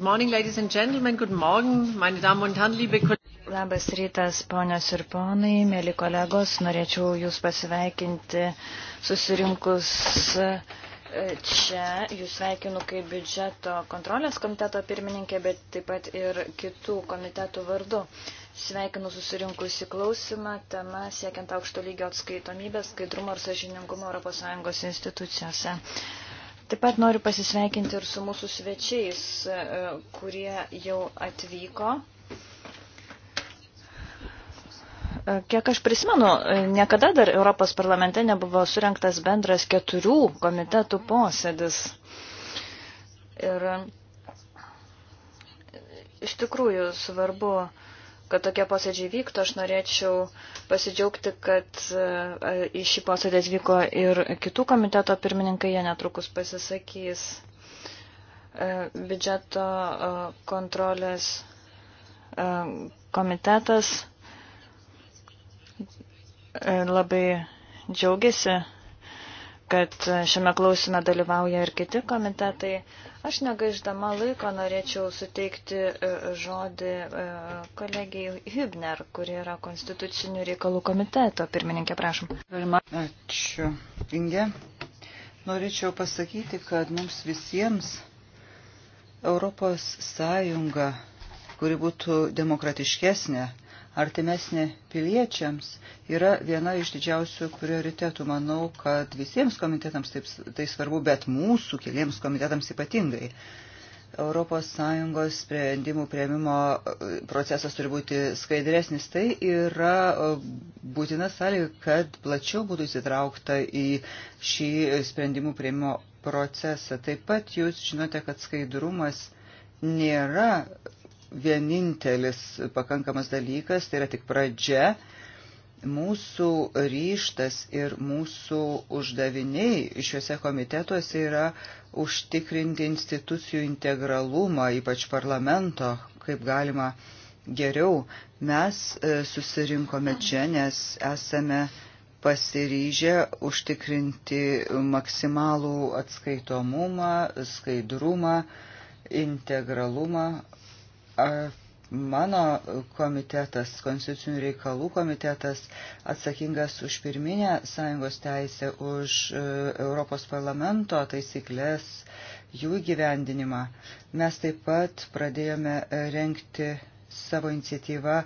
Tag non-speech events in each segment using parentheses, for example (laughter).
Good morning, ladies and gentlemen. Good morning, meine Damen und Herren, liebe Kollegen. Labas rytas, ponios ir ponai, mėly kolegos, norėčiau Jūs pasveikinti susirinkus e, čia. Jūs sveikinu kaip biudžeto kontrolės komiteto pirmininkė, bet taip pat ir kitų komitetų vardu. Sveikinu susirinkus į klausimą, tema siekiant aukšto lygio atskaitomybės, skaidrumo ir sažiningumo ES institucijose. Taip pat noriu pasisveikinti ir su mūsų svečiais, e, kurie jau atvyko. E, kiek aš prisimenu, e, niekada dar Europos parlamente nebuvo surinktas bendras keturių komitetų posėdis. Ir iš tikrųjų svarbu kad tokie posėdžiai vyktų. Aš norėčiau pasidžiaugti, kad e, į šį posėdį atvyko ir kitų komiteto pirmininkai, jie netrukus pasisakys e, biudžeto e, kontrolės komitetas labai džiaugiasi, kad šiame klausime dalyvauja ir kiti komitetai. Aš negaiždama laiko norėčiau suteikti e, žodį e, kolegijai Hübner, kuri yra Konstitucinių reikalų komiteto pirmininkė, prašom. Ačiū, Inge. Norėčiau pasakyti, kad mums visiems Europos Sąjunga, kuri būtų demokratiškesnė, artimesnė piliečiams yra viena iš didžiausių prioritetų. Manau, kad visiems komitetams taip, tai svarbu, bet mūsų keliems komitetams ypatingai. ES sprendimų prieimimo e, procesas turi būti skaidresnis. Tai yra e, būtina sąlyga, kad plačiau būtų įsitraukta į šį sprendimų prieimimo procesą. Taip pat jūs žinote, kad skaidrumas nėra vienintelis pakankamas dalykas, tai yra tik pradžia. Mūsų ryštas ir mūsų uždaviniai šiuose komitetuose yra užtikrinti institucijų integralumą, ypač parlamento, kaip galima geriau. Mes e, susirinkome čia, nes esame pasiryžę užtikrinti maksimalų atskaitomumą, skaidrumą, integralumą Mano komitetas, konstitucinių reikalų komitetas, atsakingas už pirminę sąjungos teisę, už e, Europos parlamento taisyklės, jų gyvendinimą. Mes taip pat pradėjome e, renkti savo iniciatyvą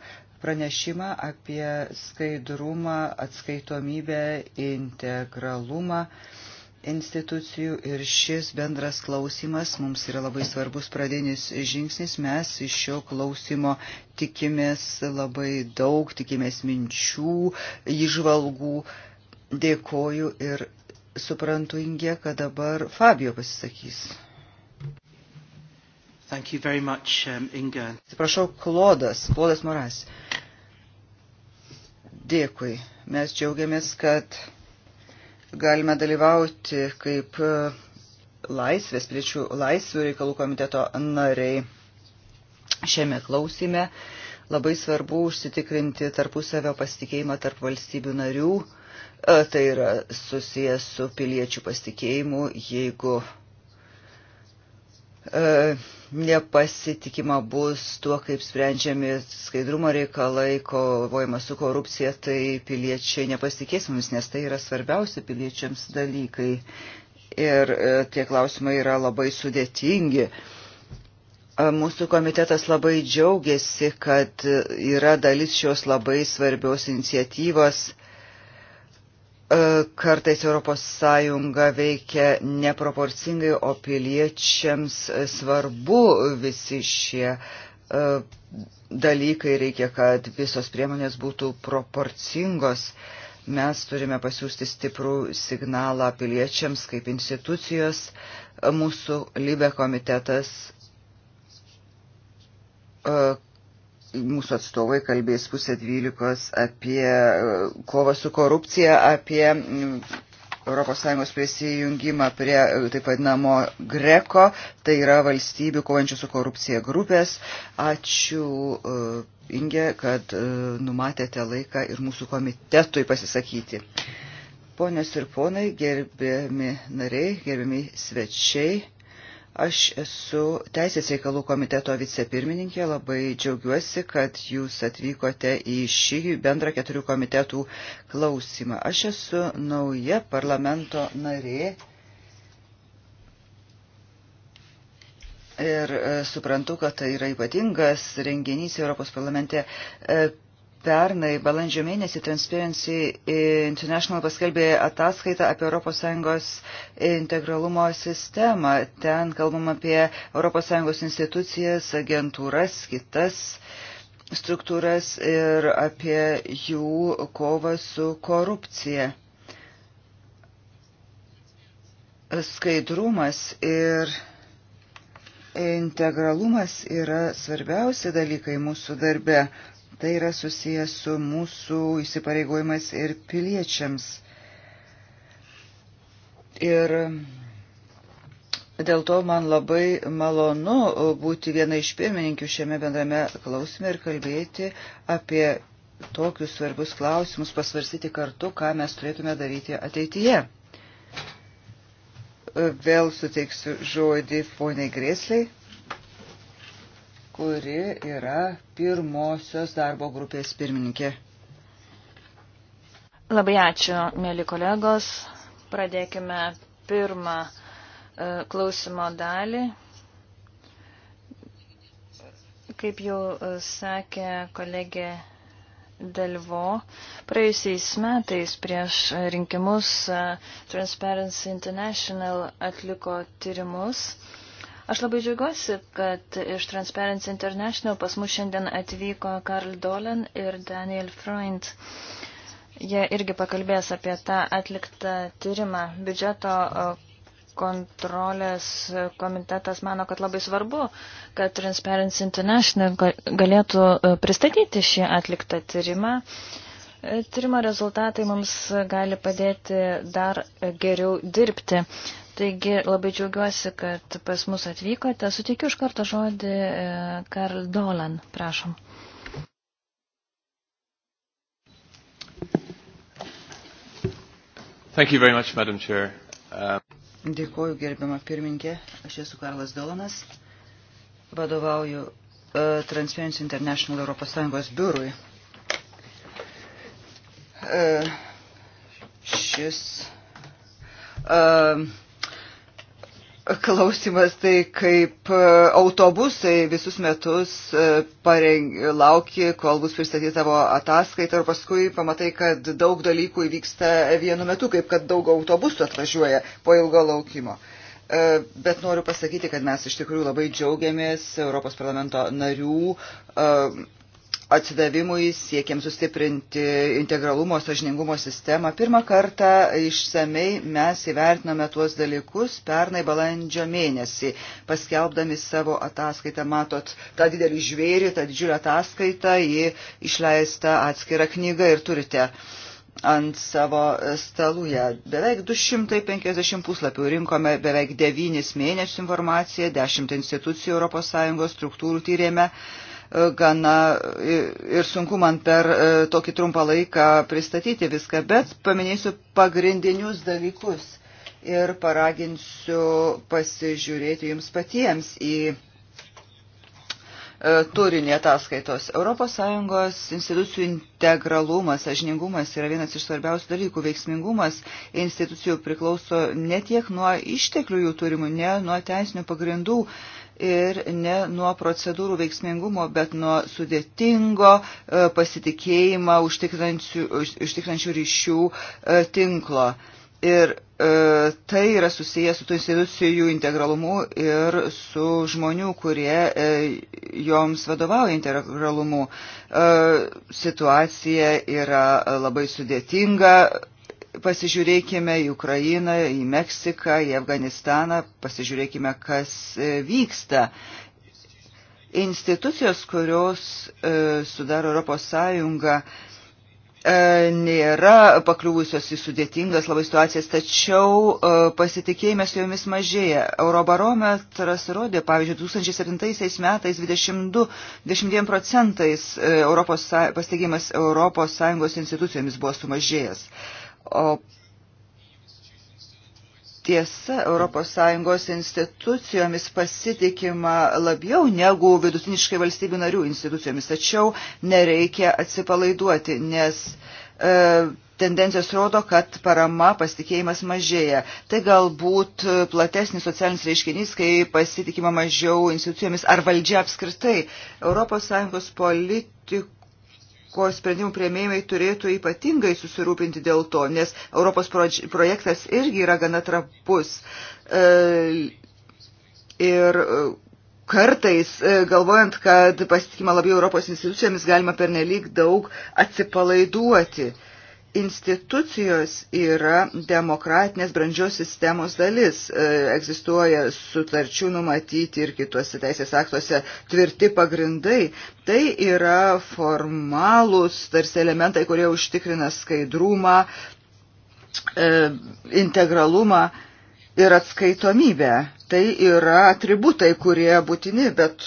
pranešimą apie skaidrumą, atskaitomybę, integralumą. Uh, institucijų ir šis bendras klausimas mums yra labai svarbus pradinis žingsnis. Mes iš šio klausimo tikimės labai daug, tikimės minčių, išvalgų. Dėkoju ir suprantu, Ingė, kad dabar Fabio pasisakys. Much, um, Inga. Atsiprašau, Klodas, Klodas Moras. Dėkui. Mes džiaugiamės, kad galime dalyvauti kaip e, laisvės, piliečių laisvių reikalų komiteto nariai šiame klausime. Labai svarbu užsitikrinti tarpusavio pasitikėjimą tarp valstybių narių. E, tai yra susijęs su piliečių pasitikėjimu, jeigu e, nepasitikima bus tuo, kaip sprendžiami skaidrumo reikalai, kovojama su korupcija, tai piliečiai nepasitikės mumis, nes tai yra svarbiausia piliečiams dalykai. Ir e, tie klausimai yra labai sudėtingi. E, mūsų komitetas labai džiaugiasi, kad yra dalis šios labai svarbios iniciatyvos E, kartais ES veikia neproporcingai, o piliečiams svarbu visi šie e, dalykai, reikia, kad visos priemonės būtų proporcingos. Mes turime pasiūsti stiprų signalą piliečiams kaip institucijos. E, mūsų Libe komitetas mūsų atstovai kalbės pusę dvylikos apie e, kovą su korupcija, apie mm, ES prisijungimą prie e, taip vadinamo Greko, tai yra valstybių kovančių su korupcija grupės. Ačiū e, Inge, kad numatėte laiką ir mūsų komitetui pasisakyti. Ponios ir ponai, gerbiami nariai, gerbiami svečiai. Aš esu Teisės reikalų komiteto vicepirmininkė, labai džiaugiuosi, kad jūs atvykote į šį bendrą keturių komitetų klausimą. Aš esu nauja parlamento narė ir e, suprantu, kad tai yra ypatingas renginys Europos parlamente. E, Pernai balandžio mėnesį Transparency International paskelbė ataskaitą apie ES integralumo sistemą. Ten kalbam apie ES institucijas, agentūras, kitas struktūras ir apie jų kovą su korupcija. Skaidrumas ir integralumas yra svarbiausi dalykai mūsų darbe. Tai yra susijęs su mūsų įsipareigojimais ir piliečiams. Ir dėl to man labai malonu būti viena iš pirmininkių šiame bendrame klausime ir kalbėti apie tokius svarbius klausimus, pasvarsyti kartu, ką mes turėtume daryti ateityje. Vėl suteiksiu žodį poniai Grėsliai kuri yra pirmosios darbo grupės pirmininkė. Labai ačiū, mėly kolegos. Pradėkime pirmą e, klausimo dalį. Kaip jau e, sakė kolegė Delvo, praėjusiais metais prieš rinkimus e, Transparency International atliko tyrimus Aš labai džiaugiuosi, kad iš Transparency International pas mus šiandien atvyko Karl Dolan ir Daniel Freund. Jie irgi pakalbės apie tą atliktą tyrimą. Biudžeto kontrolės komitetas mano, kad labai svarbu, kad Transparency International galėtų pristatyti šį atliktą tyrimą. E, tyrimo rezultatai mums gali padėti dar geriau dirbti. Taigi labai džiaugiuosi, kad pas mus atvykote. Sutikiu iš karto žodį e, Karl Dolan, prašom. Thank you very much, Madam Chair. Uh... Dėkuoju, gerbiama pirminkė. Aš esu Karlas Dolanas. Vadovauju uh, Transparency International Europos Sąjungos biurui. Uh, šis uh, klausimas tai, kaip e, autobusai visus metus e, pareng, lauki, kol bus pristatyti tavo ataskaitą ir paskui pamatai, kad daug dalykų įvyksta vienu metu, kaip kad daug autobusų atvažiuoja po ilgo laukimo. E, bet noriu pasakyti, kad mes iš tikrųjų labai džiaugiamės Europos parlamento narių atsidavimui siekiam sustiprinti integralumo, sažiningumo sistemą. Pirmą kartą išsamei mes įvertiname tuos dalykus pernai balandžio mėnesį. Paskelbdami savo ataskaitą, matot tą didelį žvėrį, tą didžiulę ataskaitą, ji išleista atskira knyga ir turite ant savo staluje. Beveik 250 puslapių rinkome beveik 9 mėnesių informaciją, 10 institucijų ES struktūrų tyrėme, gana ir sunku man per e, tokį trumpą laiką pristatyti viską, bet paminėsiu pagrindinius dalykus ir paraginsiu pasižiūrėti jums patiems į e, turinį ataskaitos. ES institucijų integralumas, sažiningumas yra vienas iš svarbiausių dalykų. Veiksmingumas institucijų priklauso ne tiek nuo išteklių jų turimų, ne nuo teisinių pagrindų ir ne nuo procedūrų veiksmingumo, bet nuo sudėtingo e, pasitikėjimą užtikrančių ryšių e, tinklo. Ir e, tai yra susiję su tų institucijų integralumu ir su žmonių, kurie e, joms vadovauja integralumu. E, situacija yra e, labai sudėtinga, pasižiūrėkime į Ukrainą, į Meksiką, į Afganistaną, pasižiūrėkime, kas e, vyksta. Institucijos, kurios e, sudaro Europos Sąjungą, e, nėra pakliuvusios į sudėtingas labai situacijas, tačiau pasitikėjimas jomis mažėja. Eurobarometras rodė, pavyzdžiui, 2007 metais 22, 22 procentais Europos, pasitikėjimas Europos Sąjungos institucijomis buvo sumažėjęs. O tiesa, ES institucijomis pasitikima labiau negu vidutiniškai valstybių narių institucijomis, tačiau nereikia atsipalaiduoti, nes e, tendencijos rodo, kad parama pasitikėjimas mažėja. Tai galbūt platesnis socialinis reiškinys, kai pasitikima mažiau institucijomis ar valdžia apskritai. ES politikų ko sprendimų prieimėjai turėtų ypatingai susirūpinti dėl to, nes Europos projektas irgi yra gana trapus. E, ir e, kartais, e, galvojant, kad pasitikima labiau Europos institucijomis, galima pernelyg daug atsipalaiduoti institucijos yra demokratinės brandžios sistemos dalis. E, egzistuoja sutarčių numatyti ir kituose teisės aktuose tvirti pagrindai. Tai yra formalūs tarsi elementai, kurie užtikrina skaidrumą, e, integralumą ir atskaitomybę. Tai yra atributai, kurie būtini bet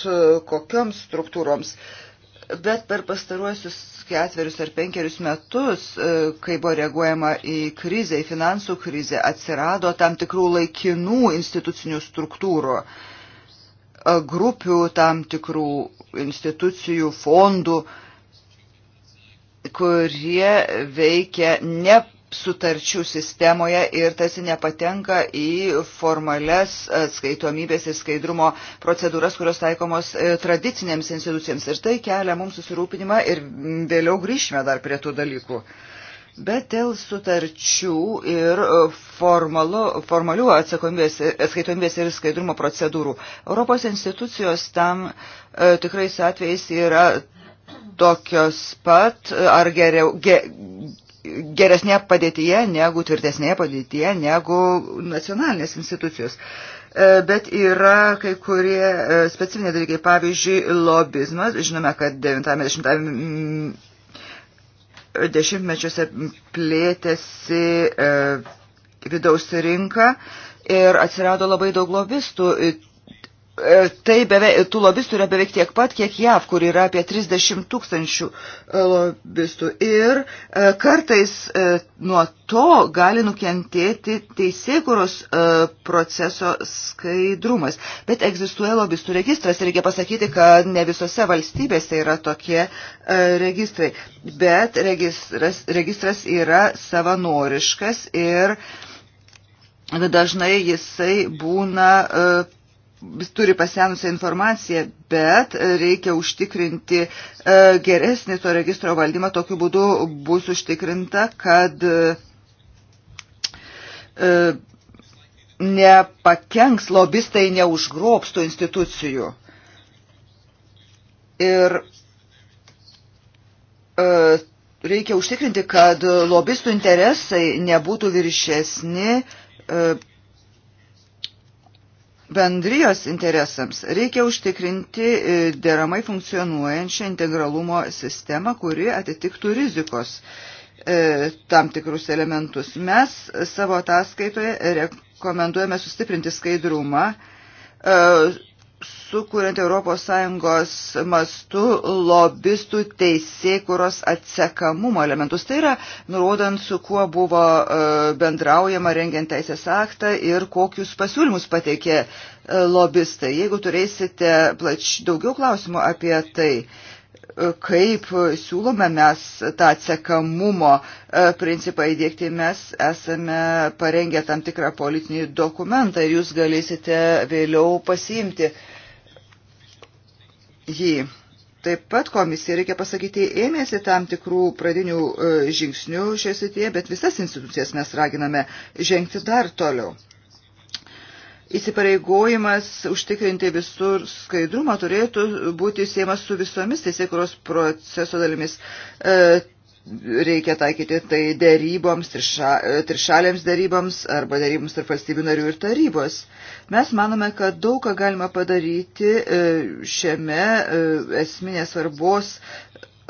kokioms struktūroms. Uh, Bet per pastaruosius ketverius ar penkerius metus, e, kai buvo reaguojama į krizę, į finansų krizę, atsirado tam tikrų laikinų institucinių struktūrų, e, grupių tam tikrų institucijų, fondų, kurie veikia ne sutarčių sistemoje ir tarsi nepatenka į formales atskaitomybės e, ir skaidrumo procedūras, kurios taikomos e, tradicinėms institucijams. Ir tai kelia mums susirūpinimą ir vėliau grįžime dar prie tų dalykų. Bet dėl sutarčių ir e, formalu, formalių atskaitomybės ir skaidrumo procedūrų. Europos institucijos tam e, tikrais atvejais yra tokios pat ar geriau. Ge, geresnėje padėtyje negu tvirtesnėje padėtyje negu nacionalinės institucijos. E, bet yra kai kurie e, specifiniai dalykai, pavyzdžiui, lobizmas. Žinome, kad 90-10 mm, dešimtmečiuose plėtėsi e, vidaus rinka ir atsirado labai daug lobistų E, tai beveik, tų lobistų yra beveik tiek pat, kiek JAV, kur yra apie 30 tūkstančių e, lobistų. Ir e, kartais nuo to gali nukentėti teisėkuros proceso skaidrumas. Bet egzistuoja lobistų registras ir reikia pasakyti, kad ne visose valstybėse yra tokie registrai. Bet registras, registras yra savanoriškas ir dažnai jisai būna turi pasenusią informaciją, bet reikia užtikrinti e, geresnį to registro valdymą. Tokiu būdu bus užtikrinta, kad e, nepakenks lobistai neužgrobstų institucijų. Ir e, reikia užtikrinti, kad lobistų interesai nebūtų viršesni bendrijos interesams reikia užtikrinti e, deramai funkcionuojančią integralumo sistemą, kuri atitiktų rizikos e, tam tikrus elementus. Mes savo ataskaitoje rekomenduojame sustiprinti skaidrumą, e, sukūrint ES mastų lobistų teisėkuros atsekamumo elementus. Tai yra, nurodant, su kuo buvo e, bendraujama rengiant teisės aktą ir kokius pasiūlymus pateikė e, lobistai. Jeigu turėsite plač, daugiau klausimų apie tai, kaip siūlome mes tą atsekamumo e, principą įdėkti, mes esame parengę tam tikrą politinį dokumentą ir jūs galėsite vėliau pasiimti jį. Taip pat komisija, reikia pasakyti, ėmėsi tam tikrų pradinių e, žingsnių šioje srityje, bet visas institucijas mes raginame žengti dar toliau. Įsipareigojimas užtikrinti visur skaidrumą turėtų būti siemas su visomis teisėkuros proceso dalimis. E, reikia taikyti tai dėryboms, triša, e, trišalėms dėryboms arba dėryboms tarp valstybių narių ir tarybos. Mes manome, kad daug ką galima padaryti e, šiame e, esminės svarbos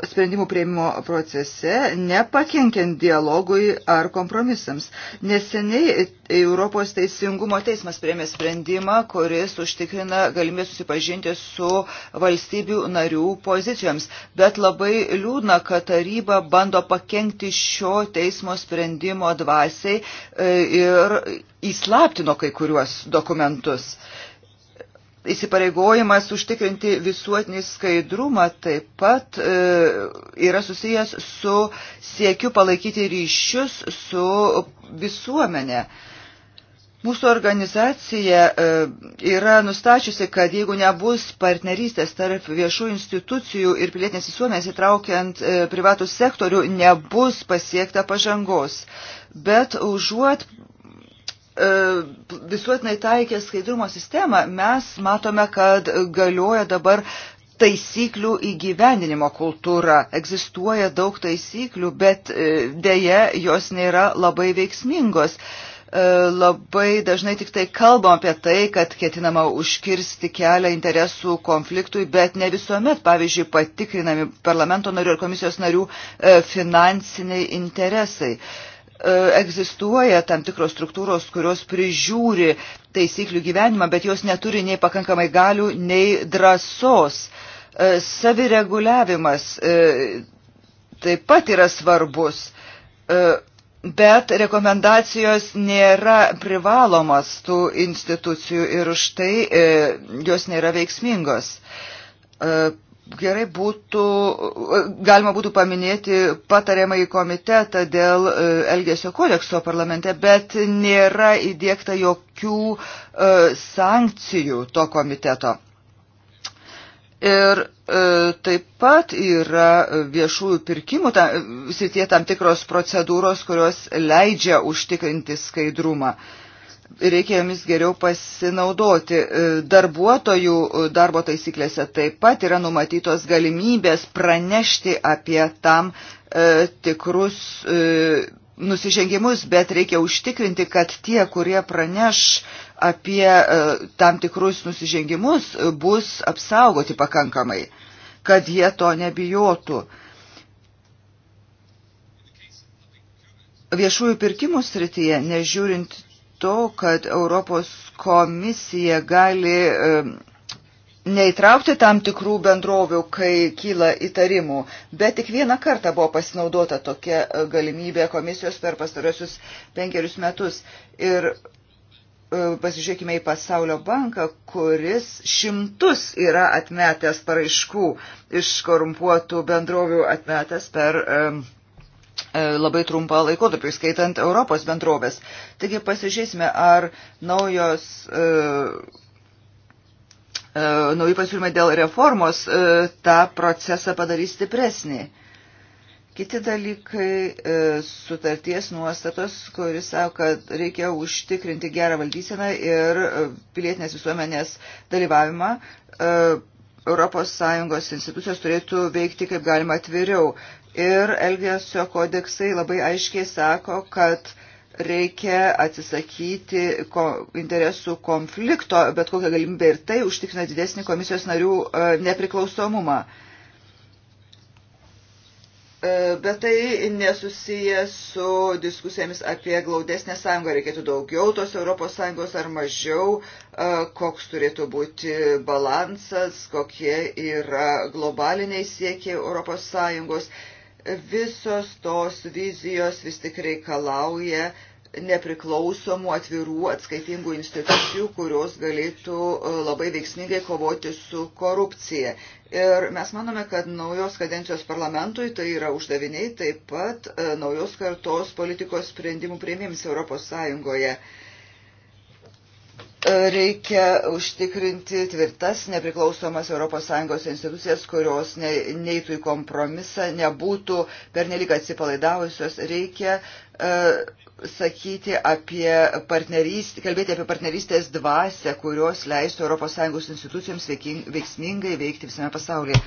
sprendimų prieimimo procese, nepakenkiant dialogui ar kompromisams. Neseniai Europos teisingumo teismas prieimė sprendimą, kuris užtikrina galimybę susipažinti su valstybių narių pozicijoms. Bet labai liūdna, kad taryba bando pakenkti šio teismo sprendimo dvasiai e, ir įslaptino kai kuriuos dokumentus įsipareigojimas užtikrinti visuotinį skaidrumą taip pat e, yra susijęs su siekiu palaikyti ryšius su visuomenė. Mūsų organizacija e, yra nustačiusi, kad jeigu nebus partnerystės tarp viešų institucijų ir pilietinės visuomenės įtraukiant e, privatų sektorių, nebus pasiekta pažangos. Bet užuot E, visuotinai taikė skaidrumo sistemą, mes matome, kad galioja dabar taisyklių įgyvendinimo kultūra. Egzistuoja daug taisyklių, bet dėje jos nėra labai veiksmingos. E, labai dažnai tik tai kalbam apie tai, kad ketinama užkirsti kelią interesų konfliktui, bet ne visuomet, pavyzdžiui, patikrinami parlamento narių ir komisijos narių e, finansiniai interesai. E, E, egzistuoja tam tikros struktūros, kurios prižiūri taisyklių gyvenimą, bet jos neturi nei pakankamai galių, nei drąsos. E, savireguliavimas e, taip pat yra svarbus, bet rekomendacijos nėra privalomas tų institucijų ir už tai jos nėra veiksmingos gerai būtų, galima būtų paminėti patariamą į komitetą dėl e, Elgesio kodekso parlamente, bet nėra įdėkta jokių e, sankcijų to komiteto. Ir e, taip pat yra viešųjų pirkimų ta, srityje tam tikros procedūros, kurios leidžia užtikrinti skaidrumą. E, reikia jomis geriau pasinaudoti. E, darbuotojų e, darbo taisyklėse taip pat yra numatytos galimybės pranešti apie tam e, tikrus nusižengimus, bet reikia užtikrinti, kad tie, kurie praneš apie tam tikrus nusižengimus, bus apsaugoti pakankamai, kad jie to nebijotų. Viešųjų pirkimų srityje, nežiūrint to, kad Europos komisija gali neįtraukti tam tikrų bendrovių, kai kyla įtarimų, bet tik vieną kartą buvo pasinaudota tokia e, galimybė komisijos per pastarosius penkerius metus. Ir e, pasižiūrėkime į pasaulio banką, kuris šimtus yra atmetęs paraiškų iš korumpuotų bendrovių atmetęs per E, labai trumpą laikotarpį, skaitant Europos bendrovės. Taigi pasižiūrėsime, ar naujos. E, e nauji pasiūlymai dėl reformos e, tą procesą padarys stipresnį. Kiti dalykai sutarties nuostatos, kuris savo, kad reikia užtikrinti gerą valdyseną ir pilietinės visuomenės dalyvavimą. ES institucijos turėtų veikti kaip galima atviriau ir Elgesio kodeksai labai aiškiai sako, kad reikia atsisakyti interesų konflikto, bet kokią galimybę ir tai užtikrina didesnį komisijos narių e, nepriklausomumą. E, bet tai nesusiję su diskusijomis apie glaudesnę sąjungą. Reikėtų daugiau tos ES ar mažiau, e, koks turėtų būti balansas, kokie yra globaliniai siekiai ES visos tos vizijos vis tik reikalauja nepriklausomų, atvirų, atskaitingų institucijų, kurios galėtų e, labai veiksmingai kovoti su korupcija. Ir mes manome, kad naujos kadencijos parlamentui tai yra uždaviniai taip pat e, naujos kartos politikos sprendimų prieimims Europos Sąjungoje reikia užtikrinti tvirtas, nepriklausomas ES institucijas, kurios ne, neitų į kompromisą, nebūtų pernelyg atsipalaidavusios. Reikia uh, sakyti apie partnerystę, kalbėti apie partnerystės dvasę, kurios leistų ES institucijoms veiksmingai veikti visame pasaulyje.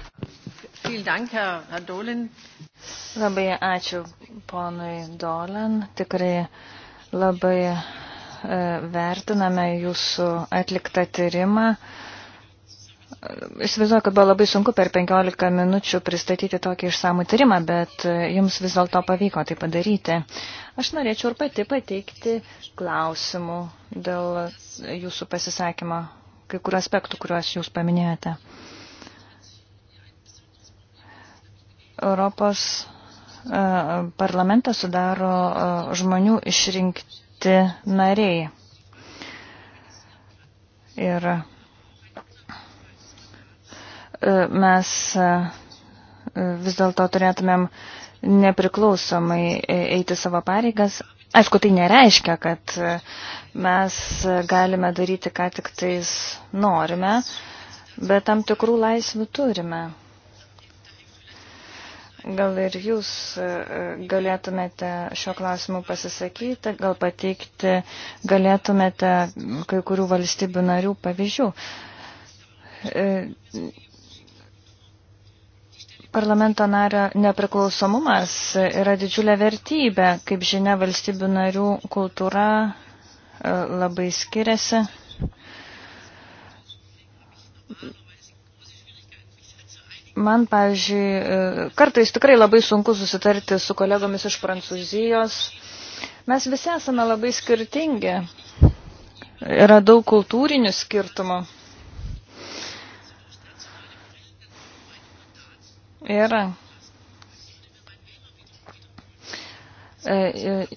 Labai ačiū ponui Dolan. Tikrai labai E, vertiname jūsų atliktą tyrimą. Įsivaizduoju, kad buvo labai sunku per 15 minučių pristatyti tokį išsamų tyrimą, bet e, jums vis dėlto pavyko tai padaryti. Aš norėčiau ir pati pateikti klausimų dėl jūsų pasisakymo, kai kurių aspektų, kuriuos jūs paminėjote. Europos e, parlamentą sudaro žmonių išrinkti kiti nariai. Ir e, mes e, vis dėlto turėtumėm nepriklausomai e, eiti savo pareigas. Aišku, tai nereiškia, kad mes galime daryti, ką tik tais norime, bet tam tikrų laisvių turime. Gal ir jūs e, e, galėtumėte šio klausimu pasisakyti, gal pateikti galėtumėte kai kurių valstybių narių pavyzdžių. E, parlamento nario nepriklausomumas yra didžiulė vertybė, kaip žinia, valstybių narių kultūra labai skiriasi Man, pavyzdžiui, e, kartais tikrai labai sunku susitarti su kolegomis iš Prancūzijos. Mes visi esame labai skirtingi. Yra daug kultūrinių skirtumų. Yra. E, e,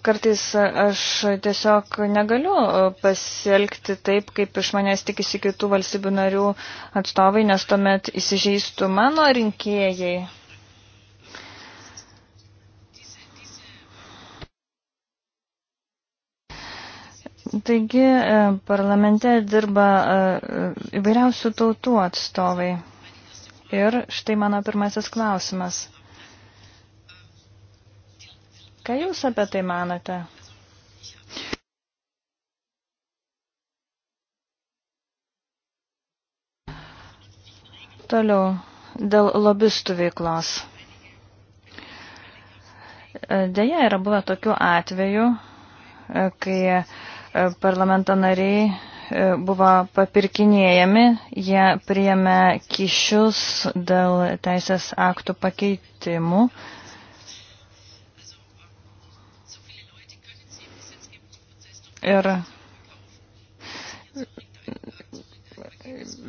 kartais aš tiesiog negaliu e, pasielgti taip, kaip iš manęs tikisi kitų valstybių narių atstovai, nes tuomet įsižeistų mano rinkėjai. Taigi e, parlamente dirba e, įvairiausių tautų atstovai. Ir štai mano pirmasis klausimas. Ką Jūs apie tai manate? Toliau, dėl lobistų veiklos. Deja, yra buvę tokių atvejų, kai e, parlamento nariai e, buvo papirkinėjami, jie priėmė kišius dėl teisės aktų pakeitimų, Ir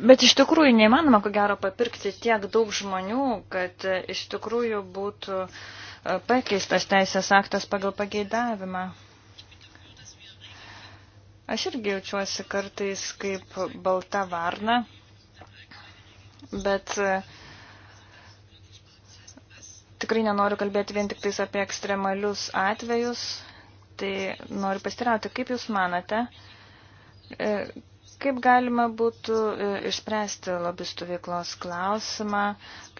Bet iš tikrųjų neįmanoma, ko gero, papirkti tiek daug žmonių, kad iš tikrųjų būtų e, pakeistas teisės aktas pagal pageidavimą. Aš irgi jaučiuosi kartais kaip balta varna, bet e, tikrai nenoriu kalbėti vien tik tais apie ekstremalius atvejus, Tai noriu pastirauti, kaip Jūs manate, e, kaip galima būtų e, išspręsti lobistų veiklos klausimą,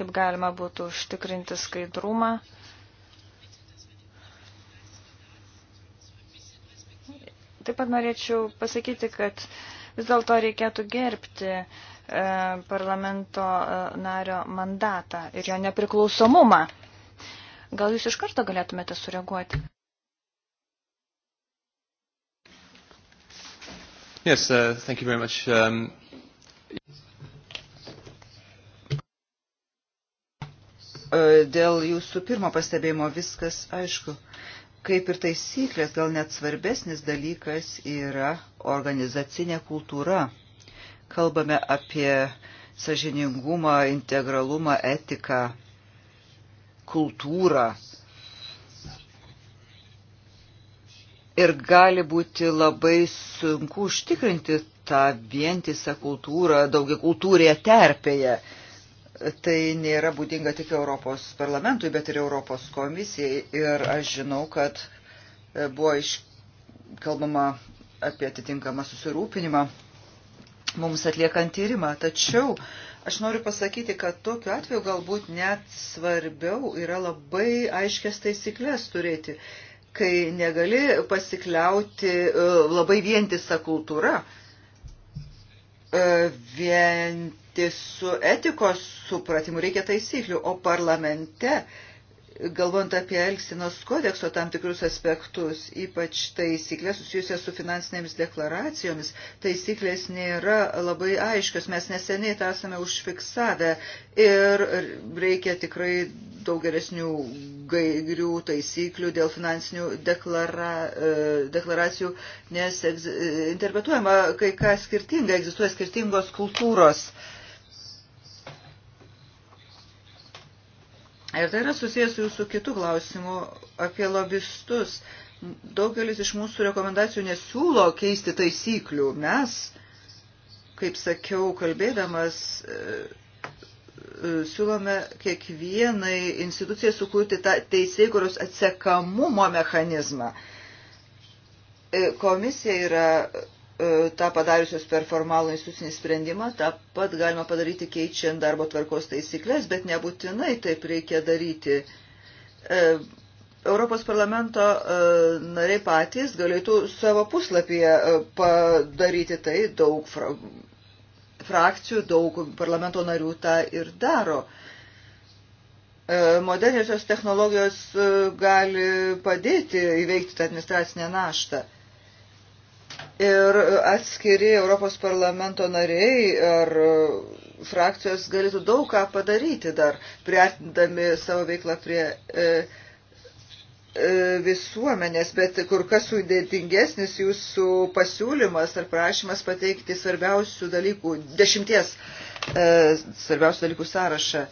kaip galima būtų užtikrinti skaidrumą. Taip pat norėčiau pasakyti, kad vis dėlto reikėtų gerbti e, parlamento e, nario mandatą ir jo nepriklausomumą. Gal jūs iš karto galėtumėte sureaguoti? Yes, uh, thank you very much. Um, e, Dėl jūsų pirmo pastebėjimo viskas aišku. Kaip ir taisyklės, gal net svarbesnis dalykas yra organizacinė kultūra. Kalbame apie sažiningumą, integralumą, etiką, kultūrą ir gali būti labai sunku užtikrinti tą vientisą kultūrą daugia kultūrėje terpėje. Tai nėra būdinga tik Europos parlamentui, bet ir Europos komisijai. Ir aš žinau, kad e, buvo iškalbama apie atitinkamą susirūpinimą mums atliekant tyrimą. Tačiau aš noriu pasakyti, kad tokiu atveju galbūt net svarbiau yra labai aiškias taisyklės turėti kai negali pasikliauti e, labai vientisą kultūrą, e, vientisu etikos supratimu, reikia taisyklių, o parlamente galvojant apie Elksinos kodekso tam tikrus aspektus, ypač taisyklės susijusias su finansinėmis deklaracijomis, taisyklės nėra labai aiškios, mes neseniai tą esame užfiksavę ir reikia tikrai daug geresnių gairių taisyklių dėl finansinių deklara, e, deklaracijų, nes egz, interpretuojama kai ką skirtingai, egzistuoja skirtingos kultūros. Uh, Ir tai yra susijęs jau su kitu klausimu apie lobistus. Daugelis iš mūsų rekomendacijų nesiūlo keisti taisyklių. Mes, kaip sakiau, kalbėdamas, e, e, siūlome kiekvienai institucijai sukurti tą teisėkuros atsekamumo mechanizmą. E, komisija yra E, tą padariusios per formalų institucinį sprendimą, tą pat galima padaryti keičiant darbo tvarkos taisyklės, bet nebūtinai taip reikia daryti. E, Europos parlamento e, nariai patys galėtų savo puslapyje padaryti tai, daug frakcijų, daug parlamento narių tą ir daro. Moderniosios technologijos gali padėti įveikti tą administracinę naštą ir atskiri Europos parlamento nariai ar frakcijos galėtų daug ką padaryti dar, priartindami savo veiklą prie e, e, visuomenės, bet kur kas sudėtingesnis jūsų pasiūlymas ar prašymas pateikti svarbiausių dalykų, dešimties e, svarbiausių dalykų sąrašą.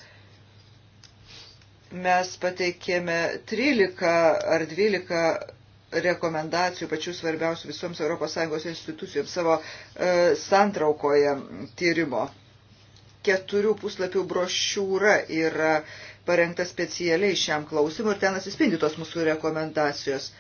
Mes pateikėme 13 ar 12 rekomendacijų pačių svarbiausių visoms ES institucijoms savo e, santraukoje tyrimo. Keturių puslapių brošiūra yra parengta specialiai šiam klausimui ir ten atsispindi tos mūsų rekomendacijos.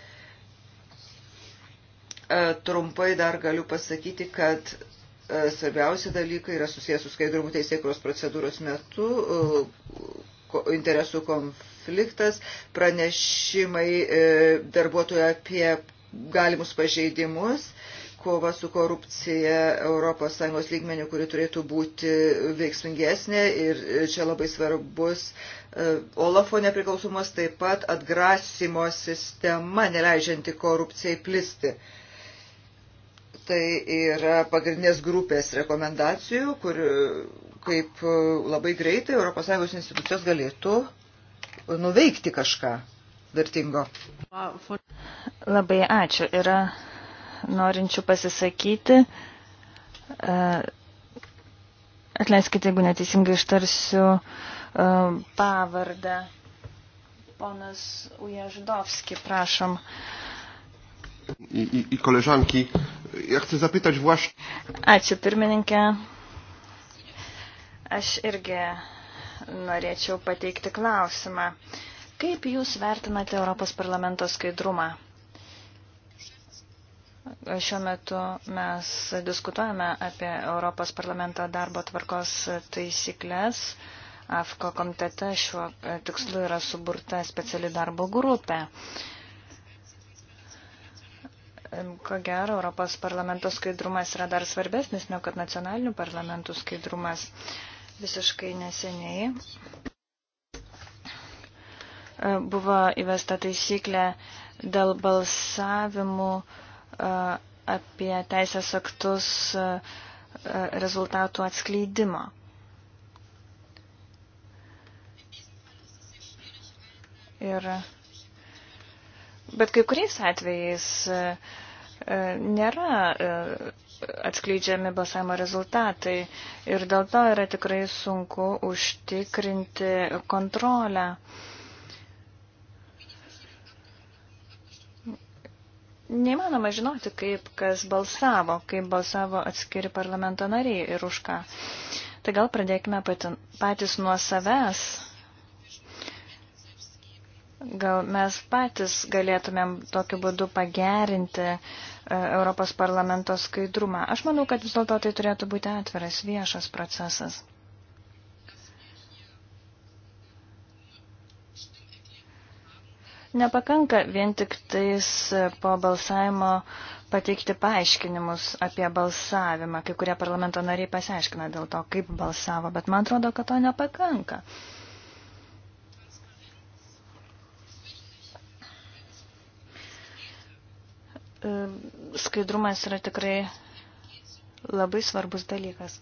E, trumpai dar galiu pasakyti, kad e, svarbiausi dalykai yra susijęs su skaidrumu teisėkros procedūros metu, e, interesų konfliktų konfliktas, pranešimai e, darbuotojų apie galimus pažeidimus, kova su korupcija ES lygmenių, kuri turėtų būti veiksmingesnė ir čia labai svarbus e, Olafo nepriklausomas, taip pat atgrasimo sistema, neleidžianti korupcijai plisti tai yra pagrindinės grupės rekomendacijų, kur kaip labai greitai ES institucijos galėtų nuveikti kažką vertingo. Labai ačiū. Yra norinčių pasisakyti. E, atleiskite, jeigu neteisingai ištarsiu e, pavardę. Ponas Ujażdowski, prašom. I, i, i koleżanki, ja chcę zapytać właśnie... Ačiū, pirmininkė. Aš irgi norėčiau pateikti klausimą. Kaip Jūs vertinate Europos parlamento skaidrumą? Šiuo metu mes diskutuojame apie Europos parlamento darbo tvarkos taisyklės. AFKO komitete šiuo tikslu yra suburta speciali darbo grupė. Ko gero, Europos parlamento skaidrumas yra dar svarbesnis, negu kad nacionalinių parlamentų skaidrumas visiškai neseniai e, buvo įvesta taisyklė dėl balsavimų e, apie teisės aktus e, rezultatų atskleidimo. Ir, bet kai kuriais atvejais nėra atskleidžiami balsavimo rezultatai ir dėl to yra tikrai sunku užtikrinti kontrolę. Neįmanoma žinoti, kaip kas balsavo, kaip balsavo atskiri parlamento nariai ir už ką. Tai gal pradėkime patys nuo savęs Gal mes patys galėtumėm tokiu būdu pagerinti e, Europos parlamento skaidrumą. Aš manau, kad vis dėlto tai turėtų būti atviras, viešas procesas. Nepakanka vien tik tais e, po balsavimo pateikti paaiškinimus apie balsavimą. Kai kurie parlamento nariai pasiaiškina dėl to, kaip balsavo, bet man atrodo, kad to nepakanka. Uh, E, skaidrumas yra tikrai labai svarbus dalykas.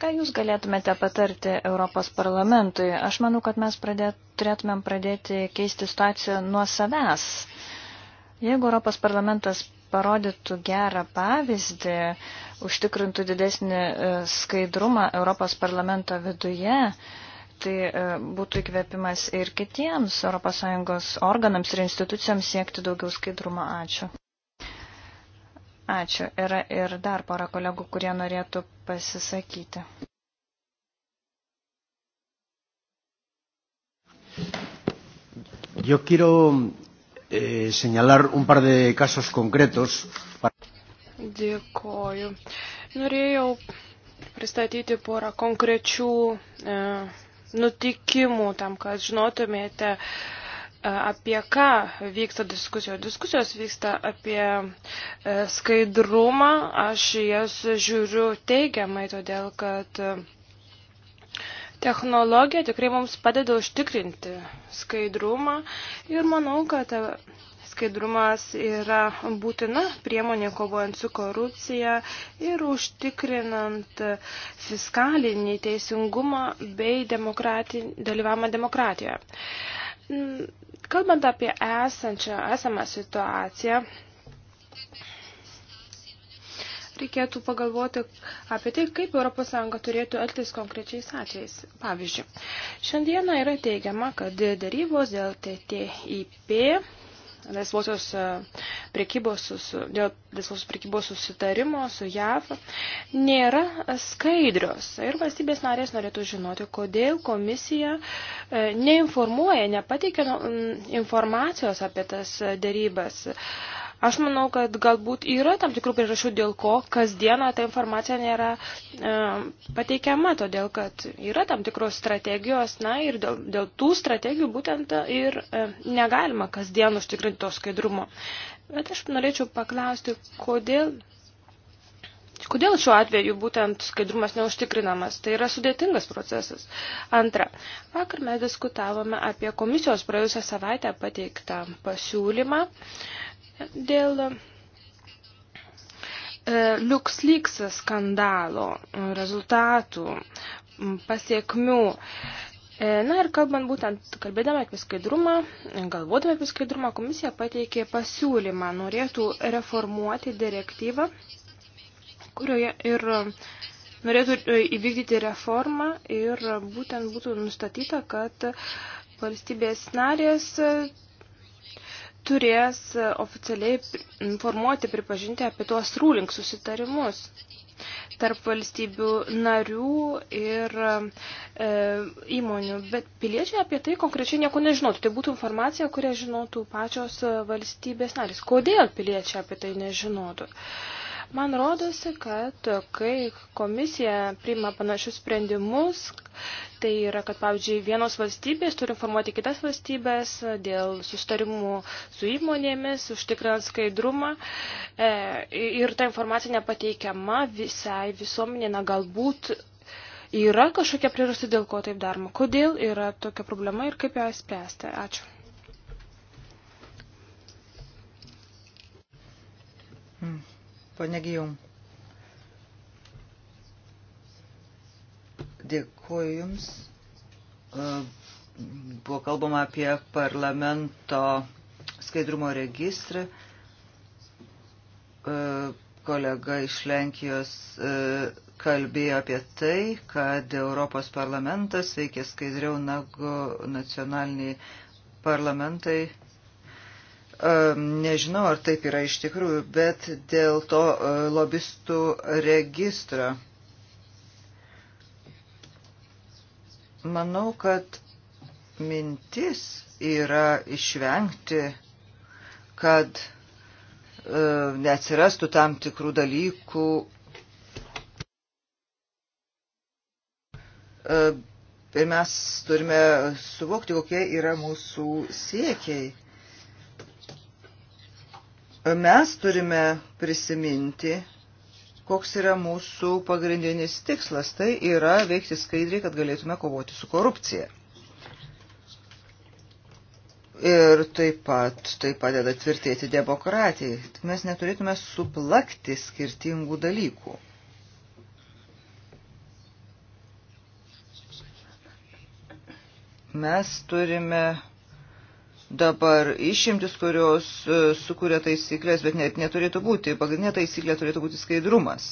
Ką jūs galėtumėte patarti Europos parlamentui? Aš manau, kad mes pradėt, turėtumėm pradėti keisti situaciją nuo savęs. Jeigu Europos parlamentas parodytų gerą pavyzdį, užtikrintų didesnį e, skaidrumą Europos parlamento viduje, tai e, būtų įkvėpimas ir kitiems ES organams ir institucijoms siekti daugiau skaidrumo. Ačiū. Ačiū. Yra ir dar pora kolegų, kurie norėtų pasisakyti. Yo quiero eh, señalar un par de casos concretos. Para... Dėkoju. Norėjau pristatyti porą konkrečių e, nutikimų, tam, kad žinotumėte, e, apie ką vyksta diskusijos. Diskusijos vyksta apie e, skaidrumą, aš jas žiūriu teigiamai, todėl kad e, technologija tikrai mums padeda užtikrinti skaidrumą ir manau, kad skaidrumas yra būtina priemonė kovojant su korupcija ir užtikrinant fiskalinį teisingumą bei demokrati, dalyvavimą demokratijoje. Kalbant apie esančią, esamą situaciją, reikėtų pagalvoti apie tai, kaip ES turėtų elgtis konkrečiais atvejais. Pavyzdžiui, šiandieną yra teigiama, kad dėrybos dėl TTIP laisvosios e, priekybos, dėl laisvosios priekybos susitarimo su JAV nėra skaidrios. Ir valstybės narės norėtų žinoti, kodėl komisija e, neinformuoja, nepateikia informacijos apie tas e, dėrybas. Aš manau, kad galbūt yra tam tikrų priežasčių, dėl ko kasdieną ta informacija nėra e, pateikiama, todėl kad yra tam tikros strategijos, na ir dėl, dėl tų strategijų būtent e, ir e, negalima kasdien užtikrinti to skaidrumo. Bet aš norėčiau paklausti, kodėl. Kodėl šiuo atveju būtent skaidrumas neužtikrinamas? Tai yra sudėtingas procesas. Antra, vakar mes diskutavome apie komisijos praėjusią savaitę pateiktą pasiūlymą. E, Dėl e, LuxLeaks skandalo e, rezultatų, pasiekmių. E, na ir kalbant būtent, kalbėdama apie skaidrumą, galvodama apie skaidrumą, komisija pateikė pasiūlymą, norėtų reformuoti direktyvą, kurioje ir norėtų įvykdyti reformą ir būtent būtų nustatyta, kad valstybės narės turės oficialiai informuoti, pripažinti apie tuos rūlink susitarimus tarp valstybių narių ir e, įmonių. Bet piliečiai apie tai konkrečiai nieko nežinotų. Tai būtų informacija, kurią žinotų pačios valstybės narys. Kodėl piliečiai apie tai nežinotų? E, Man rodosi, kad kai komisija priima panašius sprendimus, tai yra, kad, pavyzdžiui, vienos valstybės turi informuoti kitas valstybės dėl sustarimų su įmonėmis, užtikrinant skaidrumą e, ir ta informacija nepateikiama visai visuomenė, na galbūt Yra kažkokia priežastis, dėl ko taip daroma? Kodėl yra tokia problema ir kaip ją spręsti? Ačiū. Hmm. Pane Gijom. Dėkuoju Jums. E, buvo kalbama apie parlamento skaidrumo registrą. E, kolega iš Lenkijos e, kalbėjo apie tai, kad Europos parlamentas veikia skaidriau negu nacionaliniai parlamentai Nežinau, ar taip yra iš tikrųjų, bet dėl to e, lobistų registro. Manau, kad mintis yra išvengti, kad e, neatsirastų tam tikrų dalykų e, ir mes turime suvokti, kokie yra mūsų siekiai mes turime prisiminti, koks yra mūsų pagrindinis tikslas. Tai yra veikti skaidriai, kad galėtume kovoti su korupcija. Ir taip pat tai padeda tvirtėti demokratijai. Mes neturėtume suplakti skirtingų dalykų. Mes turime dabar išimtis, kurios e, sukuria taisyklės, bet net neturėtų būti. Pagrindinė taisyklė turėtų būti skaidrumas.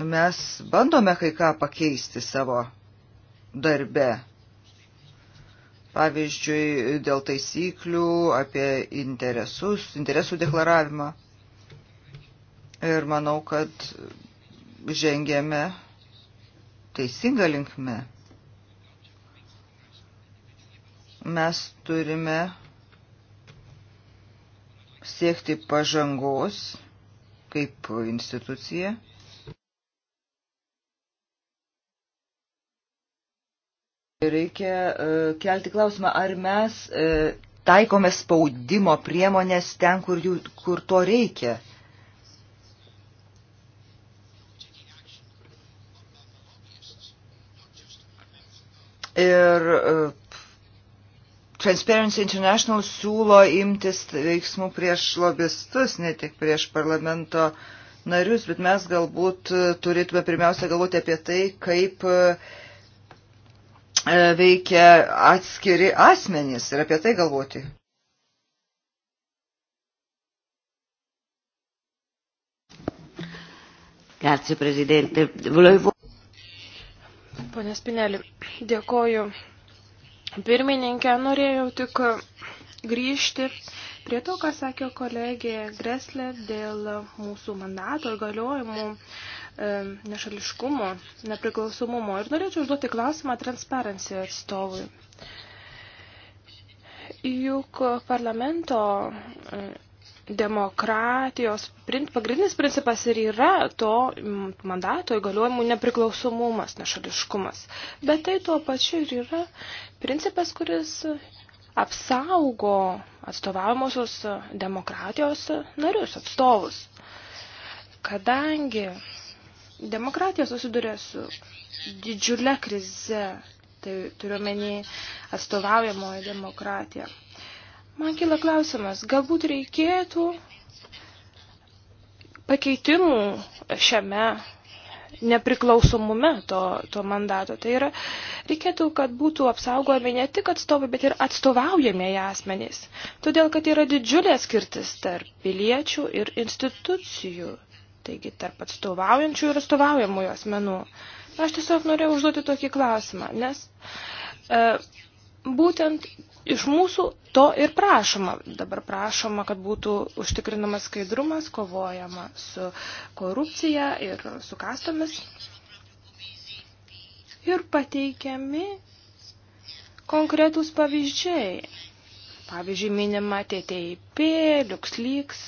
Mes bandome kai ką pakeisti savo darbe. Pavyzdžiui, dėl taisyklių apie interesus, interesų deklaravimą. Ir manau, kad žengėme teisingą linkmę. mes turime siekti pažangos kaip institucija. Reikia e, kelti klausimą, ar mes e, taikome spaudimo priemonės ten, kur, jų, kur to reikia. Ir e, Transparency International siūlo imtis veiksmų prieš lobistus, ne tik prieš parlamento narius, bet mes galbūt e, turėtume pirmiausia galvoti apie tai, kaip e, veikia atskiri asmenys ir apie tai galvoti. Grazie, Presidente. Volevo... Pone Spinelį, dėkoju pirmininkė. Norėjau tik grįžti prie to, ką sakė kolegė Greslė dėl mūsų mandato ir galiojimų e, nešališkumo, nepriklausomumo. Ir norėčiau užduoti klausimą Transparency atstovui. Juk parlamento e, demokratijos pagrindinis principas ir yra to mm, mandato įgaliojimų nepriklausomumas, nešališkumas. Bet tai tuo pačiu ir yra principas, kuris apsaugo atstovavimusios demokratijos narius, atstovus. Kadangi demokratija susiduria su didžiulė krize, tai turiuomenį atstovaujamoji demokratija. Man kila klausimas, galbūt reikėtų pakeitimų šiame nepriklausomume to, to mandato. Tai yra, reikėtų, kad būtų apsaugojami ne tik atstovai, bet ir atstovaujamieji asmenys. Todėl, kad yra didžiulė skirtis tarp piliečių ir institucijų. Taigi, tarp atstovaujančių ir atstovaujamųjų asmenų. Aš tiesiog norėjau užduoti tokį klausimą, nes e, būtent Iš mūsų to ir prašoma. Dabar prašoma, kad būtų užtikrinamas skaidrumas, kovojama su korupcija ir su kastomis. Ir pateikiami konkretūs pavyzdžiai. Pavyzdžiui, minima TTIP, LuxLeaks.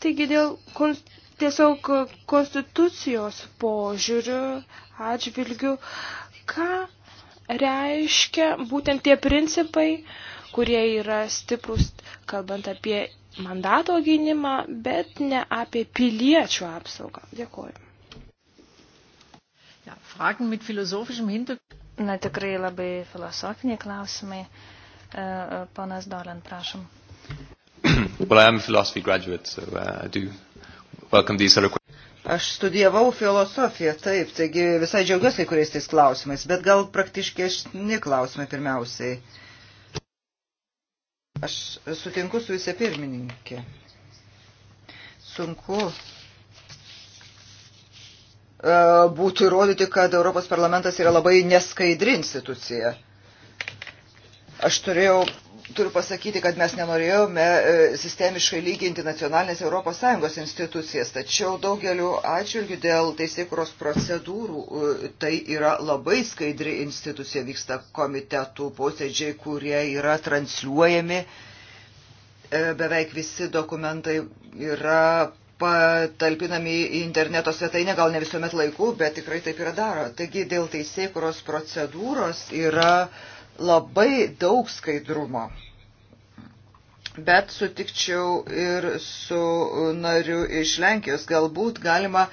Taigi dėl kon tiesiog konstitucijos požiūrių atžvilgių, ką reiškia būtent tie principai, kurie yra stiprus, kalbant apie mandato gynimą, bet ne apie piliečių apsaugą. Dėkuoju. Na tikrai labai filosofiniai klausimai. E, e, ponas Dolan, prašom. well, I am a philosophy graduate, so uh, I do welcome these sort of questions. Aš studijavau filosofiją, taip, taigi visai džiaugiuosi kai kuriais tais klausimais, bet gal praktiškesni klausimai pirmiausiai. Aš sutinku su visą pirmininkė. Sunku e, būtų įrodyti, kad Europos parlamentas yra labai neskaidri institucija. Aš turėjau turiu pasakyti, kad mes nenorėjome e, sistemiškai lyginti nacionalinės ES institucijas, tačiau daugeliu atžvilgių dėl teisėkuros procedūrų e, tai yra labai skaidri institucija, vyksta komitetų posėdžiai, kurie yra transliuojami, e, beveik visi dokumentai yra patalpinami į interneto svetainę, gal ne visuomet laiku, bet tikrai taip yra daro. Taigi dėl teisėkuros procedūros yra uh, labai daug skaidrumo. Bet sutikčiau ir su nariu iš Lenkijos. Galbūt galima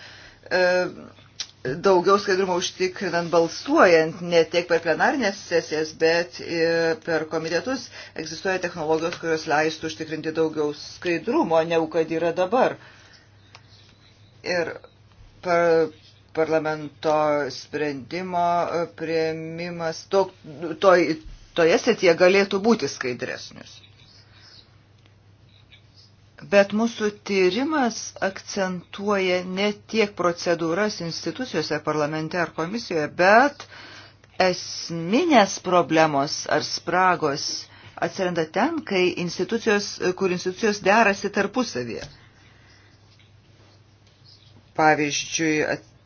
e, daugiau skaidrumo užtikrinant balsuojant, ne tiek per plenarinės sesijas, bet ir per komitetus. Egzistuoja technologijos, kurios leistų užtikrinti daugiau skaidrumo, negu kad yra dabar. Ir per parlamento sprendimo prieimimas to, to, toje setyje galėtų būti skaidresnis. Bet mūsų tyrimas akcentuoja ne tiek procedūras institucijose, parlamente ar komisijoje, bet esminės problemos ar spragos atsiranda ten, kai institucijos, kur institucijos derasi tarpusavyje. Pavyzdžiui,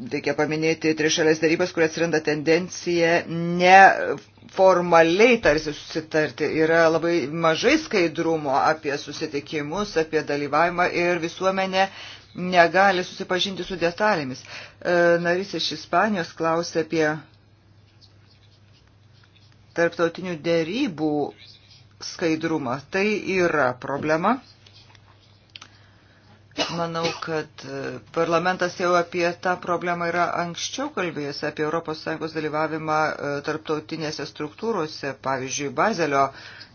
reikia paminėti trišalės darybas, kur atsiranda tendencija neformaliai tarsi susitarti. Yra labai mažai skaidrumo apie susitikimus, apie dalyvavimą ir visuomenė negali susipažinti su detalėmis. E, narys iš Ispanijos klausė apie tarptautinių dėrybų skaidrumą. Tai yra problema. Manau, kad e, parlamentas jau apie tą problemą yra anksčiau kalbėjęs, apie ES dalyvavimą e, tarptautinėse struktūrose, pavyzdžiui, Bazelio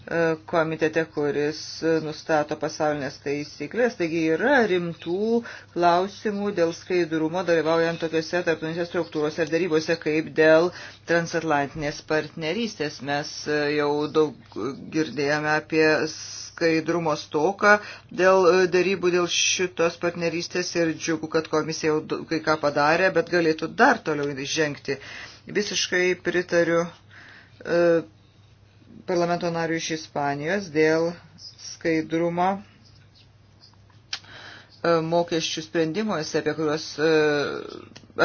E, komitete, kuris e, nustato pasaulinės taisyklės. Taigi yra rimtų klausimų dėl skaidrumo dalyvaujant tokiuose tarptautinėse struktūrose ir darybose, kaip dėl transatlantinės partnerystės. Mes e, jau daug girdėjome apie skaidrumo stoką dėl darybų dėl šitos partnerystės ir džiugu, kad komisija jau kai ką padarė, bet galėtų dar toliau žengti. Visiškai pritariu. E, parlamento narių iš Ispanijos dėl skaidrumo e, mokesčių sprendimuose, apie, kurios, e,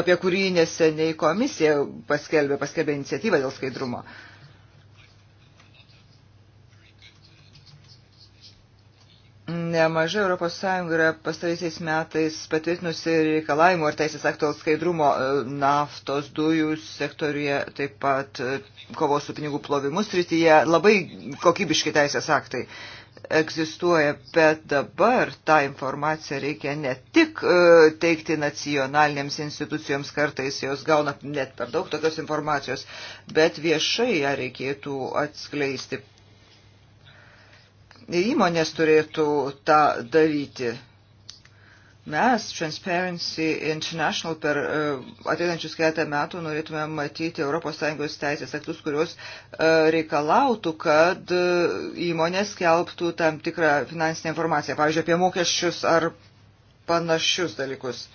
apie kurį neseniai komisija paskelbė, paskelbė iniciatyvą dėl skaidrumo. Nemažai ES yra pastaraisiais metais patvirtinusi reikalavimų ir teisės akto skaidrumo e, naftos dujų sektoriuje, taip pat e, kovos su pinigų plovimu srityje. Labai kokybiški teisės aktai egzistuoja, bet dabar tą informaciją reikia ne tik e, teikti nacionalinėms institucijoms, kartais jos gauna net per daug tokios informacijos, bet viešai ją reikėtų atskleisti įmonės turėtų tą daryti. Mes Transparency International per e, ateinančius keletą metų norėtume matyti ES teisės aktus, kurios e, reikalautų, kad e, įmonės kelbtų tam tikrą finansinę informaciją, pavyzdžiui, apie mokesčius ar panašius dalykus.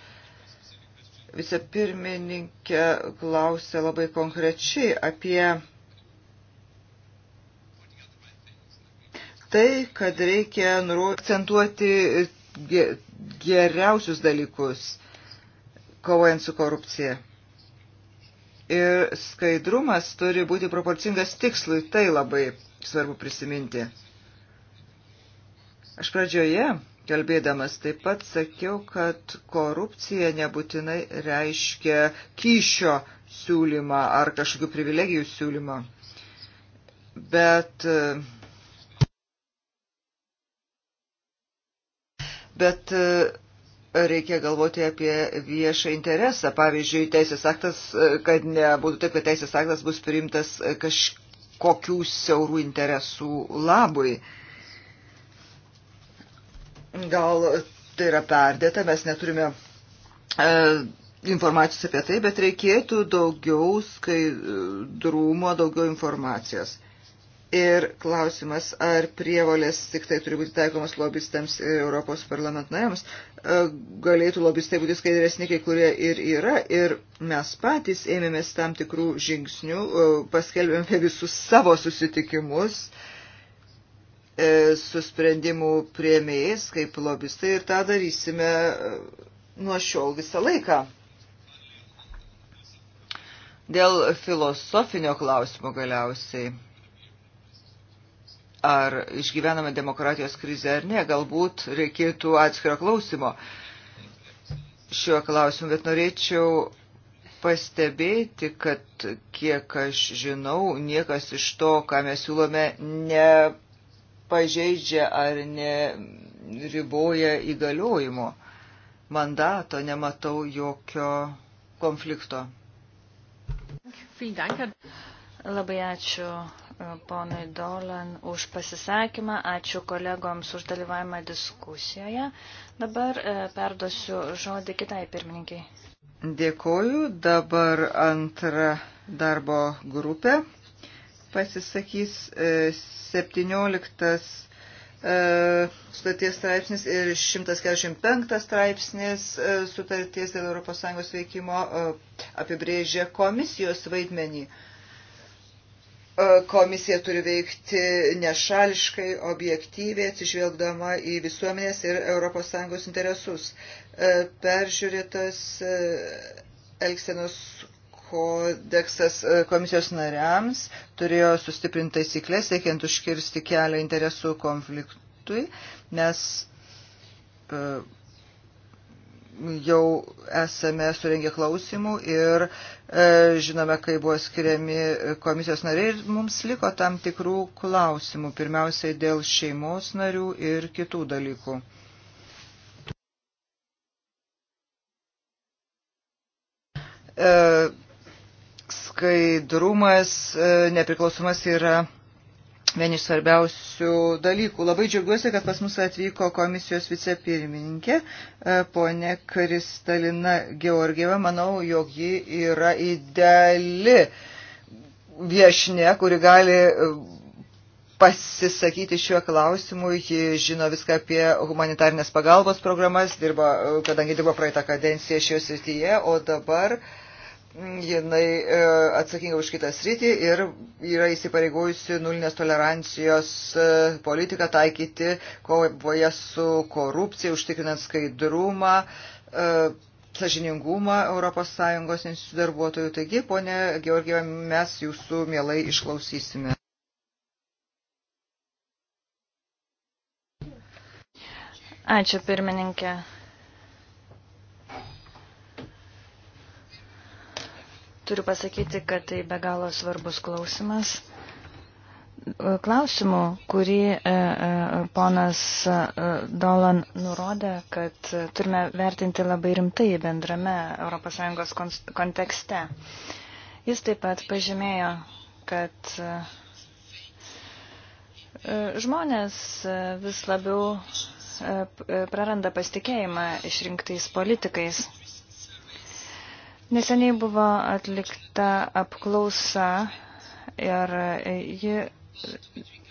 Vicepirmininkė klausė labai konkrečiai apie tai, kad reikia akcentuoti e, geriausius dalykus, kovojant su korupcija. Ir skaidrumas turi būti proporcingas tikslui, tai labai svarbu prisiminti. Aš pradžioje, kalbėdamas, taip pat sakiau, kad korupcija nebūtinai reiškia kyšio siūlymą ar kažkokių privilegijų siūlymą. Bet uh, bet e, reikia galvoti apie viešą interesą. Pavyzdžiui, teisės aktas, e, kad nebūtų taip, kad teisės aktas bus priimtas e, kažkokių siaurų interesų labui. Gal tai yra perdėta, mes neturime e, informacijos apie tai, bet reikėtų daugiau skaidrumo, daugiau informacijos. E, Ir klausimas, ar prievolės tik tai turi būti taikomas lobistams ir Europos parlamentariams, e, galėtų lobistai būti skaidresni, kai kurie ir yra. Ir mes patys ėmėmės tam tikrų žingsnių, e, paskelbėm apie visus savo susitikimus e, su sprendimų prieimėjais kaip lobistai ir tą darysime nuo šiol visą laiką. Dėl filosofinio klausimo galiausiai ar išgyvename demokratijos krizę ar ne, galbūt reikėtų atskiro klausimo šiuo klausimu, bet norėčiau pastebėti, kad kiek aš žinau, niekas iš to, ką mes siūlome, nepažeidžia ar neriboja įgaliojimo. Mandato nematau jokio konflikto. Labai ačiū ponui Dolan už pasisakymą, ačiū kolegoms už dalyvavimą diskusijoje. Dabar e, perduosiu žodį kitai pirmininkiai. Dėkoju. Dabar antra darbo grupė pasisakys 17 e, e, sutarties straipsnis ir 145 straipsnis sutarties dėl ES veikimo apibrėžia komisijos vaidmenį. E, komisija turi veikti nešališkai, objektyviai, atsižvelgdama į visuomenės ir ES interesus. E, peržiūrėtas e, Elksenos kodeksas komisijos nariams turėjo sustiprinti taisyklės, siekiant užkirsti kelią interesų konfliktui, nes jau esame surengę klausimų ir E, žinome, kai buvo skiriami komisijos nariai ir mums liko tam tikrų klausimų, pirmiausiai dėl šeimos narių ir kitų dalykų. E, skaidrumas, e, nepriklausomas yra vieni iš svarbiausių dalykų. Labai džiaugiuosi, kad pas mus atvyko komisijos vicepirmininkė, e, ponė Kristalina Georgieva. Manau, jog ji yra ideali viešinė, kuri gali e, pasisakyti šiuo klausimu. Ji žino viską apie humanitarnės pagalbos programas, dirba, e, kadangi dirbo praeitą kadenciją šioje srityje, o dabar uh, jinai e, atsakinga už kitą sritį ir yra įsipareigojusi nulinės tolerancijos e, politiką taikyti kovoje su korupcija, užtikrinant skaidrumą, e, sažiningumą ES institucijų darbuotojų. Taigi, ponė Georgija, mes jūsų mielai išklausysime. Ačiū pirmininkė. Turiu pasakyti, kad tai be galo svarbus klausimas. Klausimų, kurį e, e, ponas e, Dolan nurodė, kad turime vertinti labai rimtai bendrame ES kontekste. Jis taip pat pažymėjo, kad žmonės vis labiau praranda pasitikėjimą išrinktais politikais. Neseniai buvo atlikta apklausa ir ji,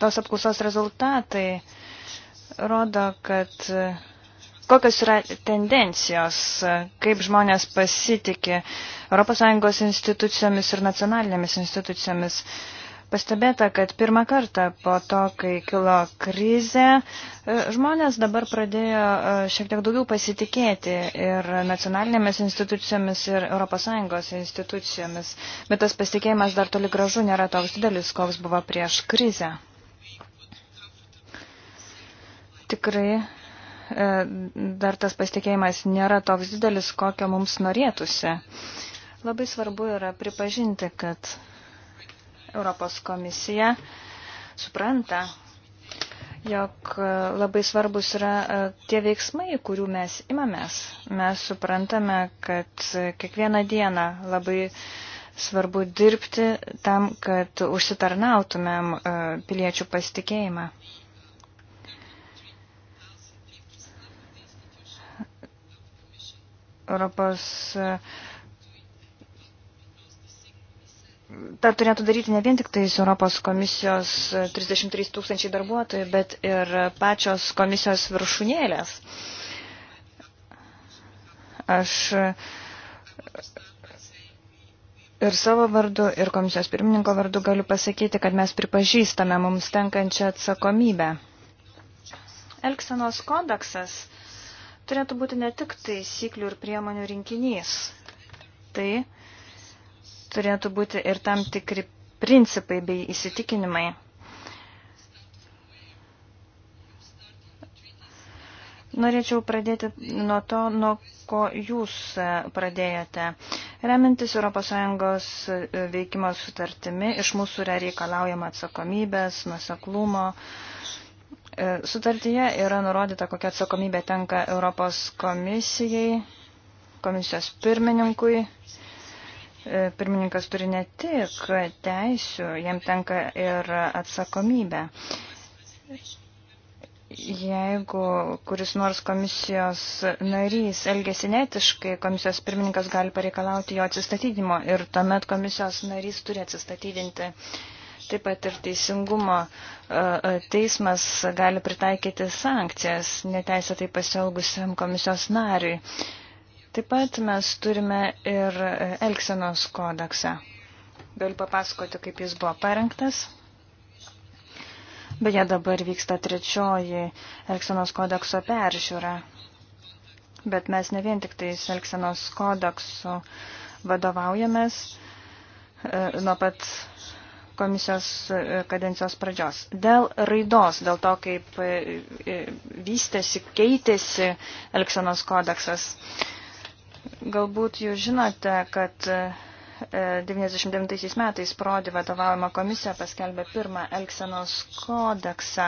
tos apklausos rezultatai rodo, kad kokios yra tendencijos, kaip žmonės pasitikė ES institucijomis ir nacionalinėmis institucijomis. Uh, Pastebėta, kad pirmą kartą po to, kai kilo krizė, e, žmonės dabar pradėjo e, šiek tiek daugiau pasitikėti ir nacionalinėmis institucijomis, ir ES institucijomis. Bet tas pasitikėjimas dar toli gražu nėra toks didelis, koks buvo prieš krizę. Tikrai e, dar tas pasitikėjimas nėra toks didelis, kokio mums norėtųsi. Labai svarbu yra pripažinti, kad Europos komisija supranta, jog e, labai svarbus yra e, tie veiksmai, kurių mes imamės. Mes suprantame, kad e, kiekvieną dieną labai svarbu dirbti tam, kad užsitarnautumėm piliečių pasitikėjimą. Europos uh, tą turėtų daryti ne vien tik tais Europos komisijos 33 tūkstančiai darbuotojų, bet ir pačios komisijos viršūnėlės. Aš ir savo vardu, ir komisijos pirmininko vardu galiu pasakyti, kad mes pripažįstame mums tenkančią atsakomybę. Elksenos kodeksas turėtų būti ne tik taisyklių ir priemonių rinkinys. Tai turėtų būti ir tam tikri principai bei įsitikinimai. Norėčiau pradėti nuo to, nuo ko jūs pradėjote. Remintis ES veikimo sutartimi, iš mūsų yra reikalaujama atsakomybės, nuseklumo. Sutartyje yra nurodyta, kokia atsakomybė tenka Europos komisijai, komisijos pirmininkui. E, pirmininkas turi ne tik teisių, jam tenka ir atsakomybė. Jeigu kuris nors komisijos narys elgesi netiškai, komisijos pirmininkas gali pareikalauti jo atsistatydimo ir tuomet komisijos narys turi atsistatydinti. Taip pat ir teisingumo e, e, teismas gali pritaikyti sankcijas neteisėtai pasielgusiam komisijos nariui. Taip pat mes turime ir e, Elksenos kodeksą. Galiu papasakoti, kaip jis buvo parengtas. Beje, dabar vyksta trečioji Elksenos kodekso peržiūra. Bet mes ne vien tik tais Elksenos kodeksu vadovaujamės e, nuo pat komisijos e, kadencijos pradžios. Dėl raidos, dėl to, kaip vystėsi, keitėsi Elksenos kodeksas. Galbūt jūs žinote, kad 99 e, metais Prodi vadovaujama komisija paskelbė pirmą Elksenos kodeksą.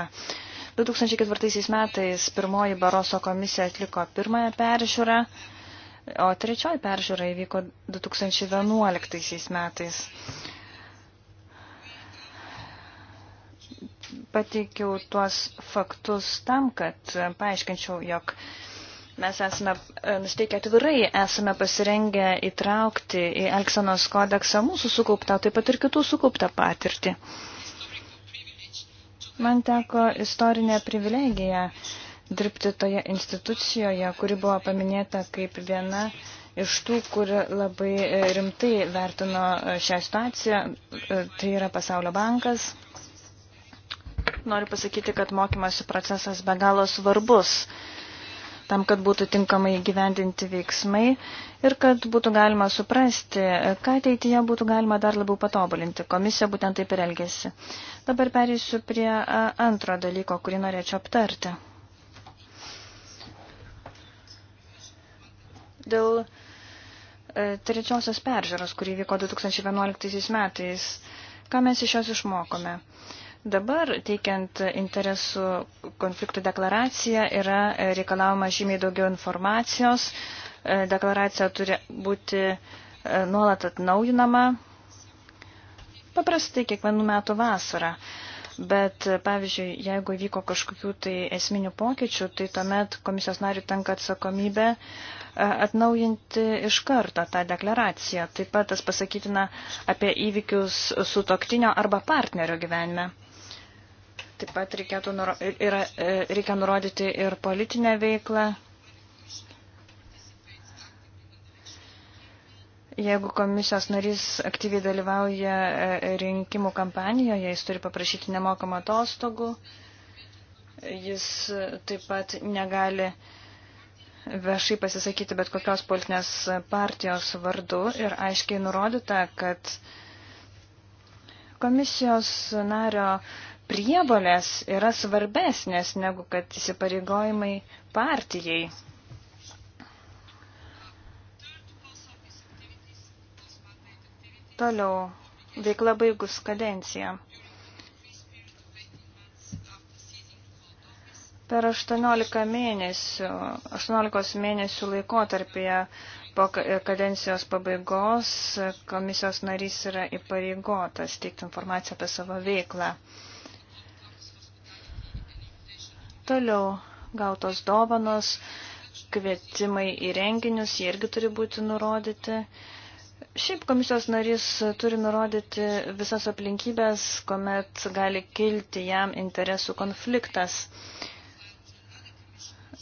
2004 metais pirmoji Baroso komisija atliko pirmąją peržiūrą, o trečioji peržiūra įvyko 2011 metais. Pateikiau tuos faktus tam, kad paaiškinčiau, jog Mes esame e, nusteikę atvirai, esame pasirengę įtraukti į Elksanos kodeksą mūsų sukauptą, taip pat ir kitų sukauptą patirtį. Man teko istorinė privilegija dirbti toje institucijoje, kuri buvo paminėta kaip viena iš tų, kuri labai e, rimtai vertino e, šią situaciją. Tai yra Pasaulio bankas. Noriu pasakyti, kad mokymosi procesas be galo svarbus tam, kad būtų tinkamai gyvendinti veiksmai ir kad būtų galima suprasti, ką ateityje būtų galima dar labiau patobulinti. Komisija būtent taip ir elgėsi. Dabar perėsiu prie antro dalyko, kurį norėčiau aptarti. Dėl e, trečiosios peržiūros, kurį vyko 2011 metais, ką mes iš jos išmokome. Dabar, teikiant interesų konfliktų deklaraciją, yra e, reikalaujama žymiai daugiau informacijos. E, deklaracija turi būti e, nuolat atnaujinama. Paprastai kiekvienų metų vasarą. Bet, pavyzdžiui, jeigu vyko kažkokių tai esminių pokyčių, tai tuomet komisijos nariu tenka atsakomybė atnaujinti iš karto tą deklaraciją. Taip pat tas pasakytina apie įvykius su toktinio arba partnerio gyvenime. Taip pat reikėtų, yra, e, reikia nurodyti ir politinę veiklą. Jeigu komisijos narys aktyviai dalyvauja e, rinkimų kampanijoje, jis turi paprašyti nemokamą atostogų, jis taip pat negali viešai pasisakyti bet kokios politinės partijos vardu ir aiškiai nurodyta, kad komisijos nario prievolės yra svarbesnės negu kad įsipareigojimai partijai. Toliau, veikla baigus kadenciją. Per 18 mėnesių, 18 mėnesių laikotarpėje po kadencijos pabaigos komisijos narys yra įpareigotas teikti informaciją apie savo veiklą. Toliau gautos dovanos, kvietimai į renginius, jie irgi turi būti nurodyti. Šiaip komisijos narys turi nurodyti visas aplinkybės, kuomet gali kilti jam interesų konfliktas.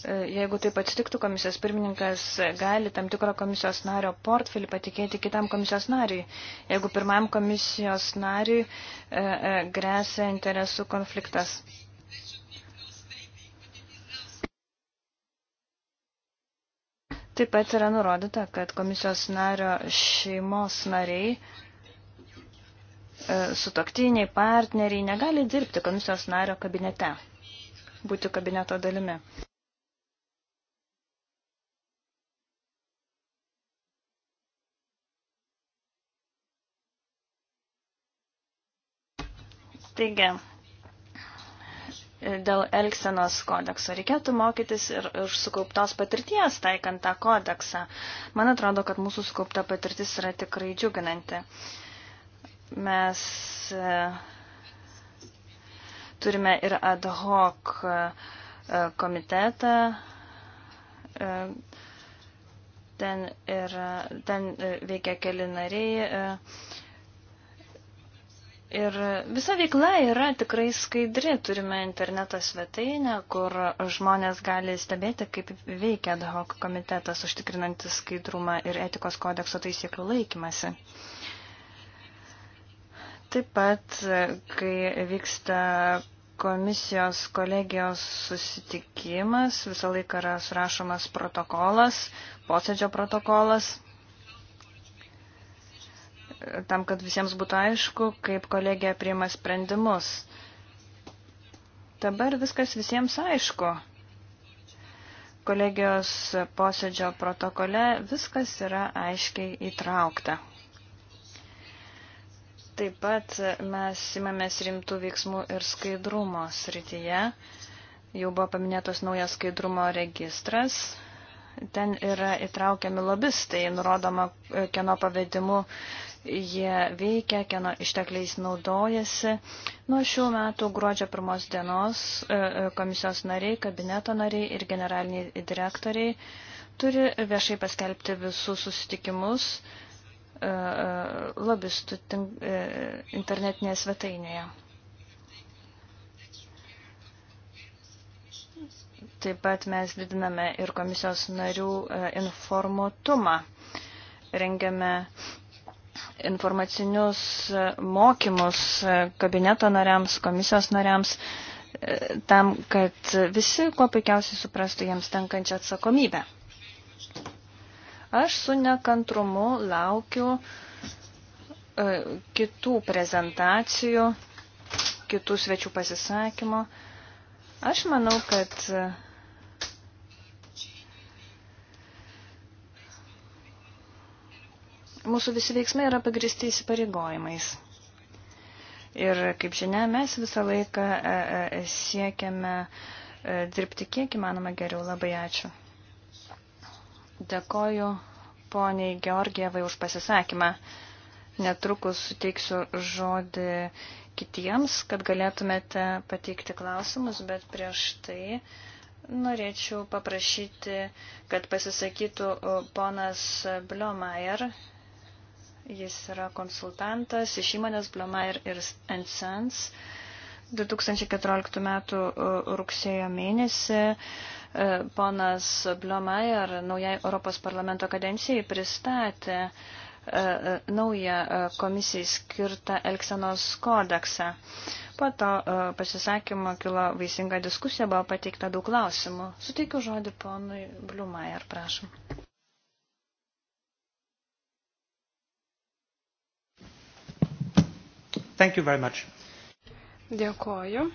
E, jeigu taip atsitiktų, komisijos pirmininkas gali tam tikro komisijos nario portfelį patikėti kitam komisijos nariui. Jeigu pirmam komisijos nariui e, e, grėsia interesų konfliktas. Taip pat yra nurodyta, kad komisijos nario šeimos nariai, e, sutoktiniai, partneriai negali dirbti komisijos nario kabinete, būti kabineto dalimi. Taigi, dėl Elksenos kodekso. Reikėtų mokytis ir iš sukauptos patirties taikant tą kodeksą. Man atrodo, kad mūsų sukaupta patirtis yra tikrai džiuginanti. Mes e, turime ir ad hoc e, komitetą. E, ten, yra, ten veikia keli nariai Ir visa veikla yra tikrai skaidri. Turime interneto svetainę, kur žmonės gali stebėti, kaip veikia ad hoc komitetas, užtikrinantis skaidrumą ir etikos kodekso taisyklių laikymasi. Taip pat, kai vyksta komisijos kolegijos susitikimas, visą laiką yra surašomas protokolas, posėdžio protokolas, tam, kad visiems būtų aišku, kaip kolegija priima sprendimus. Dabar viskas visiems aišku. Kolegijos posėdžio protokole viskas yra aiškiai įtraukta. Taip pat mes imamės rimtų veiksmų ir skaidrumo srityje. Jau buvo paminėtos naujas skaidrumo registras, ten yra įtraukiami lobistai, nurodoma, e, kieno pavedimu jie veikia, kieno ištekliais naudojasi. Nuo šių metų gruodžio pirmos dienos e, e, komisijos nariai, kabineto nariai ir generaliniai direktoriai turi viešai paskelbti visus susitikimus e, lobistų internetinėje svetainėje. Taip pat mes didiname ir komisijos narių informuotumą. Rengiame uh, informacinius mokymus kabineto nariams, komisijos nariams, e, tam, kad visi kuo puikiausiai suprastų jiems tenkančią atsakomybę. Aš su nekantrumu laukiu e, kitų prezentacijų, kitų svečių pasisakymo. Aš manau, kad Mūsų visi veiksmai yra pagristi įsipareigojimais. Ir, kaip žinia, mes visą laiką e, e, siekiame e, dirbti kiek įmanoma geriau. Labai ačiū. Dėkoju poniai Georgievai už pasisakymą. Netrukus suteiksiu žodį kitiems, kad galėtumėte pateikti klausimus, bet prieš tai norėčiau paprašyti, kad pasisakytų ponas Bliomajer Jis yra konsultantas iš įmonės Blamair ir Sens. 2014 m. rugsėjo mėnesį e, ponas Blamair naujai Europos parlamento kadencijai pristatė e, e, naują komisijai skirtą Elksenos kodeksą. Po to pasisakymo kilo vaisinga diskusija, buvo pateikta daug klausimų. Suteikiu žodį ponui Bliumai, ar prašom. Thank you very much. Dėkoju.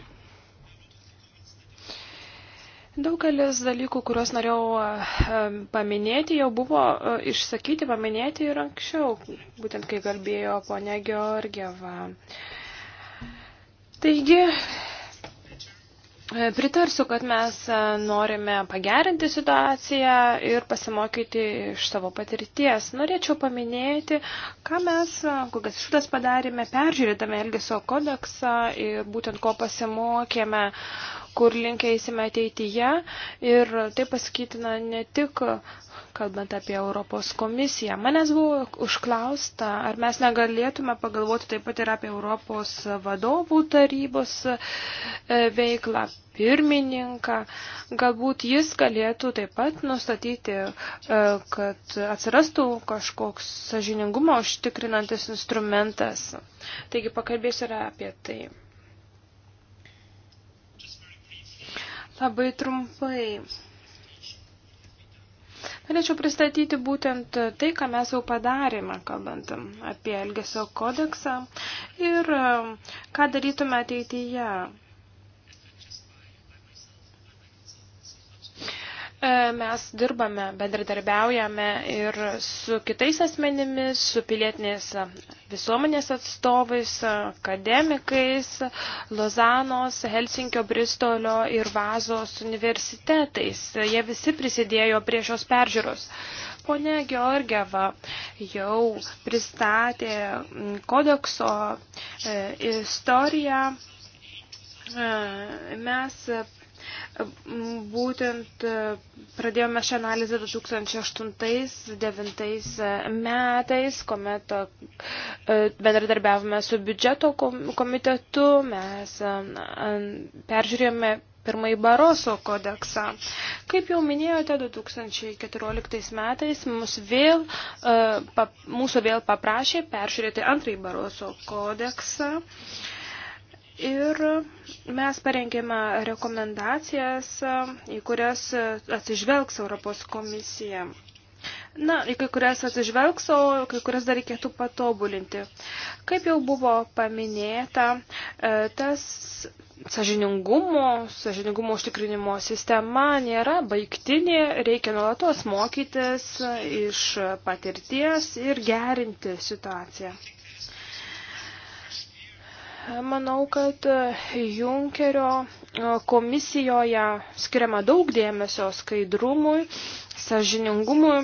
Daugelis dalykų, kuriuos norėjau e, paminėti, jau buvo e, išsakyti, paminėti ir anksčiau, būtent kai kalbėjo ponia Georgieva. Taigi, Pritarsiu, kad mes e, norime pagerinti situaciją ir pasimokyti iš savo patirties. Norėčiau paminėti, ką mes, e, kokias išvadas padarėme, peržiūrėdami Elgesio kodeksą ir būtent ko pasimokėme, kur link eisime ateityje. Ir tai pasakytina ne tik kalbant apie Europos komisiją. Manęs buvo užklausta, ar mes negalėtume pagalvoti taip pat ir apie Europos vadovų tarybos e, veiklą, pirmininką. Galbūt jis galėtų taip pat nustatyti, e, kad atsirastų kažkoks sažiningumo užtikrinantis instrumentas. Taigi pakalbėsiu ir apie tai. Labai trumpai. Norėčiau pristatyti būtent tai, ką mes jau padarėme, kalbant apie Elgesio kodeksą ir e, ką darytume ateityje. E, mes dirbame, bendradarbiaujame ir su kitais asmenimis, su pilietinės visuomenės atstovais, akademikais, Lozanos, Helsinkio, Bristolio ir Vazos universitetais. Jie visi prisidėjo prie šios peržiūros ponė Georgieva jau pristatė kodekso e, istoriją. E, mes Būtent e, pradėjome šią analizę 2008-2009 e, metais, kuomet e, bendradarbiavome su biudžeto komitetu, mes peržiūrėjome pirmąjį Baroso kodeksą. Kaip jau minėjote, 2014 metais mus vėl, mūsų vėl paprašė peržiūrėti antrąjį Baroso kodeksą. Ir mes parengėme rekomendacijas, į kurias atsižvelgs Europos komisija. Na, į kai kurias atsižvelgs, o kai kurias dar reikėtų patobulinti. Kaip jau buvo paminėta, e, tas sažiningumo, sažiningumo užtikrinimo sistema nėra baigtinė, reikia nuolatos mokytis iš patirties ir gerinti situaciją. Manau, kad Junkerio komisijoje skiriama daug dėmesio skaidrumui, sažiningumui.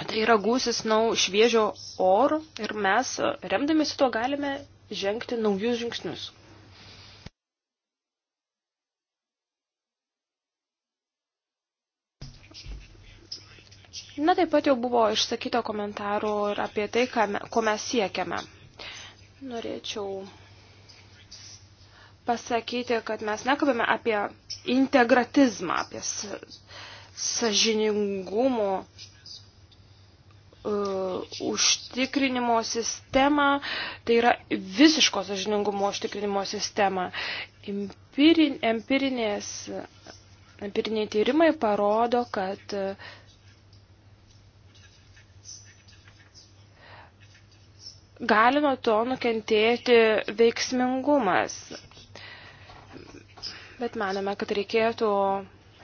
Tai yra gūsis nau šviežio oro ir mes, remdamėsi tuo, galime žengti naujus žingsnius. Na, taip pat jau buvo išsakyto komentarų ir apie tai, ką me, ko mes siekiame. Norėčiau pasakyti, kad mes nekalbame apie integratizmą, apie sažiningumo uh, užtikrinimo sistemą, tai yra visiško sažiningumo užtikrinimo sistemą. Empirin, empirinės, empiriniai tyrimai parodo, kad uh, gali nuo to nukentėti veiksmingumas bet manome, kad reikėtų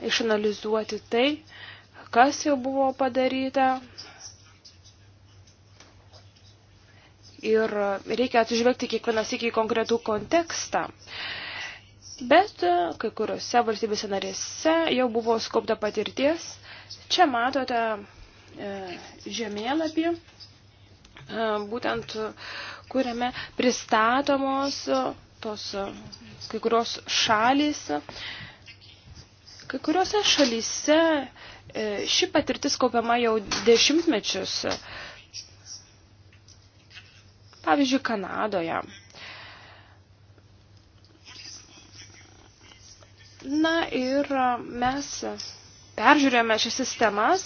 išanalizuoti tai, kas jau buvo padaryta. Ir reikia atsižvelgti kiekvienas iki konkretų kontekstą. Bet kai kuriuose valstybėse narėse jau buvo skopta patirties. Čia matote e, žemėlapį, e, būtent kuriame pristatomos tos e, kai kurios šalys. Kai kuriuose šalyse e, ši patirtis kaupiama jau dešimtmečius. Pavyzdžiui, Kanadoje. Na ir e, mes peržiūrėjome šias sistemas,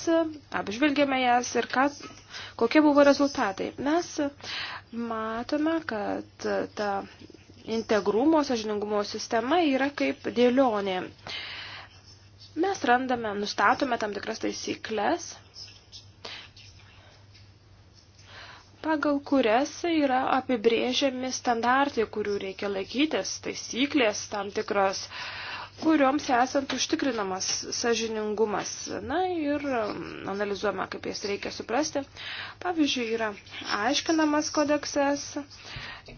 apžvelgėme jas ir ką, kokie buvo rezultatai. Mes matome, kad ta integrumo, sažiningumo sistema yra kaip dėlionė. Mes randame, nustatome tam tikras taisyklės, pagal kurias yra apibrėžiami standartai, kurių reikia laikytis, taisyklės, tam tikros uh, kurioms esant užtikrinamas sažiningumas. Na ir um, analizuojama, kaip jas reikia suprasti. Pavyzdžiui, yra aiškinamas kodeksas,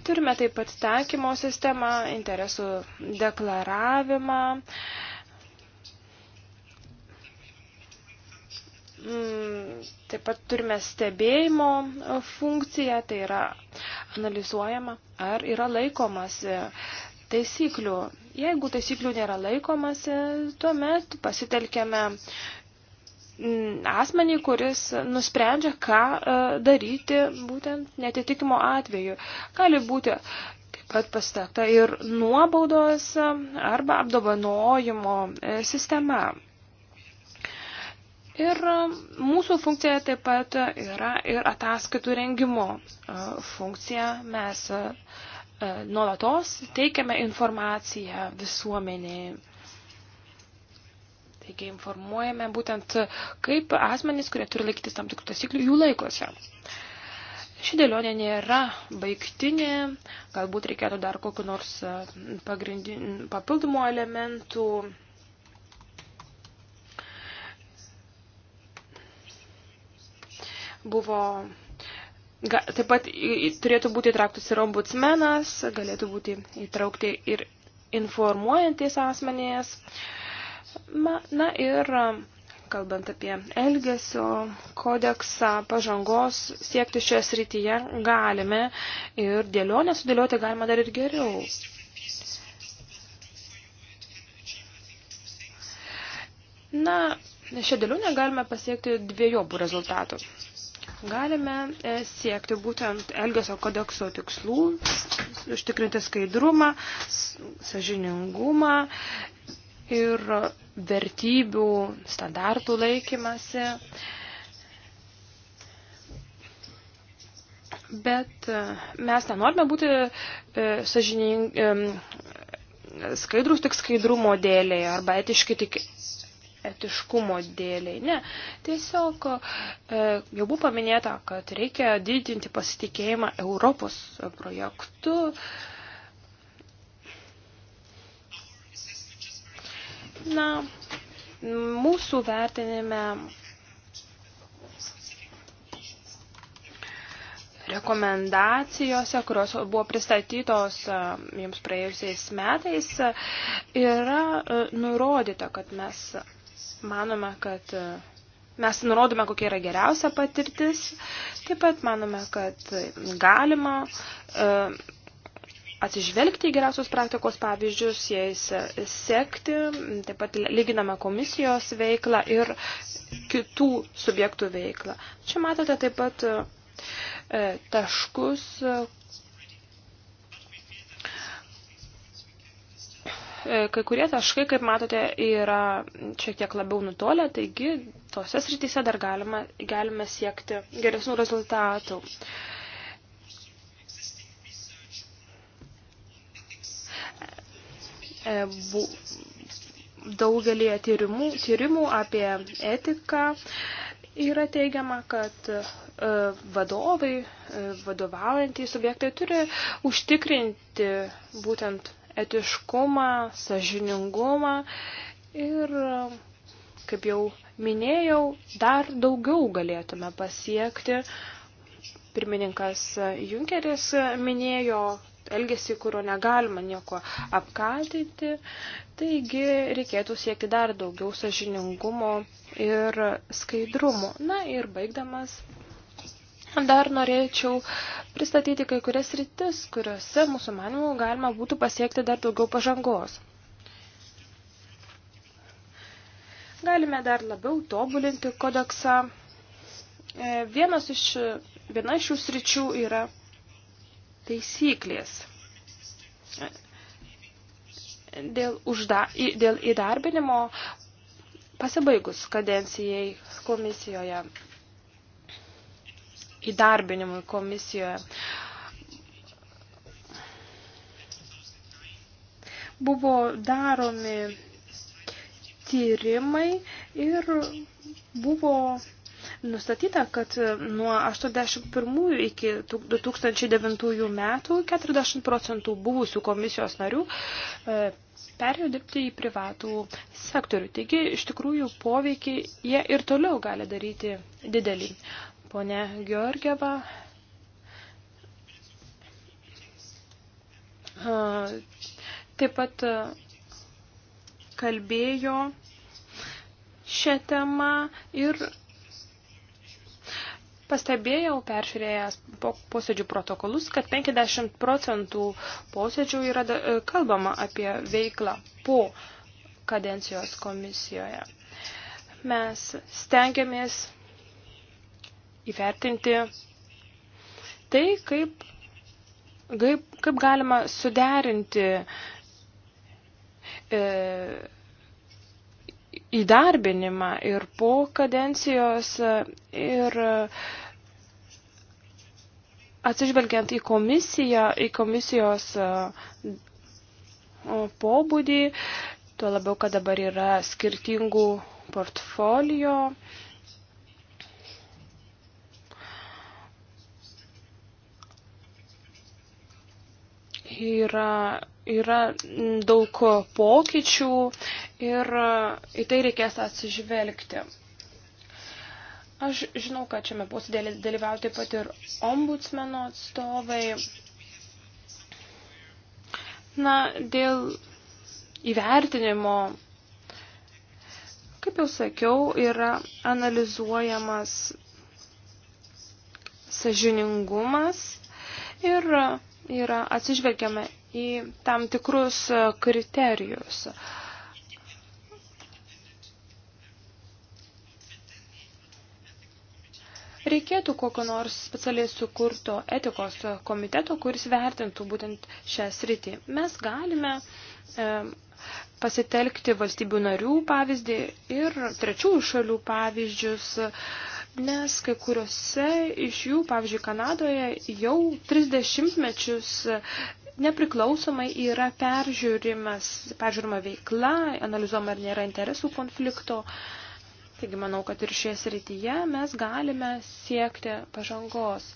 turime taip pat tenkimo sistemą, interesų deklaravimą. Mm, taip pat turime stebėjimo funkciją, tai yra analizuojama, ar yra laikomas taisyklių. Jeigu taisyklių nėra laikomasi, tuomet pasitelkiame mm, asmenį, kuris nusprendžia, ką e, daryti būtent netitikimo atveju. Gali būti taip pat pastakta ir nuobaudos arba apdovanojimo e, sistema. Ir e, mūsų funkcija taip pat yra ir ataskaitų rengimo funkcija. Mes E, nuolatos teikiame informaciją visuomeniai. Taigi informuojame būtent, kaip asmenys, kurie turi laikytis tam tikrų taisyklių, jų laikosi. Ši dėlionė nėra baigtinė, galbūt reikėtų dar kokiu nors e, papildomų elementų. Buvo Taip pat turėtų būti įtrauktas ir ombudsmenas, galėtų būti įtraukti ir informuojantis asmenės. Na ir kalbant apie elgesio kodeksą, pažangos siekti šioje srityje galime ir dėlionę sudėlioti galima dar ir geriau. Na, šią dėlionę galime pasiekti dviejobų rezultatų. Galime e, siekti būtent Elgesio kodekso tikslų, užtikrinti skaidrumą, sažiningumą ir vertybių standartų laikymasi. Bet e, mes nenorime būti e, sažiningi, skaidrus tik skaidrumo dėlėje arba etiški tik etiškumo dėliai. Ne, tiesiog e, jau buvo paminėta, kad reikia didinti pasitikėjimą Europos projektu. Na, mūsų vertinime rekomendacijose, kurios buvo pristatytos e, jums praėjusiais metais, yra e, nurodyta, kad mes manome, kad e, mes nurodome, kokia yra geriausia patirtis. Taip pat manome, kad galima e, atsižvelgti į geriausios praktikos pavyzdžius, jais e, sekti, taip pat lyginame komisijos veiklą ir kitų subjektų veiklą. Čia matote taip pat taškus, E, kai kurie taškai, kaip matote, yra šiek tiek labiau nutolę, taigi tose srityse dar galima, galime siekti geresnių rezultatų. E, bu, daugelį tyrimų, tyrimų apie etiką yra teigiama, kad e, vadovai, vadovaujantys subjektai turi užtikrinti būtent etiškumą, sažiningumą ir, kaip jau minėjau, dar daugiau galėtume pasiekti. Pirmininkas Junkeris minėjo elgesį, kurio negalima nieko apkaltinti. Taigi reikėtų siekti dar daugiau sažiningumo ir skaidrumo. Na ir baigdamas Dar norėčiau pristatyti kai kurias rytis, kuriuose mūsų manimų galima būtų pasiekti dar daugiau pažangos. Galime dar labiau tobulinti kodeksą. E, vienas iš, viena iš šių sričių yra taisyklės e, dėl, užda, dėl įdarbinimo pasibaigus kadencijai komisijoje įdarbinimui komisijoje. Buvo daromi tyrimai ir buvo nustatyta, kad nuo 81 iki 2009 metų 40 procentų buvusių komisijos narių e, perėjo dirbti į privatų sektorių. Taigi, iš tikrųjų, poveikį jie ir toliau gali daryti didelį ponė Georgieva. Taip pat kalbėjo šią temą ir pastebėjau, peržiūrėjęs posėdžių protokolus, kad 50 procentų posėdžių yra e, kalbama apie veiklą po kadencijos komisijoje. Mes stengiamės įvertinti tai, kaip, kaip, kaip galima suderinti e, įdarbinimą ir po kadencijos e, ir atsižvelgiant į komisiją, į komisijos e, pobūdį, tuo labiau, kad dabar yra skirtingų portfolio yra, yra daug pokyčių ir į tai reikės atsižvelgti. Aš žinau, kad šiame posėdėlė dalyvauja taip pat ir ombudsmeno atstovai. Na, dėl įvertinimo, kaip jau sakiau, yra analizuojamas sažiningumas ir yra atsižvelgiame į tam tikrus e, kriterijus. Reikėtų kokio nors specialiai sukurto etikos komiteto, kuris vertintų būtent šią sritį. Mes galime e, pasitelkti valstybių narių pavyzdį ir trečiųjų šalių pavyzdžius. E, nes kai kuriuose iš jų, pavyzdžiui, Kanadoje, jau 30 mečius nepriklausomai yra peržiūrimas, peržiūrima veikla, analizuojama ar nėra interesų konflikto. Taigi manau, kad ir šioje srityje mes galime siekti pažangos.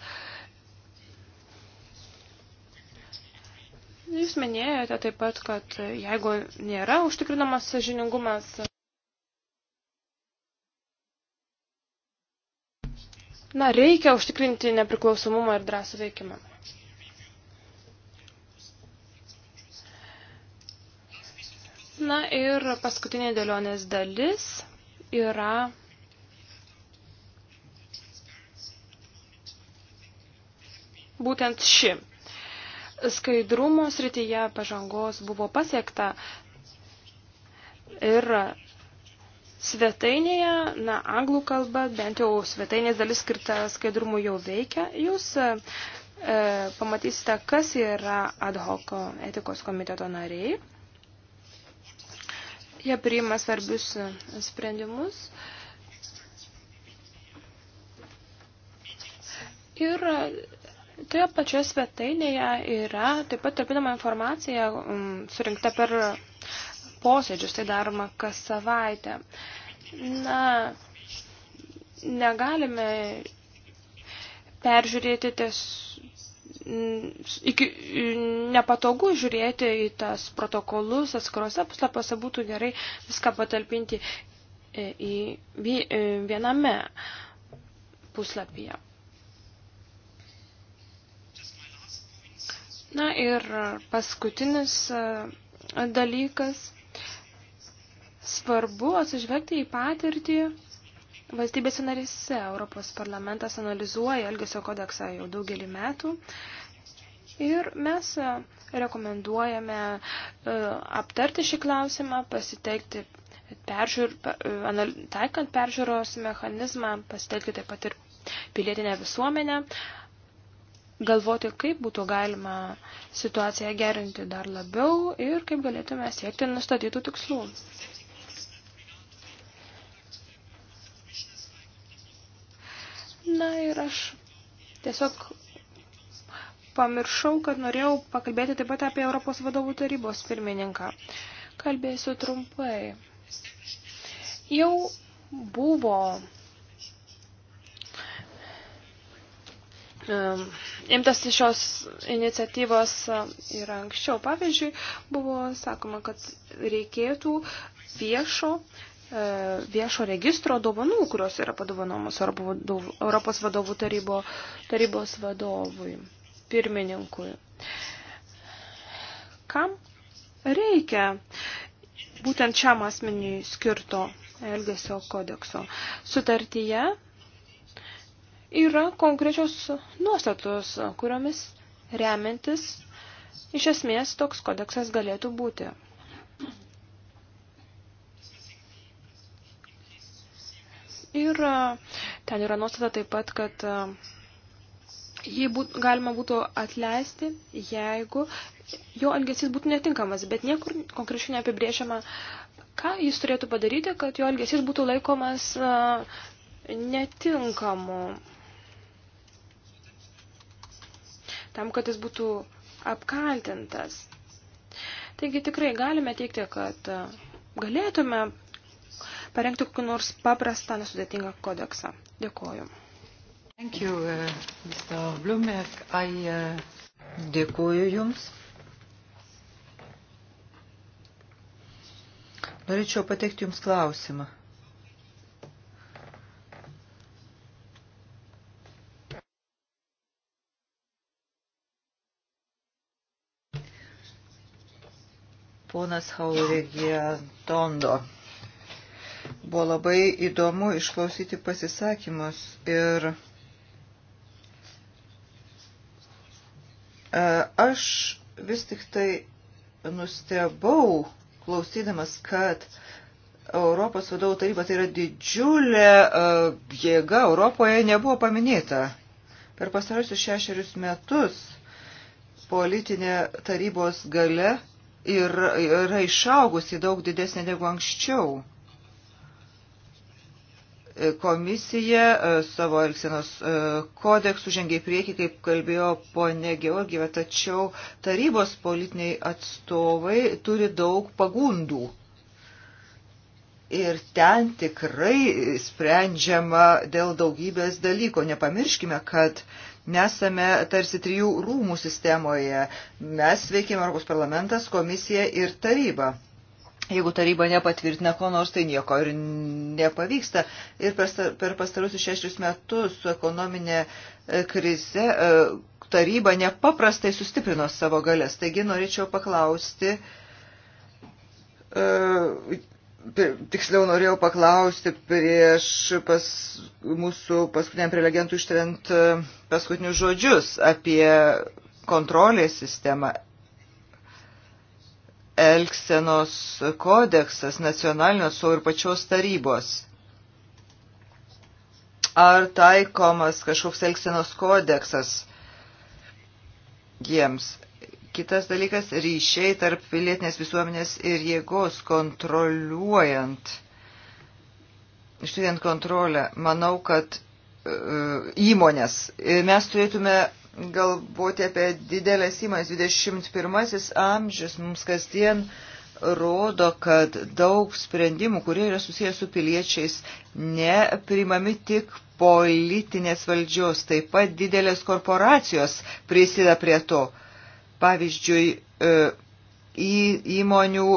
Jūs minėjote taip pat, kad jeigu nėra užtikrinamas sažiningumas, Na, reikia užtikrinti nepriklausomumą ir drąsų veikimą. Na ir paskutinė dėlionės dalis yra būtent ši. Skaidrumo srityje pažangos buvo pasiekta ir Svetainėje, na, anglų kalba, bent jau svetainės dalis skirta skaidrumui jau veikia. Jūs e, e, pamatysite, kas yra ad hoc etikos komiteto nariai. Jie priima svarbius sprendimus. Ir toje pačioje svetainėje yra taip pat talpinama informacija mm, surinkta per posėdžius, tai daroma kas savaitę. Na, negalime peržiūrėti ties iki, nepatogu žiūrėti į tas protokolus, atskiruose puslapiuose būtų gerai viską patalpinti e, į e, viename puslapyje. Na ir paskutinis e, dalykas svarbu atsižvelgti į patirtį valstybėse narėse. Europos parlamentas analizuoja Elgesio kodeksą jau daugelį metų. Ir mes e, rekomenduojame e, aptarti šį klausimą, pasitelkti peržiūr, e, taikant peržiūros mechanizmą, pasitelkti taip pat ir pilietinę visuomenę, galvoti, kaip būtų galima situaciją gerinti dar labiau ir kaip galėtume siekti nustatytų tikslų. Na ir aš tiesiog pamiršau, kad norėjau pakalbėti taip pat apie Europos vadovų tarybos pirmininką. Kalbėsiu trumpai. Jau buvo imtas šios iniciatyvos ir anksčiau. Pavyzdžiui, buvo sakoma, kad reikėtų viešo E, viešo registro dovanų, kurios yra padovanomos Europos vadovų tarybo, tarybos vadovui, pirmininkui. Kam reikia būtent šiam asmeniui skirto Elgesio kodekso? Sutartyje yra konkrečios nuostatos, kuriomis remiantis iš esmės toks kodeksas galėtų būti Ir e, ten yra nuostata taip pat, kad e, jį būt, galima būtų atleisti, jeigu jo elgesys būtų netinkamas, bet niekur konkrečiai neapibrėžiama, ką jis turėtų padaryti, kad jo elgesys būtų laikomas e, netinkamu. Tam, kad jis būtų apkaltintas. Taigi tikrai galime teikti, kad galėtume parengti kokį nors paprastą, nesudėtingą kodeksą. Dėkoju. Thank you, uh, Mr. Blumek. I, uh... Dėkuoju Jums. Norėčiau pateikti Jums klausimą. ponas Haurigija Tondo. Buvo labai įdomu išklausyti pasisakymus ir e, aš vis tik tai nustebau klausydamas, kad Europos vadovų taryba tai yra didžiulė e, jėga Europoje nebuvo paminėta. Per pastarusius šešerius metus politinė tarybos gale yra, yra išaugusi daug didesnė negu anksčiau. Komisija e, savo Elksenos e, kodeksų žengė į priekį, kaip kalbėjo ponė Georgieva, tačiau tarybos politiniai atstovai turi daug pagundų. Ir ten tikrai sprendžiama dėl daugybės dalyko. Nepamirškime, kad nesame tarsi trijų rūmų sistemoje. Mes veikime Europos parlamentas, komisija ir taryba. Jeigu taryba nepatvirtina ko nors, tai nieko ir nepavyksta. Ir per pastarusius šešius metus su ekonominė e, krize e, taryba nepaprastai sustiprino savo galės. Taigi norėčiau paklausti, e, tiksliau norėjau paklausti prieš pas, mūsų paskutiniam prelegentų ištariant paskutinius žodžius apie kontrolės sistemą elksenos kodeksas nacionalinio atstovų ir pačios tarybos. Ar taikomas kažkoks elksenos kodeksas jiems? Kitas dalykas - ryšiai tarp pilietinės visuomenės ir jėgos kontroliuojant. Ištudiant kontrolę, manau, kad e, įmonės. Mes turėtume galvoti apie didelės įmonės. 21 amžius mums kasdien rodo, kad daug sprendimų, kurie yra susijęs su piliečiais, neprimami tik politinės valdžios, taip pat didelės korporacijos prisideda prie to. Pavyzdžiui, e, į įmonių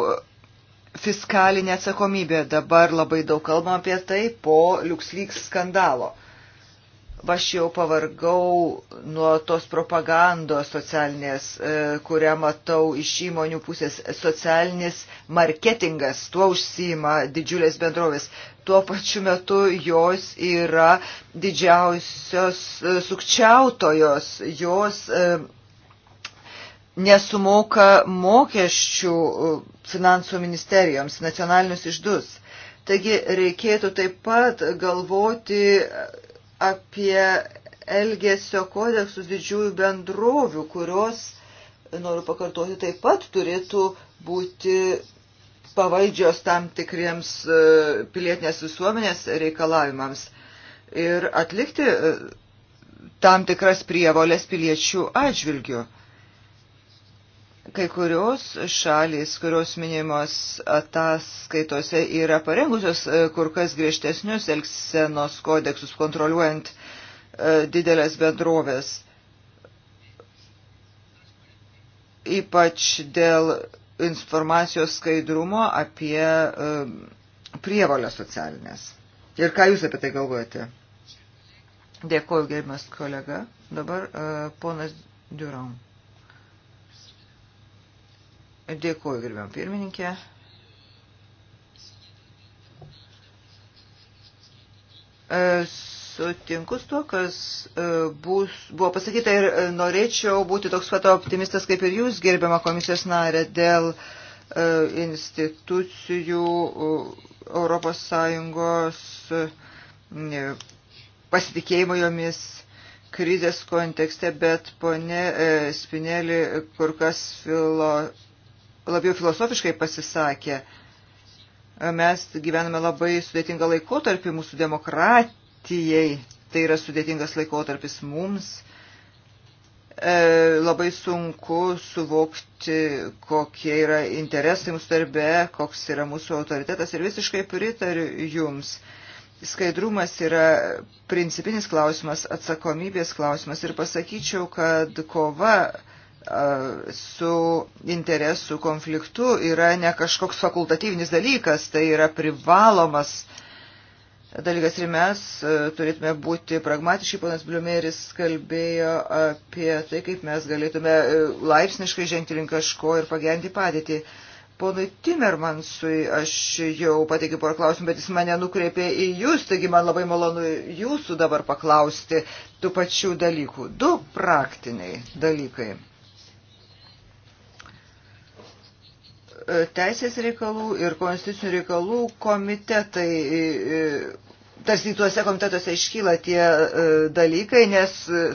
fiskalinė atsakomybė. Dabar labai daug kalbam apie tai po LuxLeaks skandalo. Aš jau pavargau nuo tos propagandos socialinės, e, kurią matau iš įmonių pusės. Socialinis marketingas, tuo užsima didžiulės bendrovės. Tuo pačiu metu jos yra didžiausios e, sukčiautojos, jos e, nesumoka mokesčių finansų ministerijoms, nacionalinius išdus. Taigi reikėtų taip pat galvoti apie Elgesio kodeksus didžiųjų bendrovių, kurios, noriu pakartoti, taip pat turėtų būti pavaldžios tam tikriems e, pilietinės visuomenės reikalavimams ir atlikti e, tam tikras prievolės piliečių atžvilgių. Kai kurios šalys, kurios minimos ataskaitose, yra parengusios e, kur kas griežtesnius elgsenos kodeksus kontroliuojant e, didelės bendrovės. Ypač dėl informacijos skaidrumo apie e, prievalę socialinės. Ir ką Jūs apie tai galvojate? Dėkuoju, gerimas kolega. Dabar ponas Durant. Dėkuoju, gerbiam pirmininkė. E, sutinku su tuo, kas e, bus, buvo pasakyta ir e, norėčiau būti toks pat optimistas kaip ir jūs, gerbiama komisijos narė, dėl institucijų Europos Sąjungos pasitikėjimo jomis krizės kontekste, bet ponė Spinelį kur kas filo, labiau filosofiškai pasisakė. Mes gyvename labai sudėtingą laikotarpį mūsų demokratijai. Tai yra sudėtingas laikotarpis mums. E, labai sunku suvokti, kokie yra interesai mūsų darbe, koks yra mūsų autoritetas ir visiškai pritariu jums skaidrumas yra principinis klausimas, atsakomybės klausimas ir pasakyčiau, kad kova su interesų konfliktu yra ne kažkoks fakultatyvinis dalykas, tai yra privalomas dalykas ir mes turėtume būti pragmatiški. Ponas Bliumeris kalbėjo apie tai, kaip mes galėtume laipsniškai žengti link kažko ir pagerinti padėtį. Ponui Timermansui aš jau pateikiu porą klausimų, bet jis mane nukreipė į jūs, taigi man labai malonu jūsų dabar paklausti tų pačių dalykų. Du praktiniai dalykai. E, teisės reikalų ir konstitucinių reikalų komitetai, e, e, tarsi tuose komitetuose iškyla tie dalykai, nes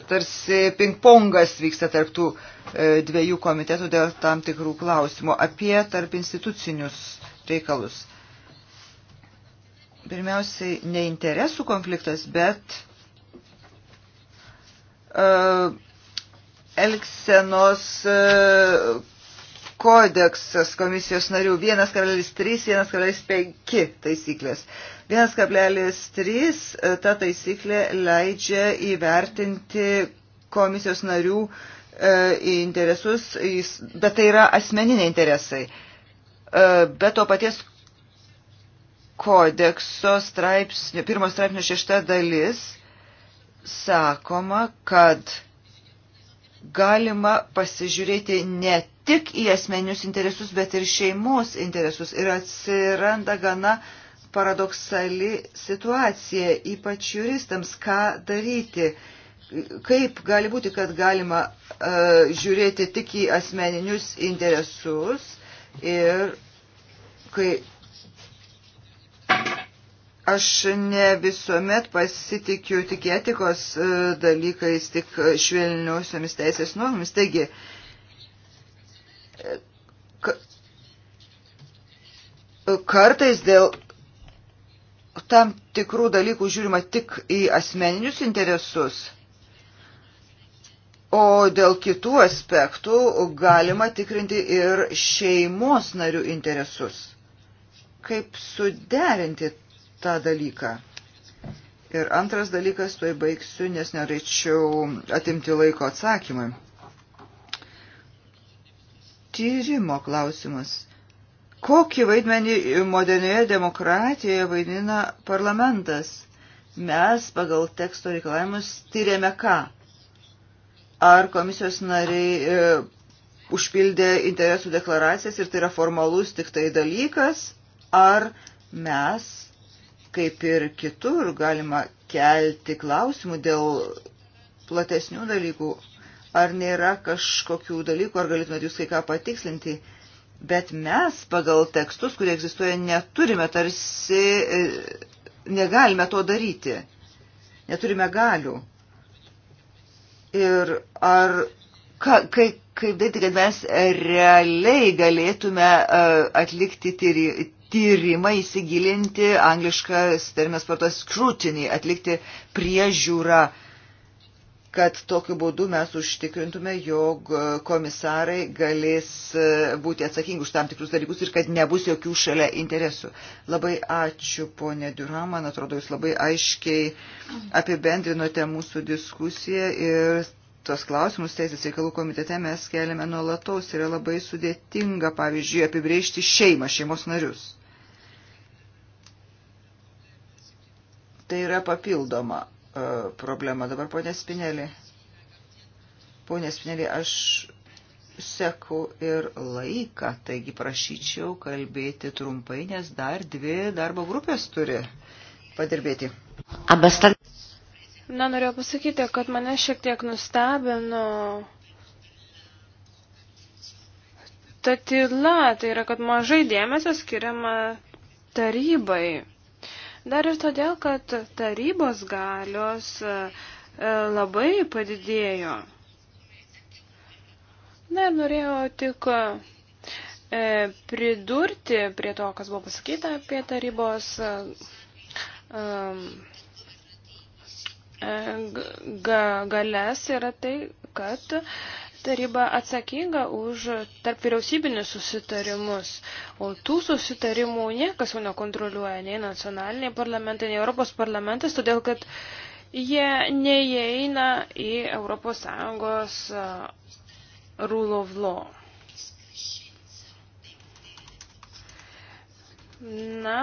tarsi pingpongas vyksta tarptų dviejų komitetų dėl tam tikrų klausimų apie tarp institucinius reikalus. Pirmiausiai, ne interesų konfliktas, bet uh, elksenos uh, kodeksas komisijos narių 1,3, 1,5 taisyklės. 1,3 e, ta taisyklė leidžia įvertinti komisijos narių e, interesus, bet tai yra asmeniniai interesai. E, bet to paties kodekso straipsnio, pirmo straipsnio šešta dalis sakoma, kad galima pasižiūrėti ne tik į asmeninius interesus, bet ir šeimos interesus. Ir atsiranda gana paradoksali situacija, ypač juristams, ką daryti. Kaip gali būti, kad galima uh, žiūrėti tik į asmeninius interesus ir kai aš ne visuomet pasitikiu tik etikos e, dalykais, tik švelniuosiamis teisės normomis. Taigi, uh, kartais dėl tam tikrų dalykų žiūrima tik į asmeninius interesus, o dėl kitų aspektų galima tikrinti ir šeimos narių interesus. Kaip suderinti tą dalyką? Ir antras dalykas, tuoj baigsiu, nes norėčiau atimti laiko atsakymui. Tyrimo klausimas Kokį vaidmenį modernioje demokratijoje vaidina parlamentas? Mes pagal teksto reikalavimus tyrėme ką? Ar komisijos nariai e, užpildė interesų deklaracijas ir tai yra formalus tik tai dalykas? Ar mes, kaip ir kitur, galima kelti klausimų dėl platesnių dalykų? Ar nėra kažkokių dalykų, ar galėtumėte jūs kai ką patikslinti? Bet mes pagal tekstus, kurie egzistuoja, neturime tarsi, e, negalime to daryti. Neturime galių. Ir ar, ka, kaip, kaip daryti, kad mes realiai galėtume e, atlikti tyri, tyrimą, įsigilinti, angliškas terminas partos scrutiny, atlikti priežiūrą uh, kad tokiu būdu mes užtikrintume, jog komisarai galės e, būti atsakingi už tam tikrus dalykus ir kad nebus jokių šalia interesų. Labai ačiū, ponė Diura, man atrodo, jūs labai aiškiai apibendrinote mūsų diskusiją ir tos klausimus Teisės reikalų komitete mes keliame nuolatos. Yra labai sudėtinga, pavyzdžiui, apibrėžti šeimą, šeimos narius. Tai yra papildoma E, problema. Dabar ponė Spinelė. Ponė Spinelė, aš seku ir laiką, taigi prašyčiau kalbėti trumpai, nes dar dvi darbo grupės turi padirbėti. Abastal. Na, norėjau pasakyti, kad mane šiek tiek nustebino ta tyla, tai yra, kad mažai dėmesio skiriama tarybai. Dar ir todėl, kad tarybos galios e, e, labai padidėjo. Na ir norėjau tik e, pridurti prie to, kas buvo pasakyta apie tarybos galės yra tai, kad taryba atsakinga už tarp vyriausybinius susitarimus, o tų susitarimų niekas jau nekontroliuoja, nei nacionaliniai parlamentai, nei Europos parlamentas, todėl kad jie neįeina į Europos Sąjungos rule of law. Na,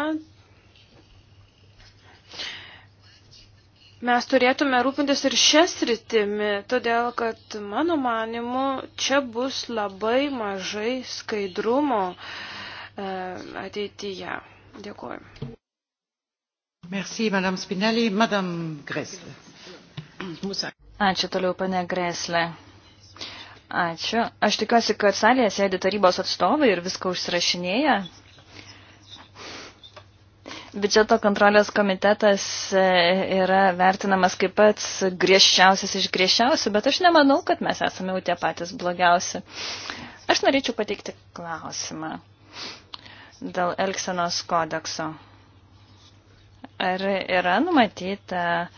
mes turėtume rūpintis ir šias rytimi, todėl kad mano manimu čia bus labai mažai skaidrumo e, ateityje. Dėkuoju. Merci, Madame Spinelli. Madame Gresle. Ačiū toliau, pane Gresle. Ačiū. Aš tikiuosi, kad salėje sėdi tarybos atstovai ir viską užsirašinėja. Biudžeto kontrolės komitetas e, yra vertinamas kaip pats griežčiausias iš griežčiausių, bet aš nemanau, kad mes esame jau tie patys blogiausi. Aš norėčiau pateikti klausimą dėl Elksenos kodekso. Ar yra numatyta e,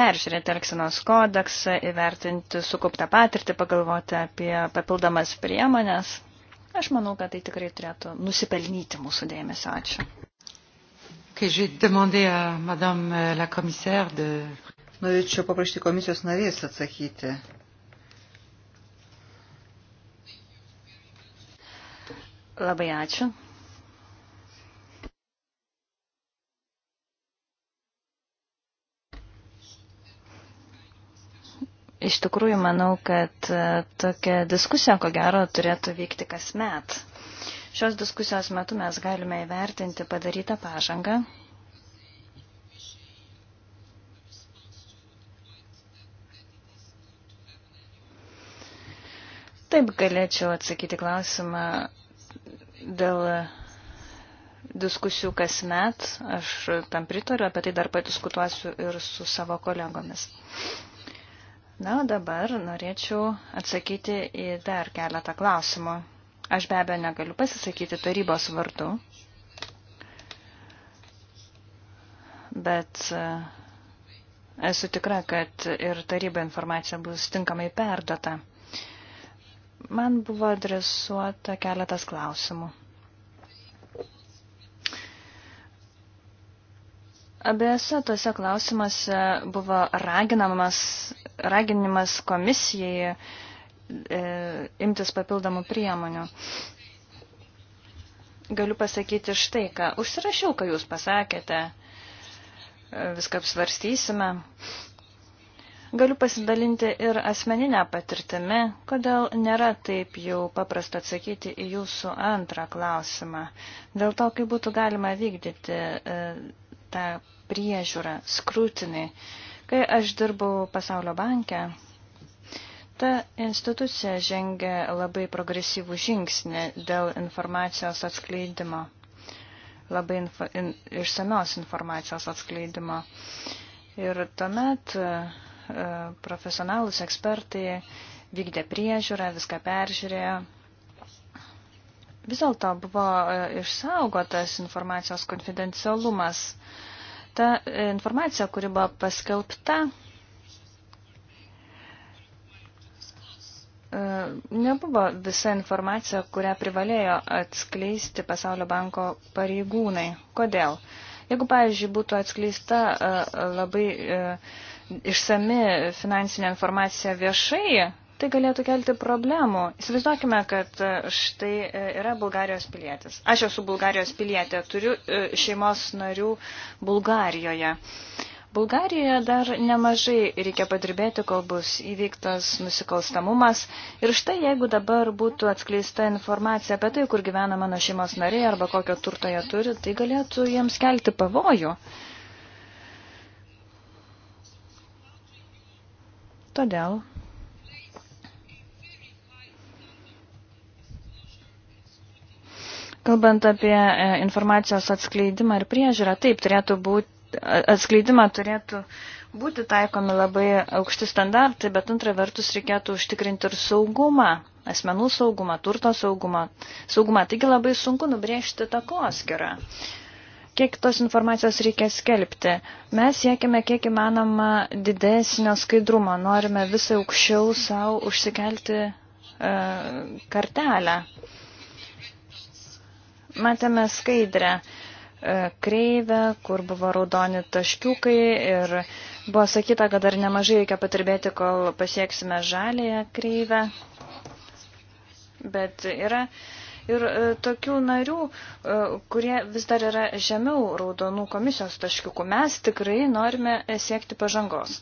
peržiūrėti Elksenos kodeksą, įvertinti sukauptą patirtį, pagalvoti apie papildomas priemonės? Aš manau, kad tai tikrai turėtų nusipelnyti mūsų dėmesio. Ačiū que j'ai demandé à Madame euh, la Commissaire de. Norėčiau paprašyti komisijos narės atsakyti. Labai ačiū. Iš tikrųjų, manau, kad e, tokia diskusija, ko gero, turėtų vykti kasmet. Šios diskusijos metu mes galime įvertinti padarytą pažangą. Taip galėčiau atsakyti klausimą dėl diskusijų kasmet, aš tam pritariu, apie tai dar padiskutuosiu ir su savo kolegomis. Na, o dabar norėčiau atsakyti į dar keletą klausimų. Aš be abejo negaliu pasisakyti tarybos vardu, bet e, esu tikra, kad ir taryba informacija bus tinkamai perdata. Man buvo adresuota keletas klausimų. Abiejose tose klausimuose buvo raginamas, raginimas komisijai uh, E, imtis papildomų priemonių. Galiu pasakyti štai ką. Užsirašiau, ką jūs pasakėte. E, viską apsvarstysime. Galiu pasidalinti ir asmeninę patirtimi, kodėl nėra taip jau paprasta atsakyti į jūsų antrą klausimą. Dėl to, kaip būtų galima vykdyti e, tą priežiūrą, skrutinį. Kai aš dirbau pasaulio banke, Ta institucija žengia labai progresyvų žingsnį dėl informacijos atskleidimo, labai info, in, išsamios informacijos atskleidimo. Ir tuomet e, profesionalus ekspertai vykdė priežiūrą, viską peržiūrėjo, vis dėlto buvo e, išsaugotas informacijos konfidencialumas. Ta e, informacija, kuri buvo paskelbta, E, nebuvo visa informacija, kurią privalėjo atskleisti Pasaulio banko pareigūnai. Kodėl? Jeigu, pavyzdžiui, būtų atskleista e, labai e, išsami finansinė informacija viešai, tai galėtų kelti problemų. Įsivaizduokime, kad štai yra Bulgarijos pilietis. Aš esu Bulgarijos pilietė, turiu šeimos narių Bulgarijoje. Uh, Bulgarijoje dar nemažai reikia padirbėti, kol bus įvyktas nusikalstamumas. Ir štai jeigu dabar būtų atskleista informacija apie tai, kur gyvena mano šeimos nariai arba kokio turto jie turi, tai galėtų jiems kelti pavojų. Todėl Kalbant apie e, informacijos atskleidimą ir priežiūrą, taip turėtų būti atskleidimą turėtų būti taikomi labai aukšti standartai, bet antra vertus reikėtų užtikrinti ir saugumą, asmenų saugumą, turto saugumą. saugumą. Taigi labai sunku nubrėžti takoskirą. Kiek tos informacijos reikia skelbti? Mes siekime kiek įmanoma didesnio skaidrumo, norime visai aukščiau savo užsikelti e, kartelę. Matėme skaidrę. E, E, kreivę, kur buvo raudoni taškiukai ir buvo sakyta, kad dar nemažai reikia patirbėti, kol pasieksime žalėją kreivę. Bet yra ir e, tokių narių, e, kurie vis dar yra žemiau raudonų komisijos taškiukų. Mes tikrai norime siekti pažangos.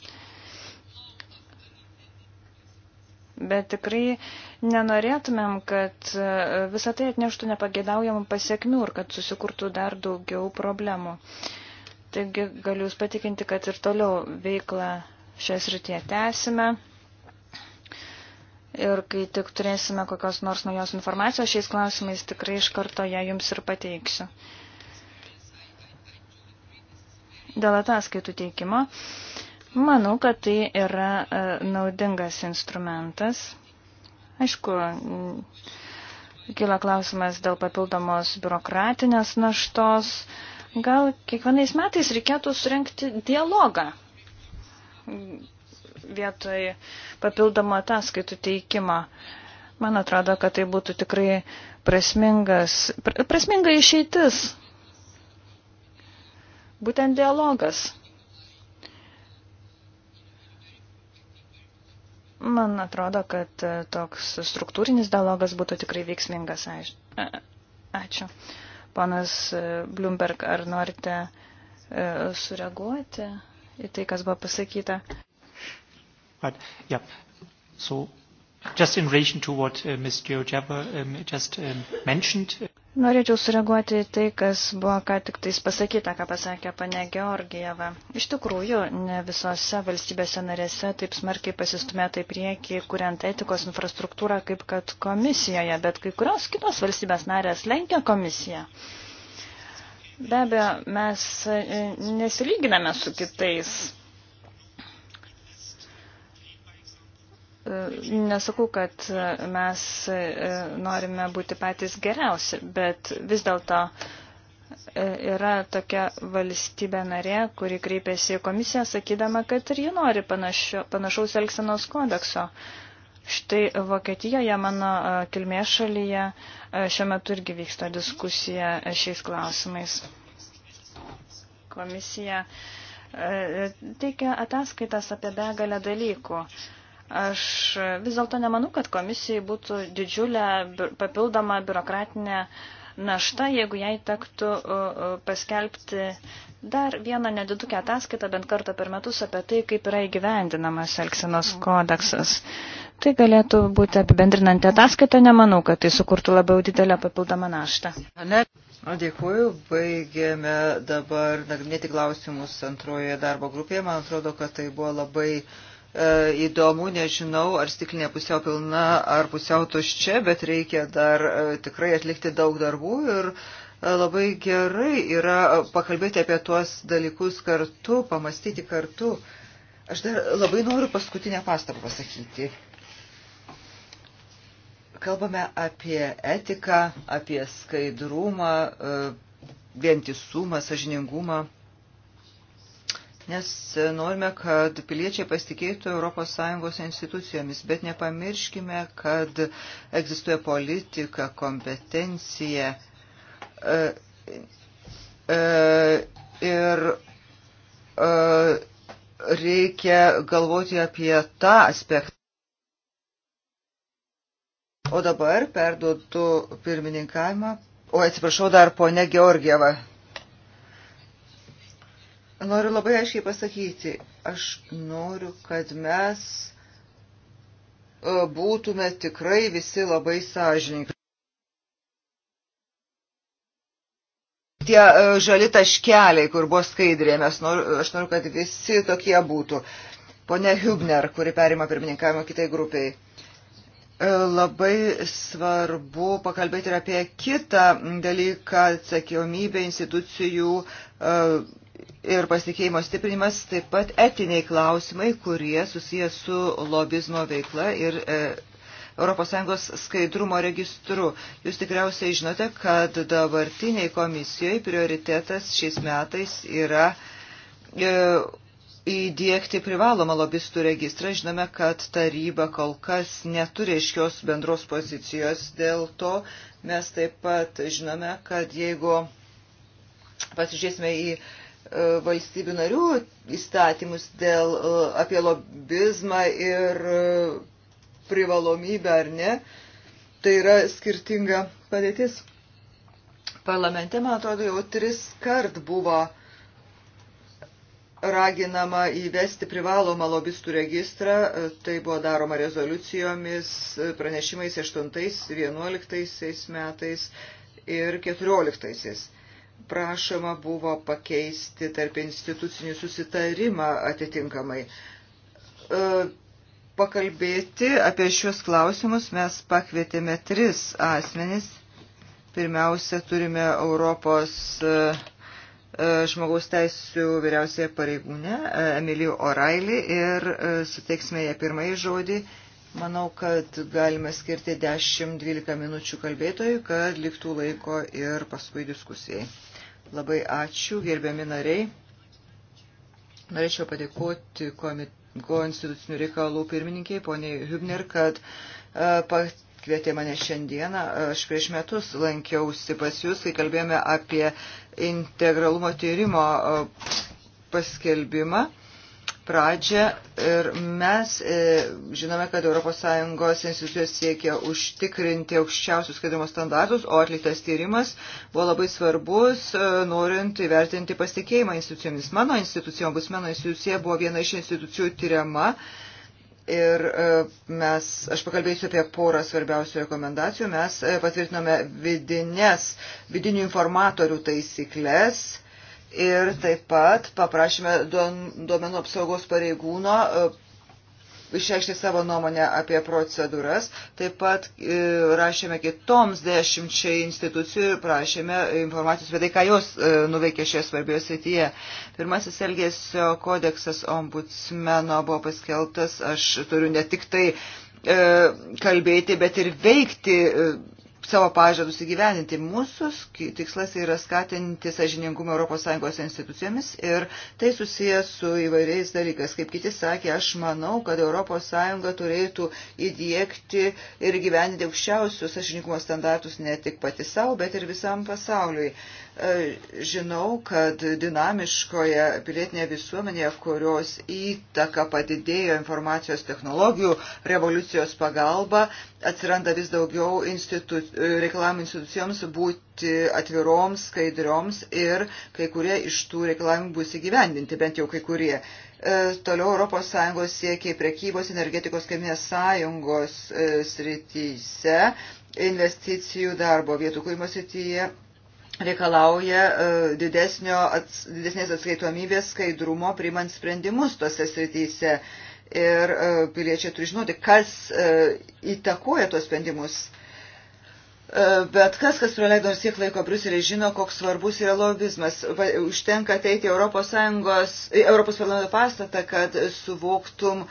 Bet tikrai nenorėtumėm, kad e, visą tai atneštų nepageidaujamų pasiekmių ir kad susikurtų dar daugiau problemų. Taigi galiu Jūs patikinti, kad ir toliau veiklą šią srityje tęsime. Ir kai tik turėsime kokios nors naujos informacijos šiais klausimais, tikrai iš karto ją Jums ir pateiksiu. Dėl ataskaitų teikimo. Manau, kad tai yra e, naudingas instrumentas. Aišku, kila klausimas dėl papildomos biurokratinės naštos. Gal kiekvienais metais reikėtų surenkti dialogą vietoj papildomo ataskaitų teikimo. Man atrodo, kad tai būtų tikrai prasmingas, prasminga išeitis. Būtent dialogas. Man atrodo, kad e, toks struktūrinis dialogas būtų tikrai veiksmingas. Ačiū. Ponas e, Bloomberg, ar norite e, sureaguoti į tai, kas buvo pasakyta? Right. Yeah. So, just in relation to what uh, Ms. Georgieva um, just um, mentioned, Norėčiau sureaguoti į tai, kas buvo ką tik tais pasakyta, ką pasakė pane Georgieva. Iš tikrųjų, ne visose valstybėse narėse taip smarkiai pasistumėta į priekį, kuriant etikos infrastruktūrą, kaip kad komisijoje, bet kai kurios kitos valstybės narės lenkia komisiją. Be abejo, mes e, nesilyginame su kitais Nesakau, kad mes e, norime būti patys geriausi, bet vis dėlto e, yra tokia valstybė narė, kuri kreipėsi į komisiją, sakydama, kad ir ji nori panašio, panašaus elgsenos kodekso. Štai Vokietijoje, mano e, kilmės šalyje, šiuo metu irgi vyksta diskusija šiais klausimais. Komisija teikia ataskaitas apie begalę dalykų Aš vis dėlto nemanau, kad komisijai būtų didžiulė papildoma biurokratinė našta, jeigu jai tektų paskelbti dar vieną nedidukę ataskaitą bent kartą per metus apie tai, kaip yra įgyvendinamas Elksinos kodeksas. Tai galėtų būti apibendrinanti ataskaita, nemanau, kad tai sukurtų labiau didelę papildomą naštą. Dėkuoju, baigėme dabar nagrinėti klausimus antroje darbo grupėje. Man atrodo, kad tai buvo labai E, įdomu, nežinau, ar stiklinė pusiau pilna, ar pusiau tuščia, bet reikia dar e, tikrai atlikti daug darbų ir e, labai gerai yra pakalbėti apie tuos dalykus kartu, pamastyti kartu. Aš dar labai noriu paskutinę pastabą pasakyti. Kalbame apie etiką, apie skaidrumą, vientisumą, sažiningumą nes e, norime, kad piliečiai pasitikėtų ES institucijomis, bet nepamirškime, kad egzistuoja politika, kompetencija e, e, ir e, reikia galvoti apie tą aspektą. O dabar perduodu pirmininkavimą. O atsiprašau dar ponę Georgievą. Noriu labai aiškiai pasakyti, aš noriu, kad mes e, būtume tikrai visi labai sąžininkai. Tie e, žali taškeliai, kur buvo skaidrė, mes noriu, aš noriu, kad visi tokie būtų. Pone Hübner, kuri perima pirmininkavimą kitai grupiai. E, labai svarbu pakalbėti ir apie kitą dalyką atsakomybę institucijų uh, ir pasikeimo stiprinimas, taip pat etiniai klausimai, kurie susijęs su lobizmo veikla ir e, ES skaidrumo registru. Jūs tikriausiai žinote, kad dabartiniai komisijoje prioritetas šiais metais yra e, įdėkti privalomą lobistų registrą. Žinome, kad taryba kol kas neturi aiškios bendros pozicijos. Dėl to mes taip pat žinome, kad jeigu pasižiūrėsime į E, valstybių narių įstatymus dėl e, apie lobizmą ir e, privalomybę ar ne. Tai yra skirtinga padėtis. Parlamente, man atrodo, jau tris kart buvo raginama įvesti privalomą lobistų registrą. Tai buvo daroma rezoliucijomis, pranešimais 8, 11 metais ir 14 prašoma buvo pakeisti tarp institucinį susitarimą atitinkamai. E, pakalbėti apie šios klausimus mes pakvietėme tris asmenis. Pirmiausia, turime Europos e, e, žmogaus teisų vyriausiąją pareigūnę Emilijų Orailį ir suteiksime ją pirmąjį žodį. Manau, kad galime skirti 10-12 minučių kalbėtojų, kad liktų laiko ir paskui diskusijai. Labai ačiū, gerbiami nariai. Norėčiau padėkoti konstitucinių reikalų pirmininkiai, poniai Hübner, kad uh, pakvietė mane šiandieną. Aš prieš metus lankiausi pas jūs, kai kalbėjome apie integralumo tyrimo e, paskelbimą pradžią ir mes e, žinome, kad ES institucijos siekia užtikrinti aukščiausius skaidrumo standartus, o atliktas tyrimas buvo labai svarbus, e, norint įvertinti pasitikėjimą institucijomis. Mano institucija, ombudsmeno institucija, buvo viena iš institucijų tyriama. Ir e, mes, aš pakalbėsiu apie porą svarbiausių rekomendacijų, mes patvirtinome vidinės, vidinių informatorių taisyklės, ir taip pat paprašėme duomenų apsaugos pareigūno e, išreikšti savo nuomonę apie procedūras. Taip pat e, rašėme kitoms dešimčiai institucijų ir prašėme informacijos apie tai, ką jos e, nuveikė šioje svarbioje srityje. Pirmasis Elgėsio kodeksas ombudsmeno buvo paskelbtas. Aš turiu ne tik tai kalbėti, bet ir veikti savo pažadus įgyveninti. Mūsų tikslas yra skatinti sažiningumą ES institucijomis ir tai susijęs su įvairiais dalykais. Kaip kiti sakė, aš manau, kad ES turėtų įdėkti ir gyveninti aukščiausius sažiningumo standartus ne tik pati savo, bet ir visam pasauliui. E, žinau, kad dinamiškoje pilietinėje visuomenėje, kurios įtaka padidėjo informacijos technologijų revoliucijos pagalba, atsiranda vis daugiau institu... reikalavimų institucijoms būti atviroms, skaidrioms ir kai kurie iš tų reikalavimų bus įgyvendinti, bent jau kai kurie. E, toliau ES siekiai prekybos energetikos kaiminės sąjungos e, srityse, investicijų darbo vietų kūrimo srityje reikalauja e, ats, didesnės atskaitomybės skaidrumo primant sprendimus tose srityse. Ir e, piliečiai turi žinoti, kas e, įtakoja tos sprendimus. Bet kas, kas praleido tiek laiko Bruselėje, žino, koks svarbus yra lobizmas. Užtenka ateiti Europos, Sąjungos, Europos parlamento pastatą, kad suvoktum,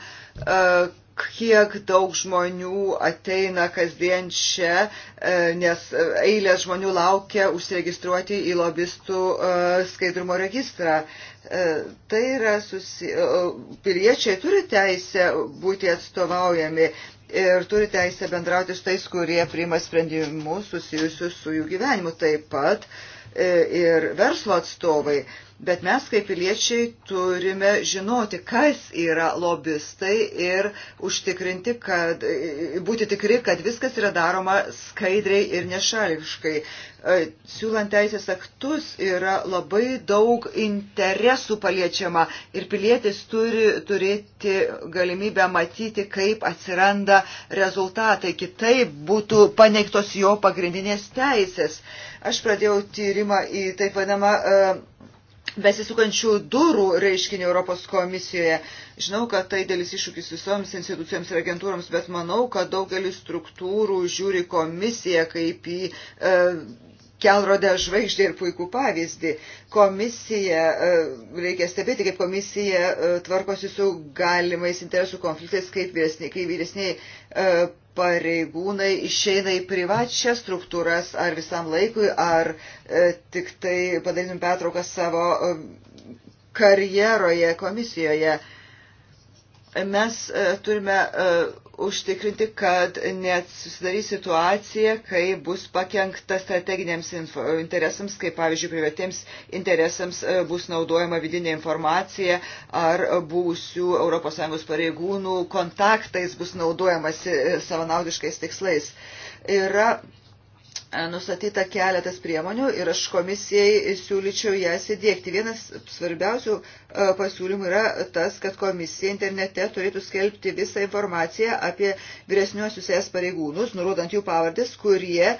kiek daug žmonių ateina kasdien čia, e, nes eilės žmonių laukia užsiregistruoti į lobistų e, skaidrumo registrą. E, tai yra susi... piliečiai turi teisę būti atstovaujami ir turi teisę bendrauti su tais, kurie priima sprendimus susijusius su jų gyvenimu. Taip pat uh, E, ir verslo atstovai, bet mes kaip piliečiai turime žinoti, kas yra lobistai ir užtikrinti, kad e, būti tikri, kad viskas yra daroma skaidriai ir nešališkai. E, siūlant teisės aktus yra labai daug interesų paliečiama ir pilietis turi turėti galimybę matyti, kaip atsiranda rezultatai, kitaip būtų paneigtos jo pagrindinės teisės. Uh, Aš pradėjau tyrimą į taip vadinamą e, besisukančių durų reiškinį Europos komisijoje. Žinau, kad tai dėlis iššūkis visoms institucijoms ir agentūroms, bet manau, kad daugelis struktūrų žiūri komisiją kaip į e, kelrodę žvaigždį ir puikų pavyzdį. Komisija, e, reikia stebėti, kaip komisija e, tvarkosi su galimais interesų konfliktais, kaip vyresniai, kaip vyresniai pareigūnai išeina į privačią struktūras ar visam laikui, ar e, tik tai padarytum petrauką savo e, karjeroje, komisijoje. Mes e, turime e, užtikrinti, kad net susidarys situacija, kai bus pakengta strateginiams interesams, kaip pavyzdžiui privatiems interesams e, bus naudojama vidinė informacija ar buvusių ES pareigūnų kontaktais bus naudojamasi e, savanaudiškais tikslais. Yra nustatyta keletas priemonių ir aš komisijai siūlyčiau jas įdėkti. Vienas svarbiausių e, pasiūlymų yra tas, kad komisija internete turėtų skelbti visą informaciją apie vyresniuosius ES pareigūnus, nurodant jų pavardės, kurie e,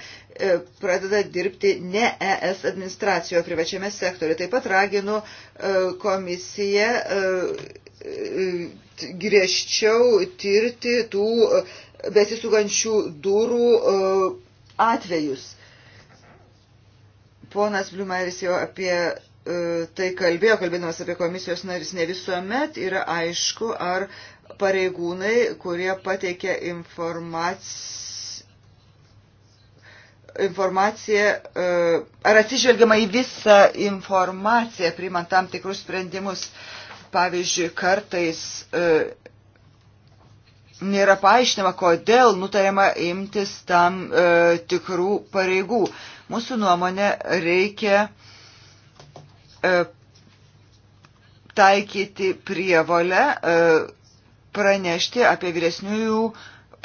pradeda dirbti ne ES administracijoje privačiame sektoriu. Taip pat raginu e, komisiją griežčiau tirti tų besisugančių durų atvejus. Ponas Bliumeris jau apie e, tai kalbėjo, kalbėdamas apie komisijos narys, ne visuomet yra aišku, ar pareigūnai, kurie pateikia informaciją, informacija, e, ar atsižvelgiama į visą informaciją, priimant tam tikrus sprendimus. Pavyzdžiui, kartais e, nėra paaiškinama, kodėl nutariama imtis tam e, tikrų pareigų. Mūsų nuomonė reikia e, taikyti prievolę e, pranešti apie vyresniųjų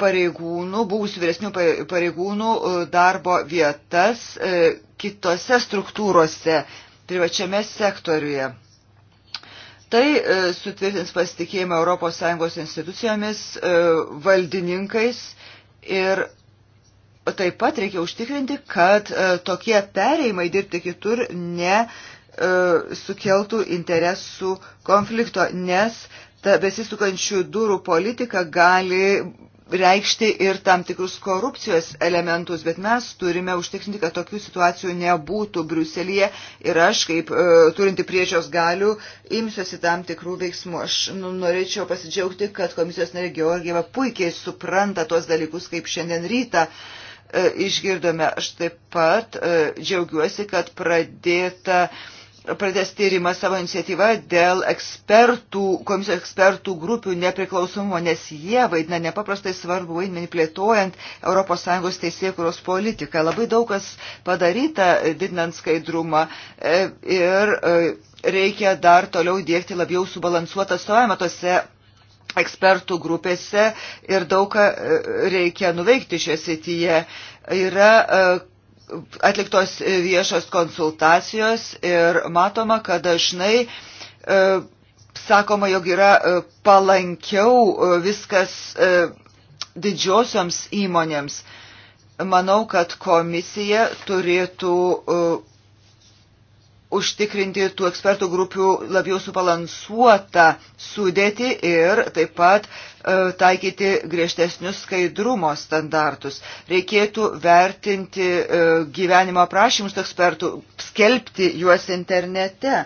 pareigūnų, buvusių vyresnių pareigūnų e, darbo vietas e, kitose struktūrose privačiame sektoriuje. Tai e, sutvirtins pasitikėjimą ES institucijomis, e, valdininkais ir taip pat reikia užtikrinti, kad e, tokie pereimai dirbti kitur ne sukeltų interesų konflikto, nes ta besisukančių durų politika gali reikšti ir tam tikrus korupcijos elementus, bet mes turime užtikrinti, kad tokių situacijų nebūtų Briuselėje ir aš, kaip e, turinti priežios galių, imsiuosi tam tikrų veiksmų. Aš nu, norėčiau pasidžiaugti, kad komisijos narė Georgieva puikiai supranta tuos dalykus, kaip šiandien rytą e, išgirdome. Aš taip pat e, džiaugiuosi, kad pradėta. E, pradės tyrimą savo iniciatyvą dėl ekspertų, komisijos ekspertų grupių nepriklausomumo, nes jie vaidina nepaprastai svarbu vaidmenį plėtojant ES teisėkuros politiką. Labai daug kas padaryta didinant skaidrumą e, ir e, reikia dar toliau dėkti labiau subalansuotą stovimą tose ekspertų grupėse ir daug ką e, reikia nuveikti šioje srityje. Yra atliktos viešos konsultacijos ir matoma, kad dažnai e, sakoma, jog yra e, palankiau e, viskas didžiosioms įmonėms. Manau, kad komisija turėtų užtikrinti tų ekspertų grupių labiau subalansuotą sudėti ir taip pat e, taikyti griežtesnius skaidrumo standartus. Reikėtų vertinti e, gyvenimo aprašymus ekspertų, skelbti juos internete.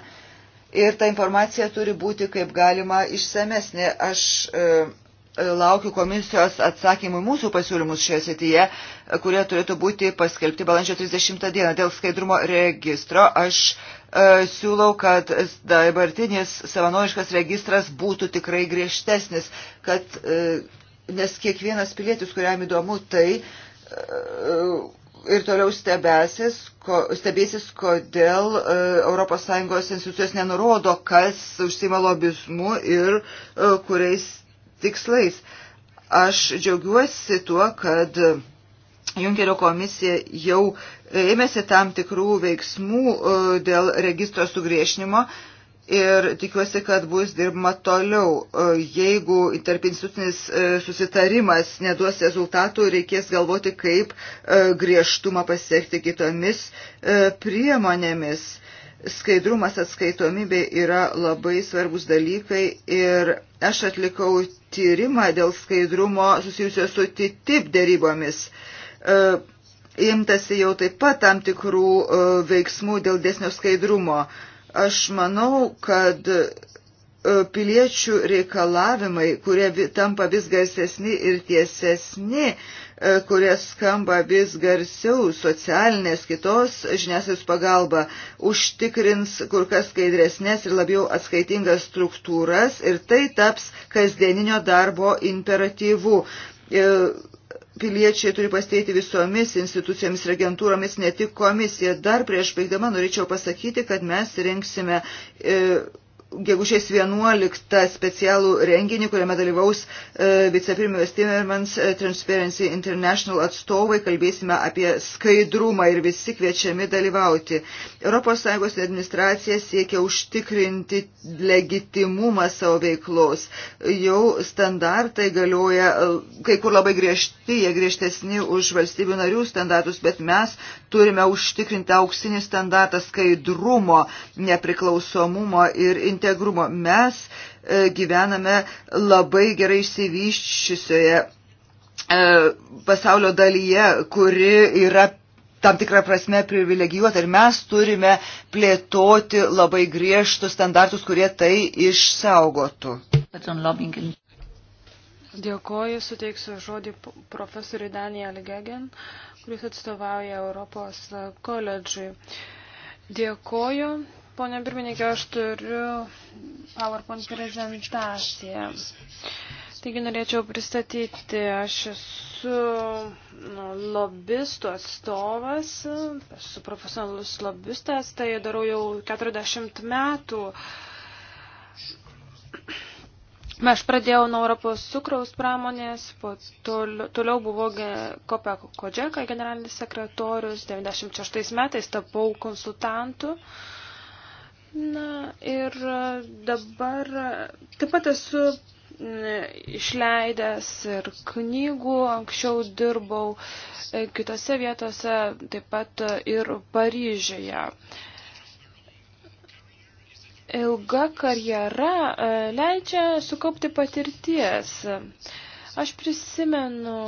Ir ta informacija turi būti kaip galima išsamesnė. Aš e, laukiu komisijos atsakymų mūsų pasiūlymus šioje srityje, kurie turėtų būti paskelbti balandžio 30 dieną. Dėl skaidrumo registro aš e, siūlau, kad dabartinis savanoriškas registras būtų tikrai griežtesnis, kad, e, nes kiekvienas pilietis, kuriam įdomu, tai e, ir toliau stebėsis, ko, stebėsis kodėl e, ES institucijos nenurodo, kas užsima lobizmu ir e, kuriais tikslais. Aš džiaugiuosi tuo, kad Junkerio komisija jau ėmėsi tam tikrų veiksmų e, dėl registro sugriešinimo ir tikiuosi, kad bus dirbama toliau. E, jeigu interpinstitucinis e, susitarimas neduos rezultatų, reikės galvoti, kaip griežtumą pasiekti kitomis priemonėmis. Skaidrumas atskaitomybė yra labai svarbus dalykai ir aš atlikau tyrimą dėl skaidrumo susijusio su TTIP dėrybomis. E, imtasi jau taip pat tam tikrų e, veiksmų dėl desnio skaidrumo. Aš manau, kad e, piliečių reikalavimai, kurie tampa vis garsesni ir tiesesni, E, kurie skamba vis garsiau socialinės kitos žiniasklaidos pagalba, užtikrins kur kas skaidresnės ir labiau atskaitingas struktūras ir tai taps kasdieninio darbo imperatyvu. E, piliečiai turi pasiteiti visomis institucijomis ir agentūromis, ne tik komisija. Dar prieš baigdama norėčiau pasakyti, kad mes rengsime. E, gegužės 11 specialų renginį, kuriame dalyvaus e, vicepirmijos Timmermans e, Transparency International atstovai. Kalbėsime apie skaidrumą ir visi kviečiami dalyvauti. ES administracija siekia užtikrinti legitimumą savo veiklos. Jau standartai galioja, e, kai kur labai griežti, jie griežtesni už valstybių narių standartus, bet mes turime užtikrinti auksinį standartą skaidrumo, nepriklausomumo ir integrumo integrumo. Mes e, gyvename labai gerai išsivyščiusioje e, pasaulio dalyje, kuri yra tam tikrą prasme privilegijuota ir mes turime plėtoti labai griežtus standartus, kurie tai išsaugotų. Dėkoju, suteiksiu žodį profesoriui Daniel Gegen, kuris atstovauja Europos koledžui. Dėkoju, Pone pirmininkė, aš turiu PowerPoint prezentaciją. Taigi norėčiau pristatyti, aš esu nu, lobistų atstovas, esu profesionalus lobistas, tai darau jau 40 metų. Aš pradėjau nuo Europos cukraus pramonės, po toliau, toliau buvo Kopė Kodžeka generalinis sekretorius, 96 metais tapau konsultantu. Uh, Na ir e, dabar e, taip pat esu išleidęs ir knygų, anksčiau dirbau e, kitose vietose, taip pat ir Paryžiuje. Ilga karjera leidžia sukaupti patirties. Aš prisimenu,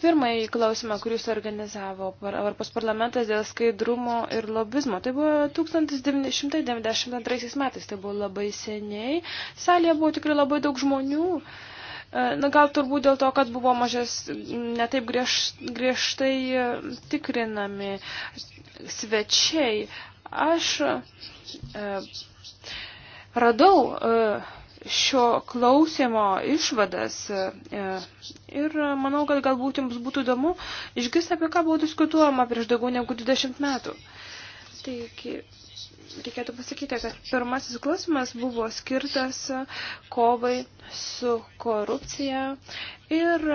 pirmąjį klausimą, kurį suorganizavo Europos parlamentas dėl skaidrumo ir lobizmo. Tai buvo 1992 metais, tai buvo labai seniai. Salėje buvo tikrai labai daug žmonių. E, na gal turbūt dėl to, kad buvo mažas netaip griež, griežtai e, tikrinami svečiai. Aš e, radau e, šio klausimo išvadas. E, ir manau, kad galbūt jums būtų įdomu išgirsti, apie ką buvo diskutuojama prieš daugiau negu 20 metų. Taigi, reikėtų pasakyti, kad pirmasis klausimas buvo skirtas kovai su korupcija ir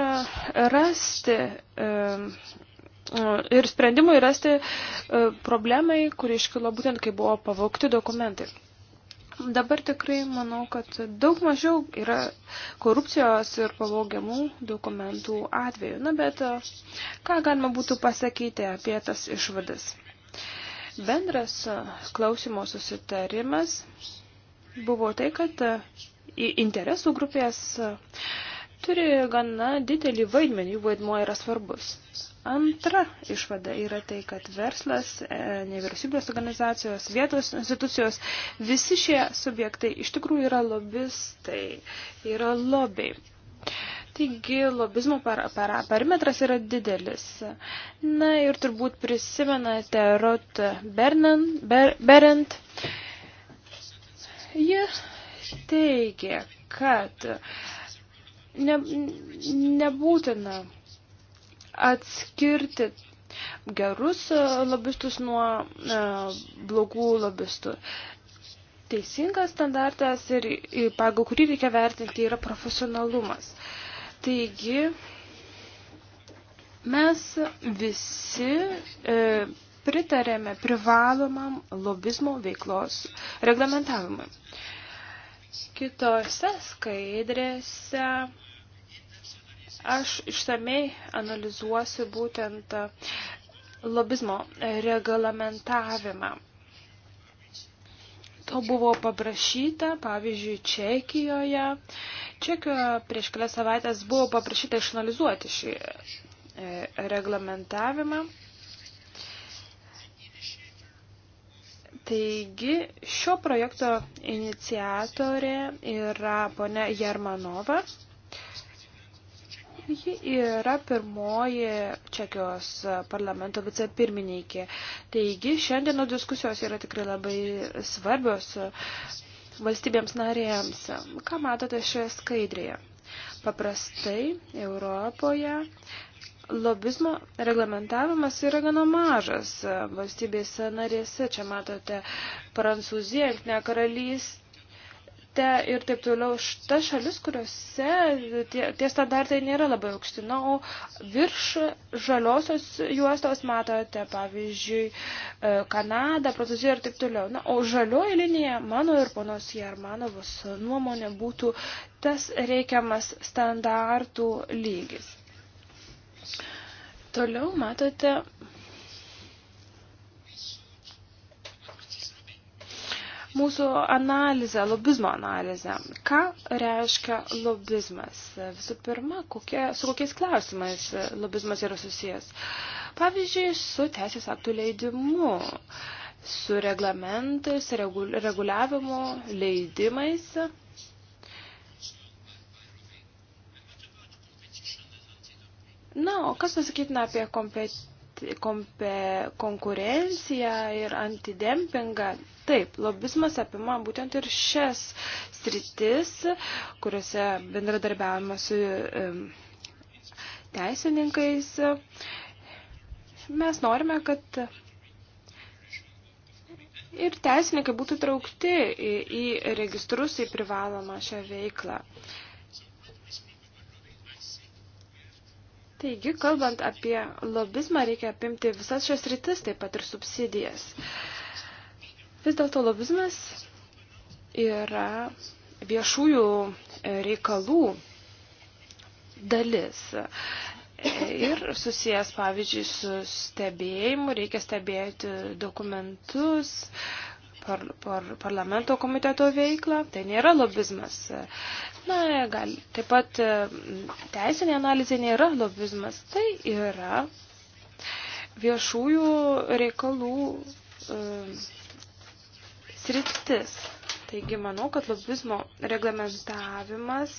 rasti e, ir sprendimui rasti e, problemai, kurie iškilo būtent, kai buvo pavokti dokumentai. Dabar tikrai manau, kad daug mažiau yra korupcijos ir pavogiamų dokumentų atveju. Na, bet ką galima būtų pasakyti apie tas išvadas? Bendras klausimo susitarimas buvo tai, kad interesų grupės turi gana didelį vaidmenį, jų vaidmuo yra svarbus. Antra išvada yra tai, kad verslas, e, nevyriausybės organizacijos, vietos institucijos, visi šie subjektai iš tikrųjų yra lobistai, yra lobiai. Taigi lobizmo par, par, parametras yra didelis. Na ir turbūt prisimenate Rot Bernan, Ber, Berent. Ji teigia, kad ne, nebūtina atskirti gerus lobistus nuo e, blogų lobistų. Teisingas standartas ir pagal kurį reikia vertinti yra profesionalumas. Taigi, mes visi e, pritarėme privalomam lobizmo veiklos reglamentavimui. Kitose skaidrėse Aš išsamei analizuosiu būtent e, lobizmo reglamentavimą. To buvo paprašyta, pavyzdžiui, Čekijoje. Čekijoje prieš kelias savaitės buvo paprašyta išanalizuoti šį e, reglamentavimą. Taigi, šio projekto iniciatorė yra ponia Jermanova. Ji yra pirmoji Čekijos parlamento vicepirmininkė. Taigi, šiandieno diskusijos yra tikrai labai svarbios valstybėms narėms. Ką matote šioje skaidrėje? Paprastai Europoje lobizmo reglamentavimas yra gana mažas valstybėse narėse. Čia matote Prancūziją, Jungtinę karalystę Egipte ir taip toliau. Šta šalis, kuriuose tie, tie standartai nėra labai aukšti. Na, o virš žaliosios juostos matote, pavyzdžiui, e, Kanadą, Prancūziją ir taip toliau. Na, o žalioji linija mano ir ponos Jarmanovos nuomonė būtų tas reikiamas standartų lygis. Toliau matote mūsų analizę, lobizmo analizę. Ką reiškia lobizmas? Visų pirma, kokie, su kokiais klausimais lobizmas yra susijęs? Pavyzdžiui, su teisės aktų leidimu, su reglamentais, reguliavimu, leidimais. Na, o kas pasakytina apie kompetenciją? konkurenciją ir antidempingą. Taip, lobizmas apima būtent ir šias sritis, kuriuose bendradarbiavama su teisininkais. Mes norime, kad ir teisininkai būtų traukti į, į registrus, į privalomą šią veiklą. Uh, Taigi, kalbant apie lobizmą, reikia apimti visas šios rytis, taip pat ir subsidijas. Vis dėlto lobizmas yra viešųjų reikalų dalis. Ir susijęs, pavyzdžiui, su stebėjimu, reikia stebėti dokumentus, par, par, parlamento komiteto veiklą, tai nėra lobizmas. Na, gal, taip pat mm, teisinė analizė nėra lobizmas, tai yra viešųjų reikalų e, sritis. Taigi manau, kad lobizmo reglamentavimas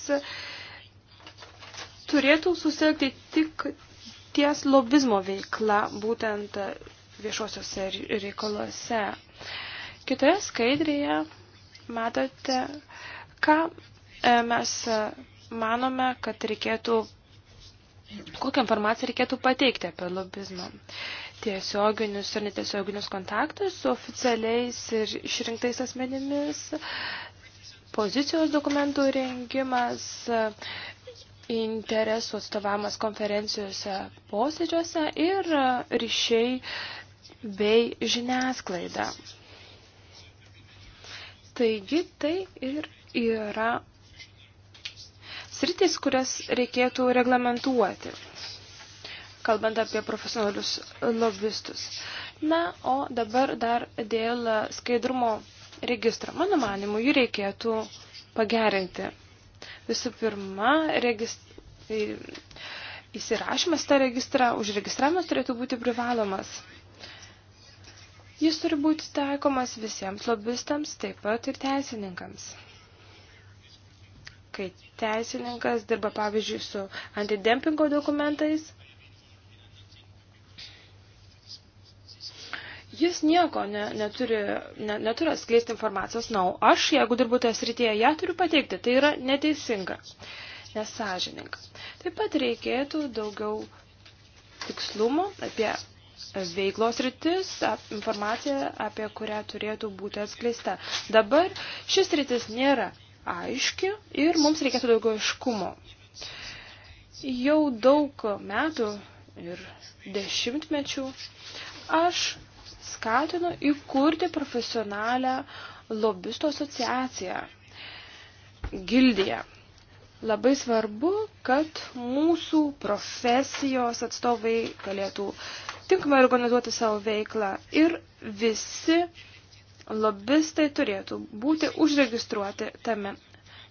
turėtų susitelkti tik ties lobizmo veikla, būtent viešuosiuose reikaluose. Kitoje skaidrėje matote, ką e, mes e, manome, kad reikėtų, kokią informaciją reikėtų pateikti apie lobizmą. Tiesioginius ir netiesioginius kontaktus su oficialiais ir išrinktais asmenimis, pozicijos dokumentų rengimas, interesų atstovavimas konferencijose, posėdžiuose ir ryšiai bei žiniasklaida. Taigi tai ir yra sritis, kurias reikėtų reglamentuoti, kalbant apie profesionalius lobistus. Na, o dabar dar dėl skaidrumo registro. Mano manimu, jį reikėtų pagerinti. Visų pirma, regist... įsirašymas tą registrą, užregistravimas turėtų būti privalomas. Jis turi būti taikomas visiems lobistams, taip pat ir teisininkams. Kai teisininkas dirba, pavyzdžiui, su antidempingo dokumentais, jis nieko ne, neturi, ne, neturi atskleisti informacijos, na, o aš, jeigu dirbu toje srityje, ją turiu pateikti. Tai yra neteisinga, nesažininga. Taip pat reikėtų daugiau tikslumo apie veiklos rytis, informacija, apie kurią turėtų būti atskleista. Dabar šis rytis nėra aiški ir mums reikėtų daugiau iškumo. Jau daug metų ir dešimtmečių aš skatinu įkurti profesionalią lobisto asociaciją, gildiją. Labai svarbu, kad mūsų profesijos atstovai galėtų uh, tinkamai organizuoti savo veiklą ir visi lobistai turėtų būti užregistruoti tame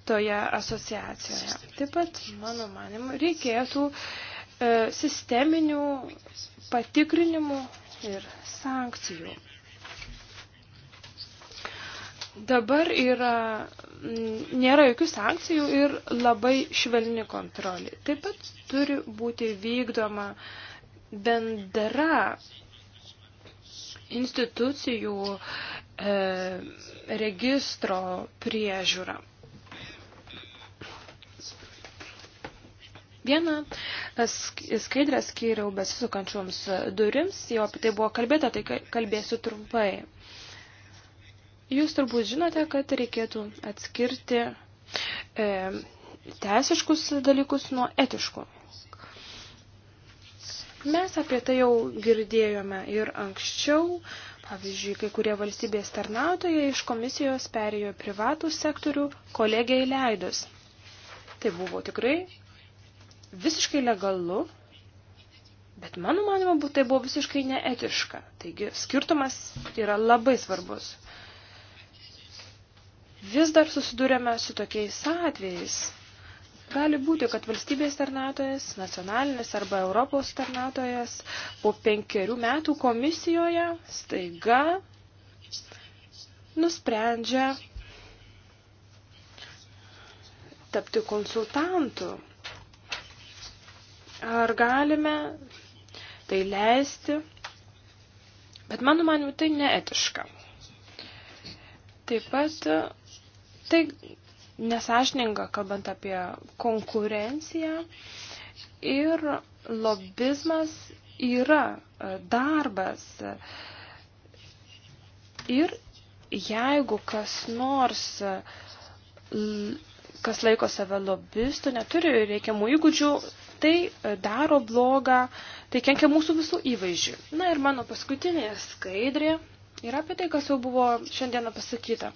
toje asociacijoje. Taip pat, mano manimu, reikėtų e, sisteminių patikrinimų ir sankcijų. Dabar yra, nėra jokių sankcijų ir labai švelni kontrolė. Taip pat turi būti vykdoma e, bendra institucijų e, registro priežiūra. Vieną skaidrę skyriau besisukančioms durims, jau apie tai buvo kalbėta, tai kalbėsiu trumpai. Jūs turbūt žinote, kad reikėtų atskirti e, teisiškus dalykus nuo etiškų Mes apie tai jau girdėjome ir anksčiau. Pavyzdžiui, kai kurie valstybės tarnautojai iš komisijos perėjo privatų sektorių kolegiai leidus. Tai buvo tikrai visiškai legalu, bet mano manimo tai buvo visiškai neetiška. Taigi skirtumas yra labai svarbus. Vis dar susidurėme su tokiais atvejais, Gali būti, kad valstybės tarnautojas, nacionalinis arba Europos tarnautojas po penkerių metų komisijoje staiga nusprendžia tapti konsultantu. Ar galime tai leisti? Bet mano manimu, tai neetiška. Taip pat tai nesažininga, kalbant apie konkurenciją. Ir lobizmas yra e, darbas. Ir jeigu kas nors, e, kas laiko save lobistu, neturi reikiamų įgūdžių, tai e, daro blogą, tai kenkia mūsų visų įvaizdžiui. Na ir mano paskutinė skaidrė yra apie tai, kas jau buvo šiandieną pasakyta.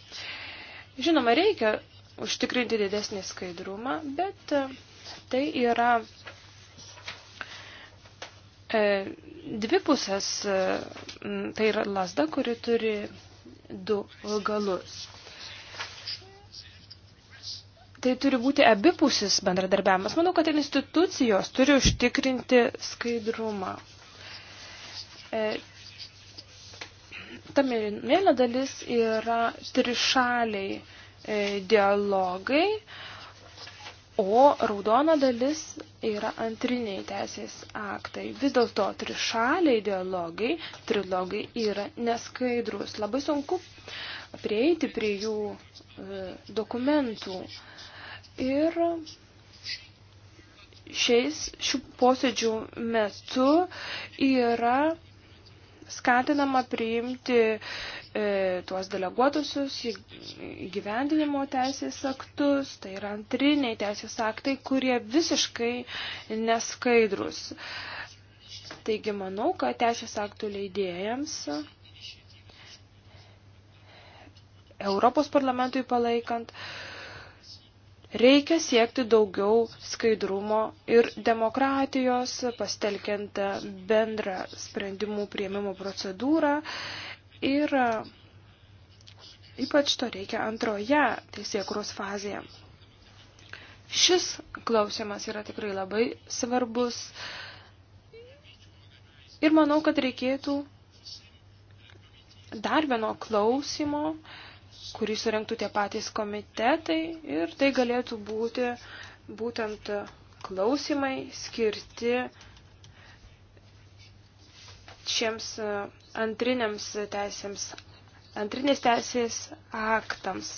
Žinoma, reikia užtikrinti didesnį skaidrumą, bet e, tai yra e, dvipusės, e, tai yra lasda, kuri turi du galus. Tai turi būti abipusis bendradarbiavimas. Manau, kad institucijos turi užtikrinti skaidrumą. Ta mėlyna dalis yra trišaliai E, dialogai, o raudona dalis yra antriniai teisės aktai. Vis dėlto trišaliai dialogai, trilogai yra neskaidrus. Labai sunku prieiti prie jų e, dokumentų. Ir šiais šių posėdžių metu yra skatinama priimti e, tuos deleguotusius įgyvendinimo teisės aktus, tai yra antriniai teisės aktai, kurie visiškai neskaidrus. Taigi manau, kad teisės aktų leidėjams Europos parlamentui palaikant, e, Reikia siekti daugiau skaidrumo ir demokratijos, pastelkiant bendrą sprendimų prieimimo procedūrą ir e, ypač to reikia antroje teisėkuros fazėje. Šis klausimas yra tikrai labai svarbus ir manau, kad reikėtų dar vieno klausimo, uh, kurį surinktų tie patys komitetai ir tai galėtų būti būtent klausimai skirti šiems e, antriniams teisėms, antrinės teisės aktams.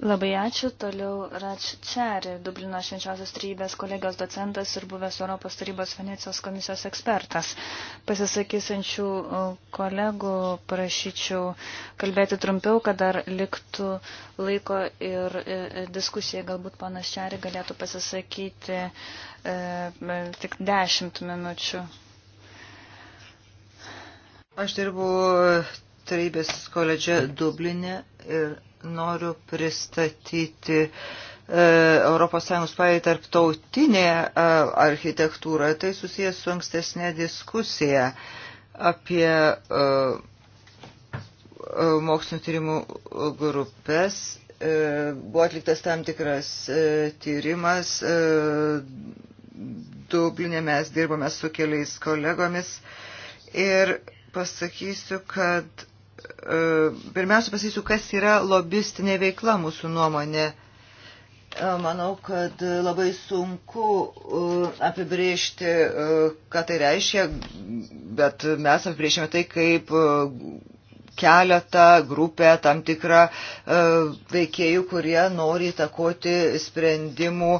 Labai ačiū. Toliau Rač Čeri, Dublino švenčiausios trybės kolegijos docentas ir buvęs Europos tarybos Venecijos komisijos ekspertas. Pasisakysančių e, kolegų prašyčiau kalbėti trumpiau, kad dar liktų laiko ir e, e, diskusijai. Galbūt panas Čeri galėtų pasisakyti e, tik dešimt minučių. Aš dirbu tarybės koledže Dublinė ir noriu pristatyti ES padėtį tarptautinė e, architektūra. Tai susijęs su ankstesnė diskusija apie e, e, mokslinio tyrimų grupės. Buvo atliktas tam tikras tyrimas. Dublinė mes dirbome su keliais kolegomis ir pasakysiu, kad E, pirmiausia pasakysiu, kas yra lobistinė veikla mūsų nuomonė. E, manau, kad labai sunku e, apibriežti, ką tai reiškia, bet mes apibriežėme tai kaip keletą grupę tam tikrą veikėjų, kurie nori įtakoti sprendimų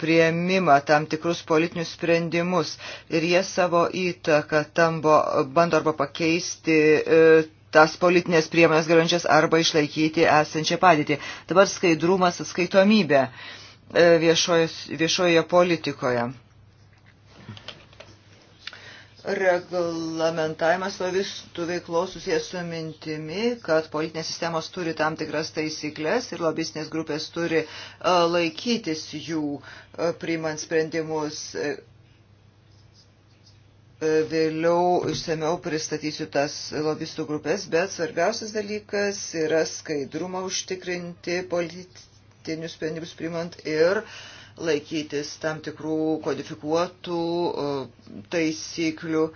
prieimimą, tam tikrus politinius sprendimus. Ir jie savo įtaką tambo, bando arba pakeisti tas politinės priemonės galiojančias arba išlaikyti esančią padėtį. Dabar skaidrumas, atskaitomybė viešoje, viešoje politikoje. Reglamentavimas lobistų veiklos susijęs su mintimi, kad politinės sistemos turi tam tikras taisyklės ir lobistinės grupės turi e, laikytis jų e, priimant sprendimus E, vėliau išsameu pristatysiu tas lobistų grupės, bet svarbiausias dalykas yra skaidrumą užtikrinti politinius sprendimus primant ir laikytis tam tikrų kodifikuotų e, taisyklių.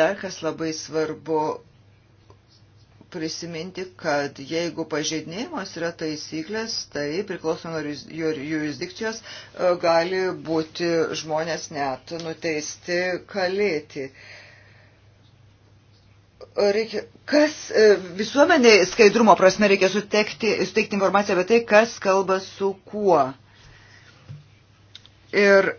Dar kas labai svarbu prisiminti, kad jeigu pažeidinėjimas yra taisyklės, tai priklausomai nuo jurisdikcijos e, gali būti žmonės net nuteisti kalėti. Reikia, kas e, visuomeniai skaidrumo prasme reikia sutekti, suteikti informaciją apie tai, kas kalba su kuo. Ir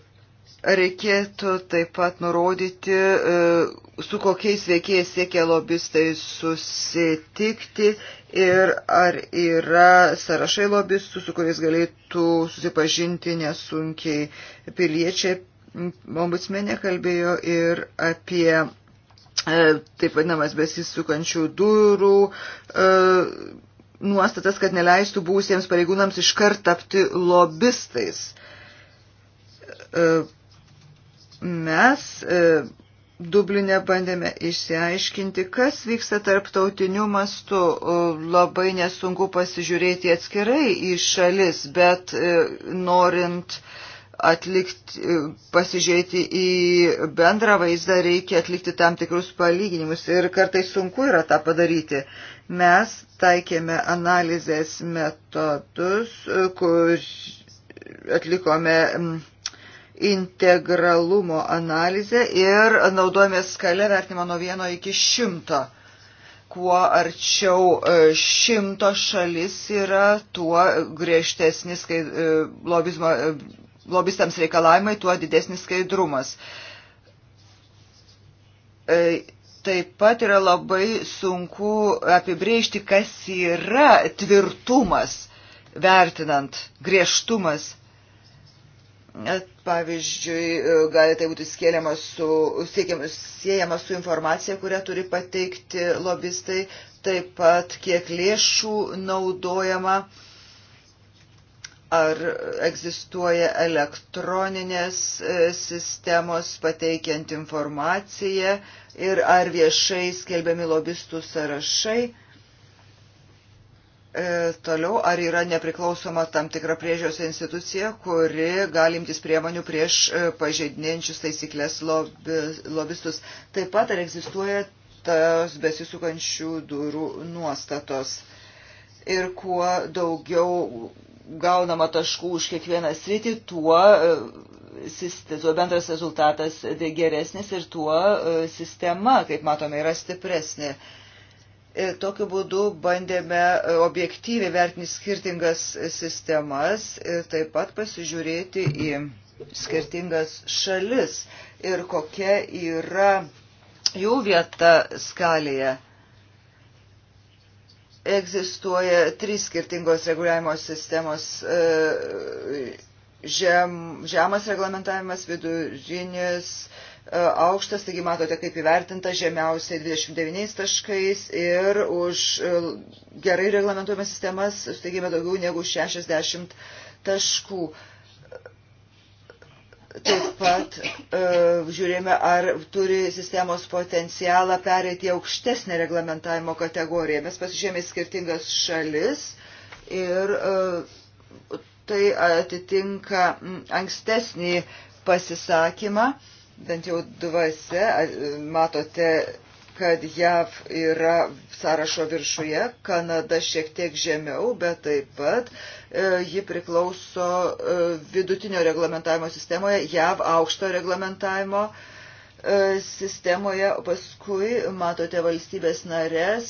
Reikėtų taip pat nurodyti, e, su kokiais veikėjais siekia lobistai susitikti ir ar yra sąrašai lobistų, su kuriais galėtų susipažinti nesunkiai piliečiai. Ombudsmenė kalbėjo ir apie e, taip vadinamas besisukančių durų e, nuostatas, kad neleistų būsiems pareigūnams iškart tapti lobistais mes e, Dublinė bandėme išsiaiškinti, kas vyksta tarptautiniu mastu. E, labai nesunku pasižiūrėti atskirai į šalis, bet e, norint atlikti, pasižiūrėti į bendrą vaizdą, reikia atlikti tam tikrus palyginimus ir kartais sunku yra tą padaryti. Mes taikėme analizės metodus, kur atlikome integralumo analizę ir naudojame skalę vertinimo nuo vieno iki šimto. Kuo arčiau e, šimto šalis yra, tuo griežtesnis e, lobizmo, e, lobistams reikalavimai, tuo didesnis skaidrumas. Taip pat yra labai sunku apibrėžti, kas yra tvirtumas vertinant griežtumas Pavyzdžiui, e, gali tai būti siejama su, siejama su informacija, kurią turi pateikti lobistai, taip pat kiek lėšų naudojama, ar egzistuoja elektroninės e, sistemos pateikiant informaciją ir ar viešai skelbiami lobistų sąrašai. E, toliau, ar yra nepriklausoma tam tikra priežios institucija, kuri galimtis priemonių prieš e, pažeidinėjančius taisyklės lobi, lobistus. Taip pat, ar egzistuoja tos besisukančių durų nuostatos. Ir kuo daugiau gaunama taškų už kiekvieną sritį, tuo, e, tuo bendras rezultatas geresnis ir tuo e, sistema, kaip matome, yra stipresnė. E, tokiu būdu bandėme e, objektyviai vertinti skirtingas sistemas ir taip pat pasižiūrėti į skirtingas šalis ir kokia yra jų vieta skalėje. Egzistuoja trys skirtingos reguliavimo sistemos e, žem, žemas reglamentavimas, vidurinis E, aukštas, taigi matote, kaip įvertinta žemiausiai 29 taškais ir už e, gerai reglamentuojamas sistemas suteikėme daugiau negu 60 taškų. Taip pat uh, žiūrėjome, ar turi sistemos potencialą perėti į aukštesnę reglamentavimo kategoriją. Mes pasižiūrėjome skirtingas šalis ir uh, tai atitinka ankstesnį pasisakymą. Uh, bent jau dvasia, matote, kad JAV yra sąrašo viršuje, Kanada šiek tiek žemiau, bet taip pat e, ji priklauso e, vidutinio reglamentavimo sistemoje, JAV aukšto reglamentavimo e, sistemoje, paskui matote valstybės narės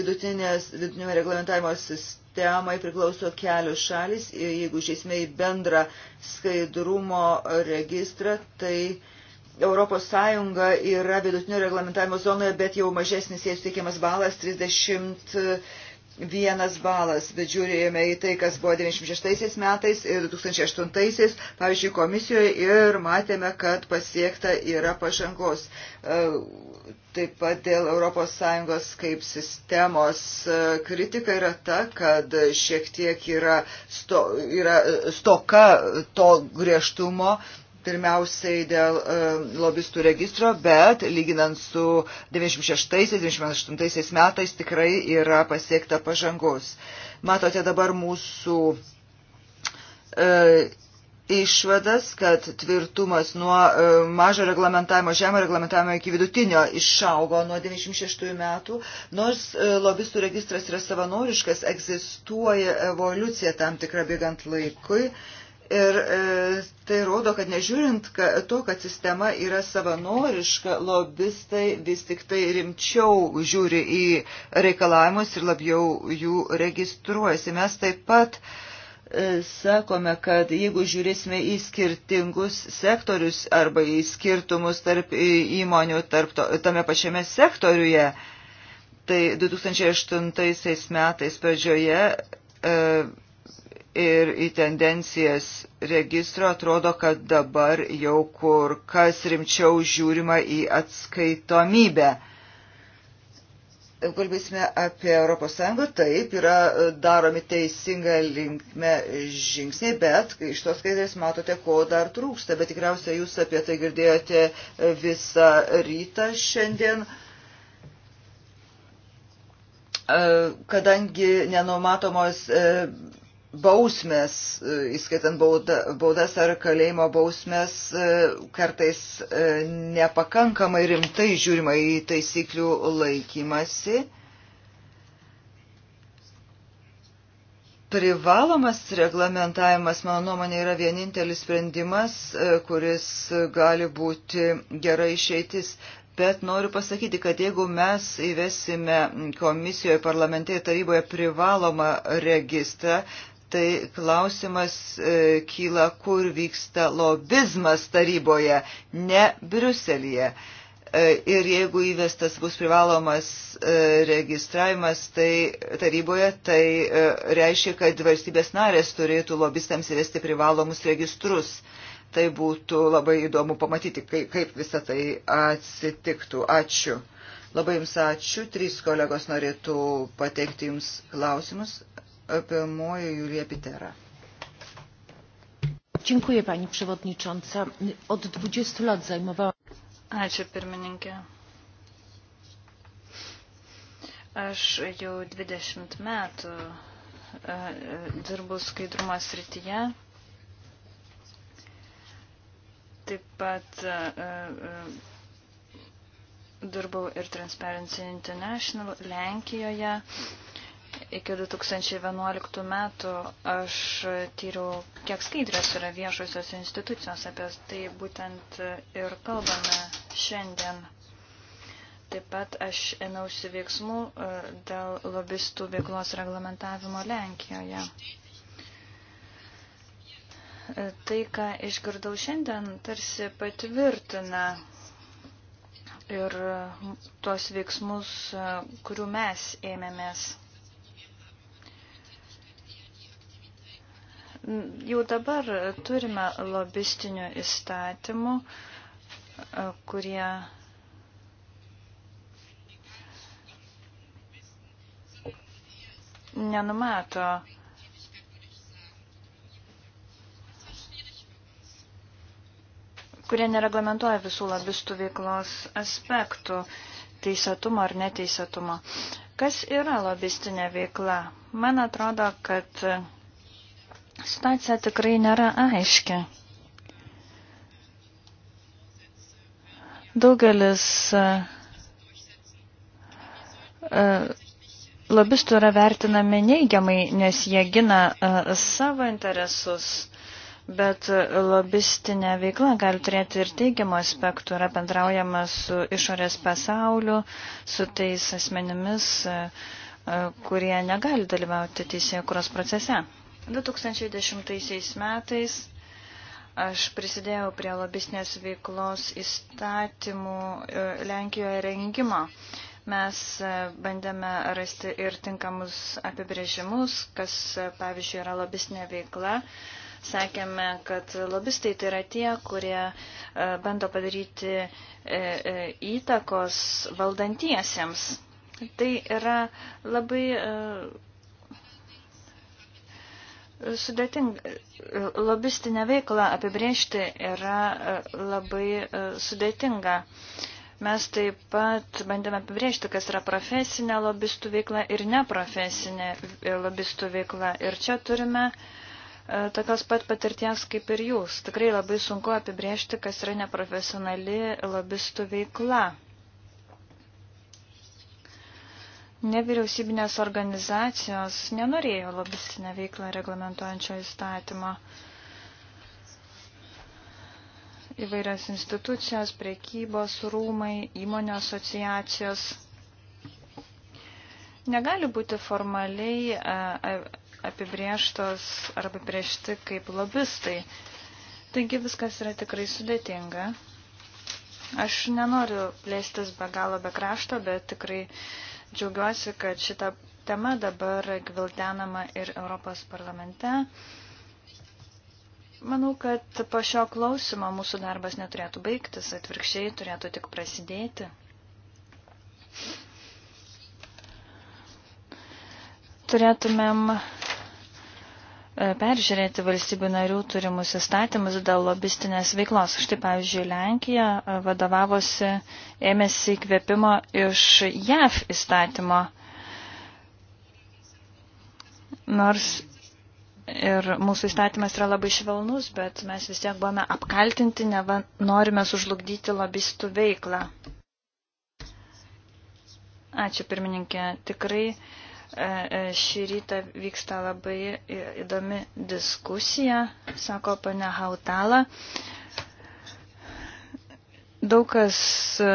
vidutinio reglamentavimo sistemoje sistemai priklauso kelios šalis. Jeigu žiūrėsime į bendrą skaidrumo registrą, tai ES yra vidutinio reglamentavimo zonoje, bet jau mažesnis jai suteikiamas balas 30 vienas balas, bet žiūrėjome į tai, kas buvo 96 metais ir 2008, pavyzdžiui, komisijoje ir matėme, kad pasiekta yra pažangos. E, taip pat dėl ES kaip sistemos e, kritika yra ta, kad šiek tiek yra, sto, yra e, stoka to griežtumo pirmiausiai dėl e, lobistų registro, bet lyginant su 96-98 metais tikrai yra pasiekta pažangos. Matote dabar mūsų e, išvadas, kad tvirtumas nuo e, mažo reglamentavimo, žemio reglamentavimo iki vidutinio išaugo nuo 96 metų, nors e, lobistų registras yra savanoriškas, egzistuoja evoliucija tam tikra bėgant laikui. E, Ir e, tai rodo, kad nežiūrint ka, to, kad sistema yra savanoriška, lobistai vis tik tai rimčiau žiūri į reikalavimus ir labiau jų registruojasi. Mes taip pat e, sakome, kad jeigu žiūrėsime į skirtingus sektorius arba į skirtumus tarp įmonių tarp to, tame pačiame sektoriuje, tai 2008 metais pradžioje. E, ir į tendencijas registro atrodo, kad dabar jau kur kas rimčiau žiūrima į atskaitomybę. Kalbėsime apie ES, taip yra daromi teisinga linkme žingsniai, bet iš tos skaidrės matote, ko dar trūksta, bet tikriausiai jūs apie tai girdėjote visą rytą šiandien e, kadangi nenumatomos e, bausmės, e, įskaitant baudas ar kalėjimo bausmės, e, kartais e, nepakankamai rimtai žiūrima į taisyklių laikymasi. Privalomas reglamentavimas, mano nuomonė, yra vienintelis sprendimas, kuris gali būti gerai išeitis. Bet noriu pasakyti, kad jeigu mes įvesime komisijoje, parlamente ir taryboje privalomą registrą, tai klausimas e, kyla, kur vyksta lobizmas taryboje, ne Briuselėje. E, ir jeigu įvestas bus privalomas e, registravimas tai taryboje, tai e, reiškia, kad valstybės narės turėtų lobistams įvesti privalomus registrus. Tai būtų labai įdomu pamatyti, kaip, kaip visą tai atsitiktų. Ačiū. Labai Jums ačiū. Trys kolegos norėtų pateikti Jums klausimus apie moją Juliją Piterą. Dziękuję Pani Przewodnicząca. Od 20 lat zajmowałam. Ačiū pirmininkė. Aš jau 20 metų e, e, dirbu skaidrumo srityje. Taip pat e, dirbau ir Transparency International Lenkijoje. Iki 2011 metų aš tyriau, kiek skaidrės yra viešosios institucijos, apie tai būtent ir kalbame šiandien. Taip pat aš ėmiausi veiksmų e, dėl lobistų veiklos reglamentavimo Lenkijoje. E, tai, ką išgirdau šiandien, tarsi patvirtina ir tuos veiksmus, e, kurių mes ėmėmės. Jau dabar turime lobistinių įstatymų, e, kurie nenumato kurie nereglamentuoja visų lobistų veiklos aspektų teisėtumo ar neteisėtumo. Kas yra lobistinė veikla? Man atrodo, kad Situacija tikrai nėra aiški. Daugelis e, e, lobistų yra vertinami neigiamai, nes jie gina e, savo interesus, bet lobistinė veikla gali turėti ir teigiamų aspektų, yra bendraujama su išorės pasauliu, su tais asmenimis, kurie negali dalyvauti teisėjų kuros procese. 2010 metais aš prisidėjau prie lobistinės veiklos įstatymų e, Lenkijoje rengimo. Mes e, bandėme rasti ir tinkamus apibrėžimus, kas, e, pavyzdžiui, yra lobistinė veikla. Sakėme, kad lobistai tai yra tie, kurie bando padaryti įtakos valdantiesiems. Tai yra labai Sudėtinga, lobistinė veikla apibriežti yra e, labai e, sudėtinga. Mes taip pat bandėme apibriežti, kas yra profesinė lobistų veikla ir neprofesinė e, lobistų veikla. Ir čia turime tokios pat patirties kaip ir jūs. Tikrai labai sunku apibriežti, kas yra neprofesionali lobistų veikla. Nevyriausybinės organizacijos nenorėjo lobistinę veiklą reglamentuojančio įstatymo. Įvairios institucijos, priekybos rūmai, įmonių asociacijos negali būti formaliai e, apibrieštos arba priešti kaip lobistai. Taigi viskas yra tikrai sudėtinga. Aš nenoriu plėstis be galo be krašto, bet tikrai Džiaugiuosi, kad šita tema dabar gvildenama ir Europos parlamente. Manau, kad po šio klausimo mūsų darbas neturėtų baigtis, atvirkščiai turėtų tik prasidėti. Turėtumėm E, peržiūrėti valstybių narių turimus įstatymus dėl lobistinės veiklos. Štai, pavyzdžiui, Lenkija e, vadovavosi, ėmėsi įkvėpimo iš JAV įstatymo. Nors ir mūsų įstatymas yra labai švelnus, bet mes vis tiek buvome apkaltinti, neva norime sužlugdyti lobistų veiklą. Ačiū pirmininkė. Tikrai uh, E, e, šį rytą vyksta labai įdomi diskusija, sako pane Hautala. Daug, kas, e,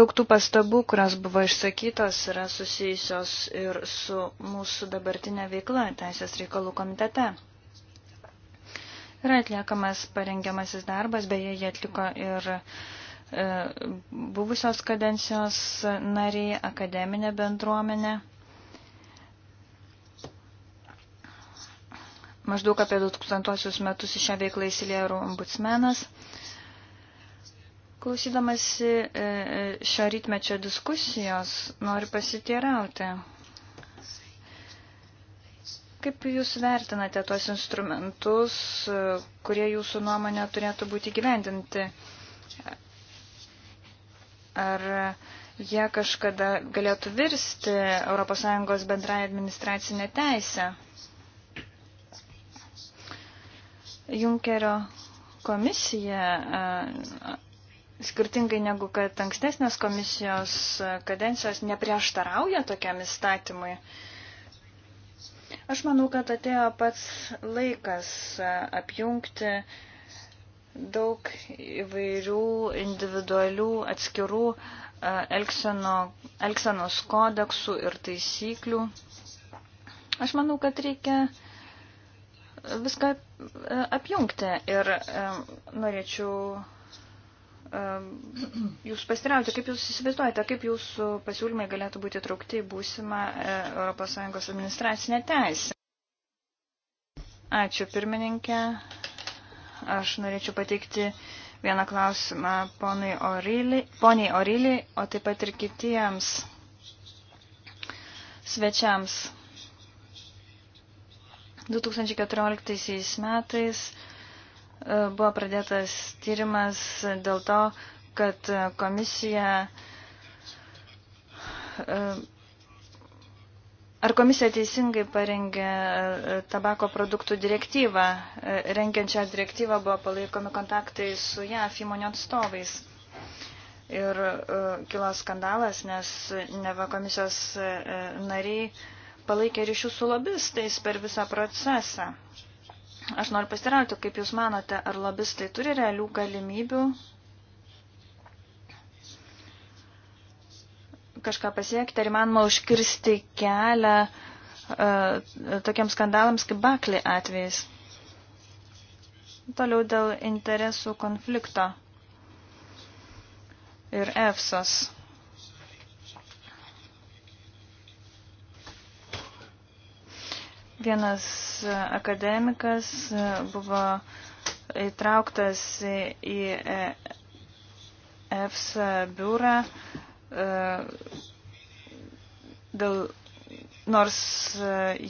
daug tų pastabų, kurios buvo išsakytos, yra susijusios ir su mūsų dabartinė veikla Teisės reikalų komitete. Yra atliekamas parengiamasis darbas, beje, jie atliko ir buvusios kadencijos nariai, akademinė bendruomenė. Maždaug apie 2000 metus į šią veiklą įsilėjo ir ombudsmenas. Klausydamasi e, e, šio rytmečio diskusijos, noriu pasitėrauti. Kaip Jūs vertinate tuos instrumentus, e, kurie Jūsų nuomonė turėtų būti gyvendinti? Ar jie kažkada galėtų virsti ES bendrąją administracinę teisę? Junkerio komisija, e, skirtingai negu kad ankstesnės komisijos e, kadencijos, neprieštarauja tokiam įstatymui. Aš manau, kad atėjo pats laikas e, apjungti daug įvairių individualių atskirų elkseno, elksenos kodeksų ir taisyklių. Aš manau, kad reikia uh, viską e, apjungti ir e, norėčiau e, jūs pasirauti, kaip jūs įsivaizduojate, kaip jūsų pasiūlymai galėtų būti traukti į būsimą ES administracinę teisę. Ačiū pirmininkė. Aš norėčiau pateikti vieną klausimą poniai Oryliai, o taip pat ir kitiems svečiams. 2014 metais e, buvo pradėtas tyrimas dėl to, kad komisija. E, ar komisija teisingai parengė e, tabako produktų direktyvą? Rengiant šią direktyvą buvo palaikomi kontaktai su JAF įmonių atstovais. Ir kilo skandalas, nes neva komisijos nariai palaikė ryšius su lobistais per visą procesą. Aš noriu pasirauti, kaip Jūs manote, ar lobistai turi realių galimybių kažką pasiekti, ar įmanoma užkirsti kelią uh, tokiems skandalams kaip Bakli atvejais. Toliau dėl interesų konflikto ir EFSOS. Vienas e, akademikas e, buvo įtrauktas į e, EFSA biurą, dėl, nors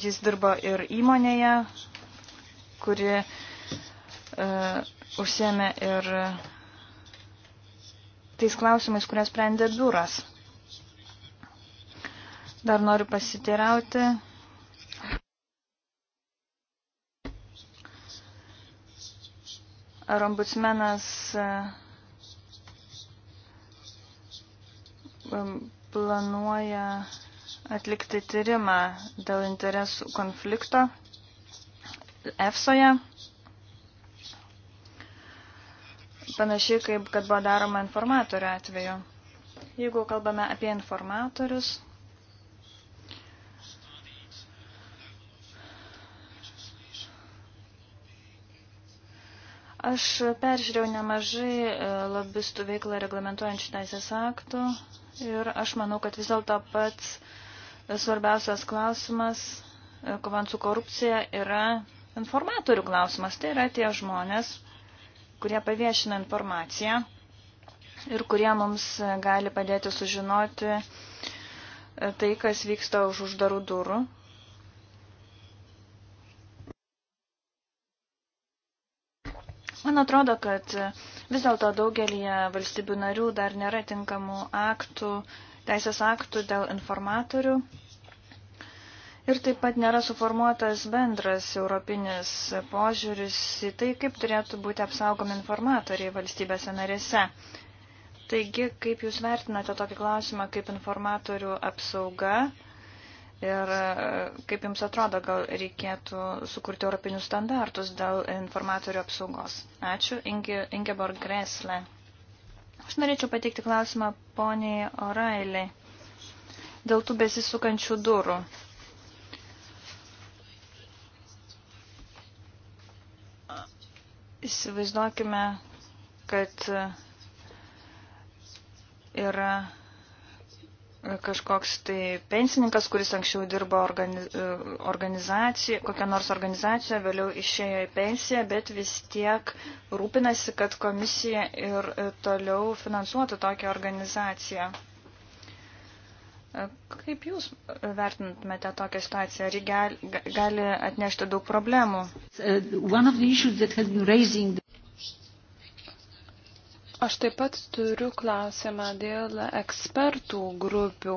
jis dirbo ir įmonėje, kuri užsėmė ir tais klausimais, kurias sprendė biuras. Dar noriu pasiteirauti, Ar ombudsmenas e, um, planuoja atlikti tyrimą dėl interesų konflikto EFSOje? Panašiai kaip kad buvo daroma informatorių atveju. Jeigu kalbame apie informatorius, Aš peržiūrėjau nemažai e, lobistų veiklą reglamentuojančių teisės aktų ir aš manau, kad vis dėlto pats svarbiausias klausimas, e, kovant su korupcija, yra informatorių klausimas. Tai yra tie žmonės, kurie paviešina informaciją ir kurie mums gali padėti sužinoti e, tai, kas vyksta už uždarų durų. Man atrodo, kad vis dėlto daugelį valstybių narių dar nėra tinkamų aktų, teisės aktų dėl informatorių. Ir taip pat nėra suformuotas bendras europinis požiūris į tai, kaip turėtų būti apsaugomi informatoriai valstybėse narėse. Taigi, kaip Jūs vertinate tokį klausimą kaip informatorių apsauga? Ir e, kaip Jums atrodo, gal reikėtų sukurti europinius standartus dėl informatorių apsaugos? Ačiū, Inge, Ingeborg Gresle. Aš norėčiau pateikti klausimą poniai Orailiai dėl tų besisukančių durų. Įsivaizduokime, kad yra kažkoks tai pensininkas, kuris anksčiau dirbo organizacijoje, kokią nors organizaciją, vėliau išėjo į pensiją, bet vis tiek rūpinasi, kad komisija ir e, toliau finansuotų tokią organizaciją. E, kaip Jūs vertintumėte tokią situaciją? Ar ji gali atnešti daug problemų? Uh, Aš taip pat turiu klausimą dėl ekspertų grupių.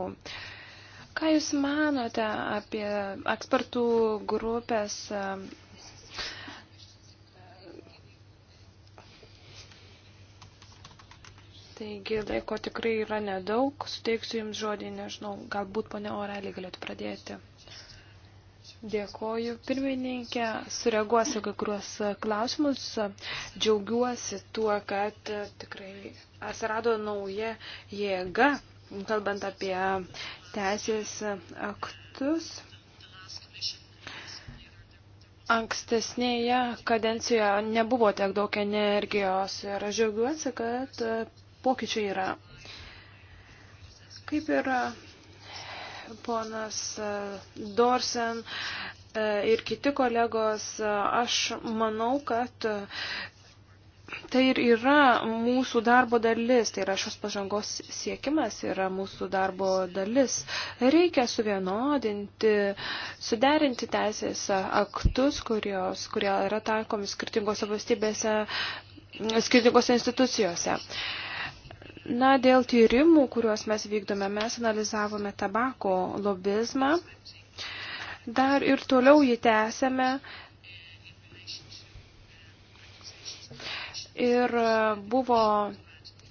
Ką Jūs manote apie ekspertų grupės? E, taigi laiko tikrai yra nedaug. Suteiksiu Jums žodį, nežinau, galbūt ponia Orelį galėtų pradėti. Dėkoju. Pirmininkė, sureaguosiu kai kuriuos klausimus. Džiaugiuosi tuo, kad tikrai atsirado nauja jėga, kalbant apie teisės aktus. Ankstesnėje kadencijoje nebuvo tiek daug energijos ir aš džiaugiuosi, kad pokyčiai yra. Kaip yra ponas e, Dorsen e, ir kiti kolegos, e, aš manau, kad tai ir yra mūsų darbo dalis, tai yra šios pažangos siekimas yra mūsų darbo dalis. Reikia suvienodinti, suderinti teisės aktus, kurios, kurie yra taikomi skirtingose valstybėse, skirtingose institucijose. Uh, Na, dėl tyrimų, kuriuos mes vykdome, mes analizavome tabako lobizmą. Dar ir toliau jį tęsėme. Ir e, buvo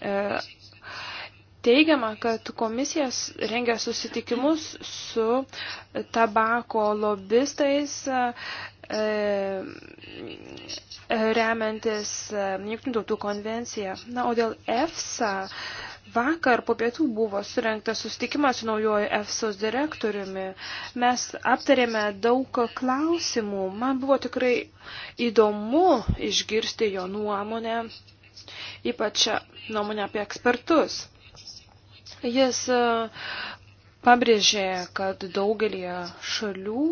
e, teigiama, kad komisijas rengia susitikimus su tabako lobistais, e, E, remiantis e, Junktinių tautų konvenciją. Na, o dėl EFSA vakar po pietų buvo surinktas susitikimas su naujoju EFSOS direktoriumi. Mes aptarėme daug klausimų. Man buvo tikrai įdomu išgirsti jo nuomonę, ypač nuomonę apie ekspertus. Jis e, pabrėžė, kad daugelį šalių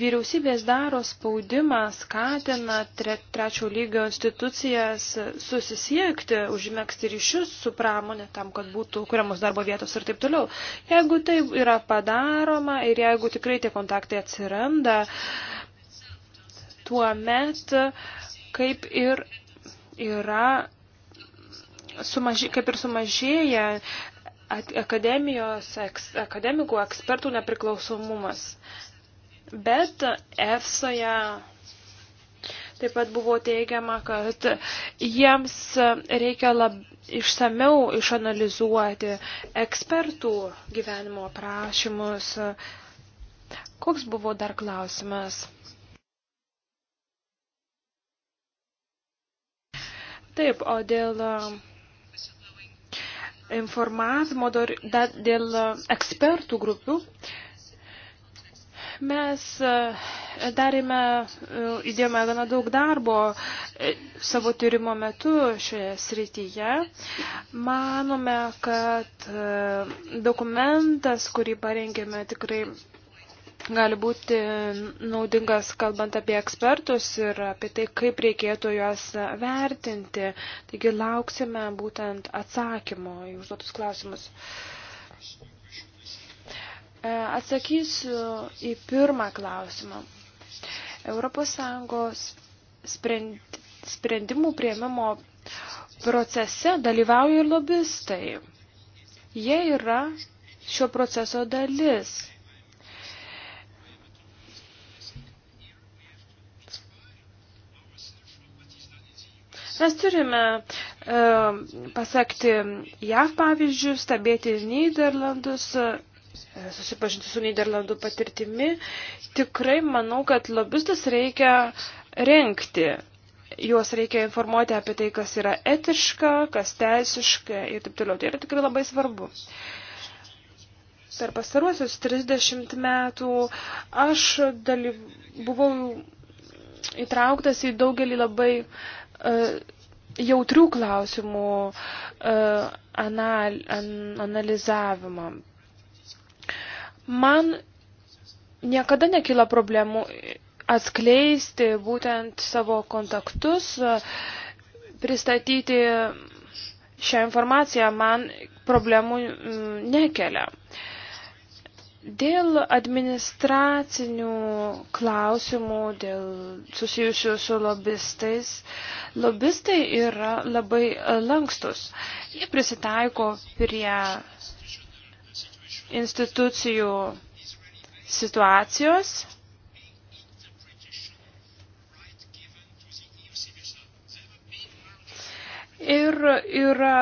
vyriausybės daro spaudimą, skatina tre, trečio lygio institucijas susisiekti, užmėgsti ryšius su pramonė tam, kad būtų kuriamos darbo vietos ir taip toliau. Jeigu tai yra padaroma ir jeigu tikrai tie kontaktai atsiranda, tuo met kaip ir yra sumažė, kaip ir sumažėja akademijos, eks, akademikų ekspertų nepriklausomumas. Bet EFSOje taip pat buvo teigiama, kad jiems reikia lab, išsameu išanalizuoti ekspertų gyvenimo prašymus. Koks buvo dar klausimas? Taip, o dėl informavimo dėl ekspertų grupių. Mes e, darėme, e, įdėjome gana daug darbo e, savo tyrimo metu šioje srityje. Manome, kad dokumentas, kurį parengėme, tikrai gali būti naudingas kalbant apie ekspertus ir apie tai, kaip reikėtų juos vertinti. Taigi lauksime būtent atsakymo į užduotus klausimus. E, atsakysiu į pirmą klausimą. ES sprendimų prieimimo procese dalyvauja ir lobistai. Jie yra šio proceso dalis. Mes turime e, pasakti JAV pavyzdžių, stebėti Niderlandus, e, susipažinti su Niderlandų patirtimi. Tikrai manau, kad lobistus reikia renkti. Juos reikia informuoti apie tai, kas yra etiška, kas teisiška ir taip toliau. Tai yra tikrai labai svarbu. Per pastaruosius 30 metų aš dalyv... buvau įtrauktas į daugelį labai uh, E, jautrių klausimų e, anal, an, analizavimą. Man niekada nekyla problemų atskleisti būtent savo kontaktus, pristatyti šią informaciją, man problemų mm, nekelia. Dėl administracinių klausimų, dėl susijusių su lobistais, lobistai yra labai lankstus. Jie prisitaiko prie institucijų situacijos. Ir yra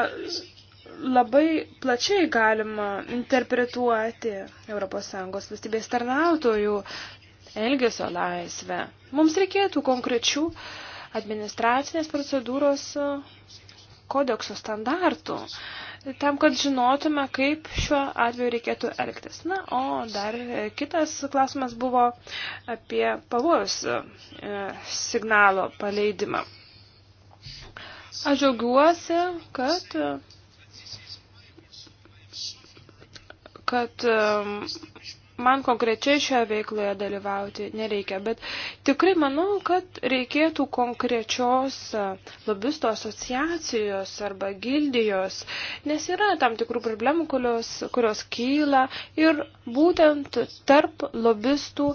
labai plačiai galima interpretuoti ES valstybės tarnautojų elgesio laisvę. Mums reikėtų konkrečių administracinės procedūros e, kodekso standartų, tam, kad žinotume, kaip šiuo atveju reikėtų elgtis. Na, o dar kitas klausimas buvo apie pavojus e, signalo paleidimą. Aš džiaugiuosi, kad kad man konkrečiai šioje veikloje dalyvauti nereikia, bet tikrai manau, kad reikėtų konkrečios e, lobisto asociacijos arba gildijos, nes yra tam tikrų problemų, kurios, kurios kyla ir būtent tarp lobistų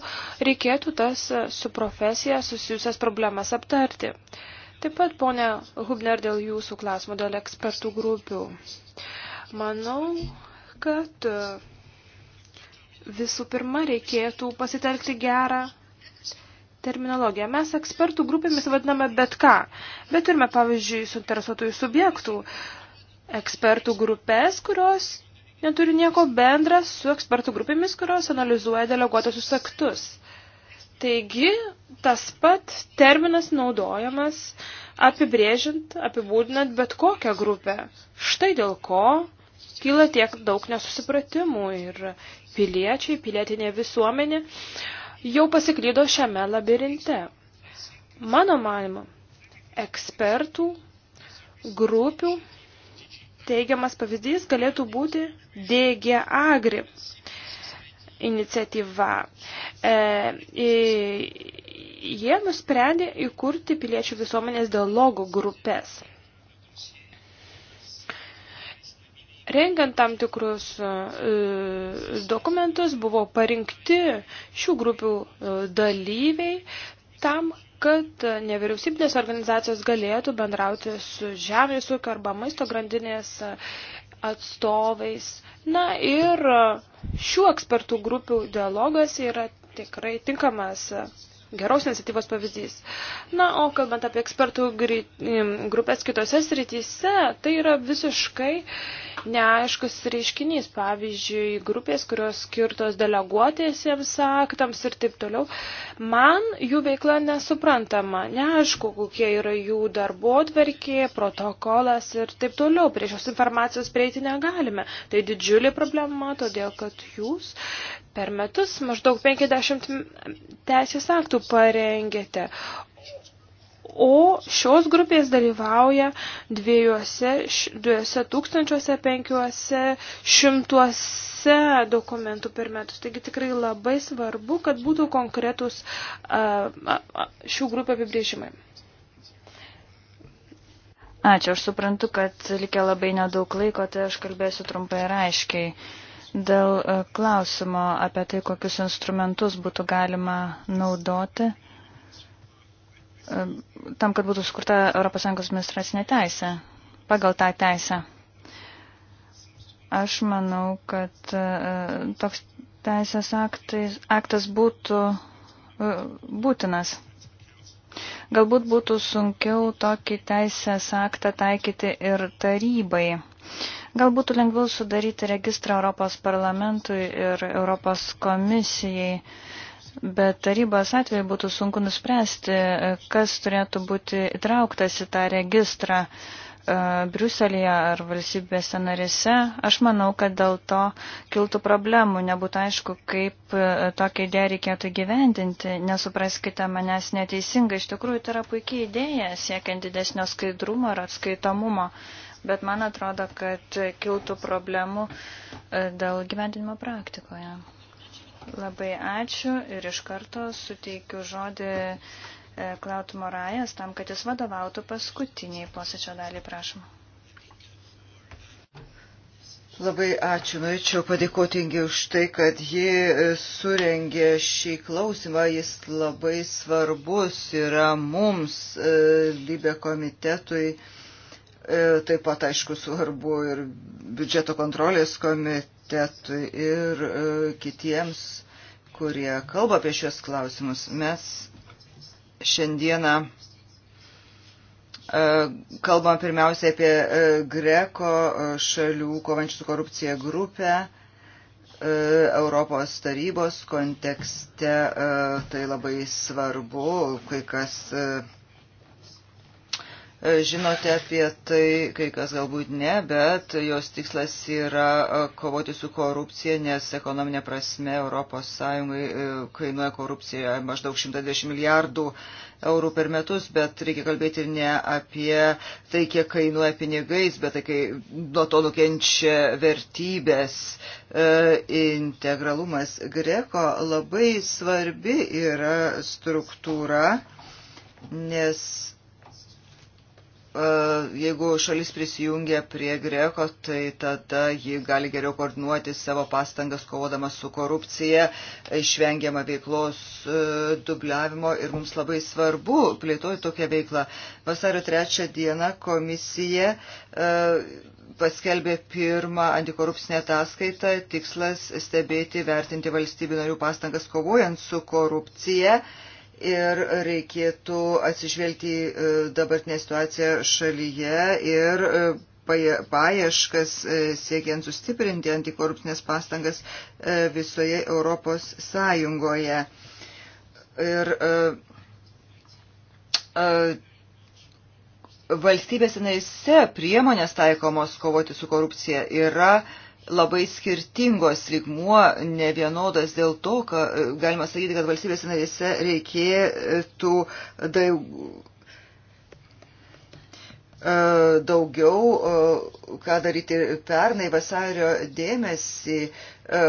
reikėtų tas e, su profesija susijusias problemas aptarti. Taip pat, ponia Hubner, dėl jūsų klausimo, dėl ekspertų grupių. Manau, kad e, visų pirma reikėtų pasitelkti gerą terminologiją. Mes ekspertų grupėmis vadiname bet ką, bet turime, pavyzdžiui, suinteresuotųjų subjektų ekspertų grupės, kurios neturi nieko bendra su ekspertų grupėmis, kurios analizuoja deleguotosius aktus. Taigi, tas pat terminas naudojamas apibrėžint, apibūdinant bet kokią grupę. Štai dėl ko kyla tiek daug nesusipratimų ir piliečiai, pilietinė visuomenė jau pasiklydo šiame labirinte. Mano manimo, ekspertų, grupių teigiamas pavyzdys galėtų būti DG Agri iniciatyva. E, e, jie nusprendė įkurti piliečių visuomenės dialogų grupės. Rengiant tam tikrus e, dokumentus buvo parinkti šių grupių e, dalyviai tam, kad e, nevyriausybinės organizacijos galėtų bendrauti su žemės ūkio arba maisto grandinės atstovais. Na ir šių ekspertų grupių dialogas yra tikrai tinkamas geros iniciatyvos pavyzdys. Na, o kalbant apie ekspertų grupės kitose srityse, tai yra visiškai neaiškus reiškinys. Pavyzdžiui, grupės, kurios skirtos deleguotiesiems aktams ir taip toliau. Man jų veikla nesuprantama. Neaišku, kokie yra jų darbo atverkė, protokolas ir taip toliau. Prie šios informacijos prieiti negalime. Tai didžiulė problema, todėl kad jūs per metus maždaug 50 teisės aktų parengėte, o šios grupės dalyvauja dviejose, dviejose tūkstančiuose, penkiuose šimtuose dokumentų per metus. Taigi tikrai labai svarbu, kad būtų konkretus šių grupių apibrėžimai. Ačiū, aš suprantu, kad likia labai nedaug laiko, tai aš kalbėsiu trumpai ir aiškiai. Uh, Dėl e, klausimo apie tai, kokius instrumentus būtų galima naudoti e, tam, kad būtų skurta ES administracinė teisė pagal tą teisę. Aš manau, kad e, toks teisės aktais, aktas būtų būtinas. Galbūt būtų sunkiau tokį teisės aktą taikyti ir tarybai. Gal būtų lengviau sudaryti registrą Europos parlamentui ir Europos komisijai, bet tarybos atveju būtų sunku nuspręsti, kas turėtų būti įtrauktas į tą registrą. E, Briuselėje ar valstybėse narėse, aš manau, kad dėl to kiltų problemų, nebūtų aišku, kaip e, tokią idėją reikėtų gyvendinti, nesupraskite manęs neteisingai, iš tikrųjų tai yra puikiai idėja, siekiant didesnio skaidrumo ir atskaitomumo. Uh, bet man atrodo, kad kiltų problemų e, dėl gyvendinimo praktikoje. Labai ačiū ir iš karto suteikiu žodį Klautų e, Morajas tam, kad jis vadovautų paskutiniai posėčio dalį, prašom. Labai ačiū, norėčiau padėkoti Ingi už tai, kad ji e, surengė šį klausimą. Jis labai svarbus yra mums, Libė komitetui. E, E, taip pat, aišku, svarbu ir biudžeto kontrolės komitetui ir e, kitiems, kurie kalba apie šios klausimus. Mes šiandieną e, kalbam pirmiausiai apie Greko šalių kovančių su korupcija grupę. Europos tarybos kontekste tai labai svarbu, kai kas E, žinote apie tai, kai kas galbūt ne, bet jos tikslas yra e, kovoti su korupcija, nes ekonominė prasme ES e, kainuoja korupcija maždaug 120 milijardų eurų per metus, bet reikia kalbėti ne apie tai, kiek kainuoja pinigais, bet tai, kai nuo to nukenčia vertybės, e, integralumas. Greko labai svarbi yra struktūra, nes E, jeigu šalis prisijungia prie greko, tai tada ji gali geriau koordinuoti savo pastangas kovodama su korupcija, išvengiama veiklos e, dubliavimo ir mums labai svarbu plėtoti tokią veiklą. Vasario trečią dieną komisija e, paskelbė pirmą antikorupsinę ataskaitą, tikslas stebėti, vertinti valstybių narių pastangas kovojant su korupcija ir reikėtų atsižvelgti e, dabartinę situaciją šalyje ir e, paieškas e, siekiant sustiprinti antikorupcinės pastangas visoje Europos Sąjungoje. Ir valstybės naise priemonės taikomos kovoti su korupcija yra uh, labai skirtingos lygmuo, ne vienodas dėl to, kad galima sakyti, kad valstybės narėse reikėtų e, daugiau, e, ką daryti pernai vasario dėmesį, e,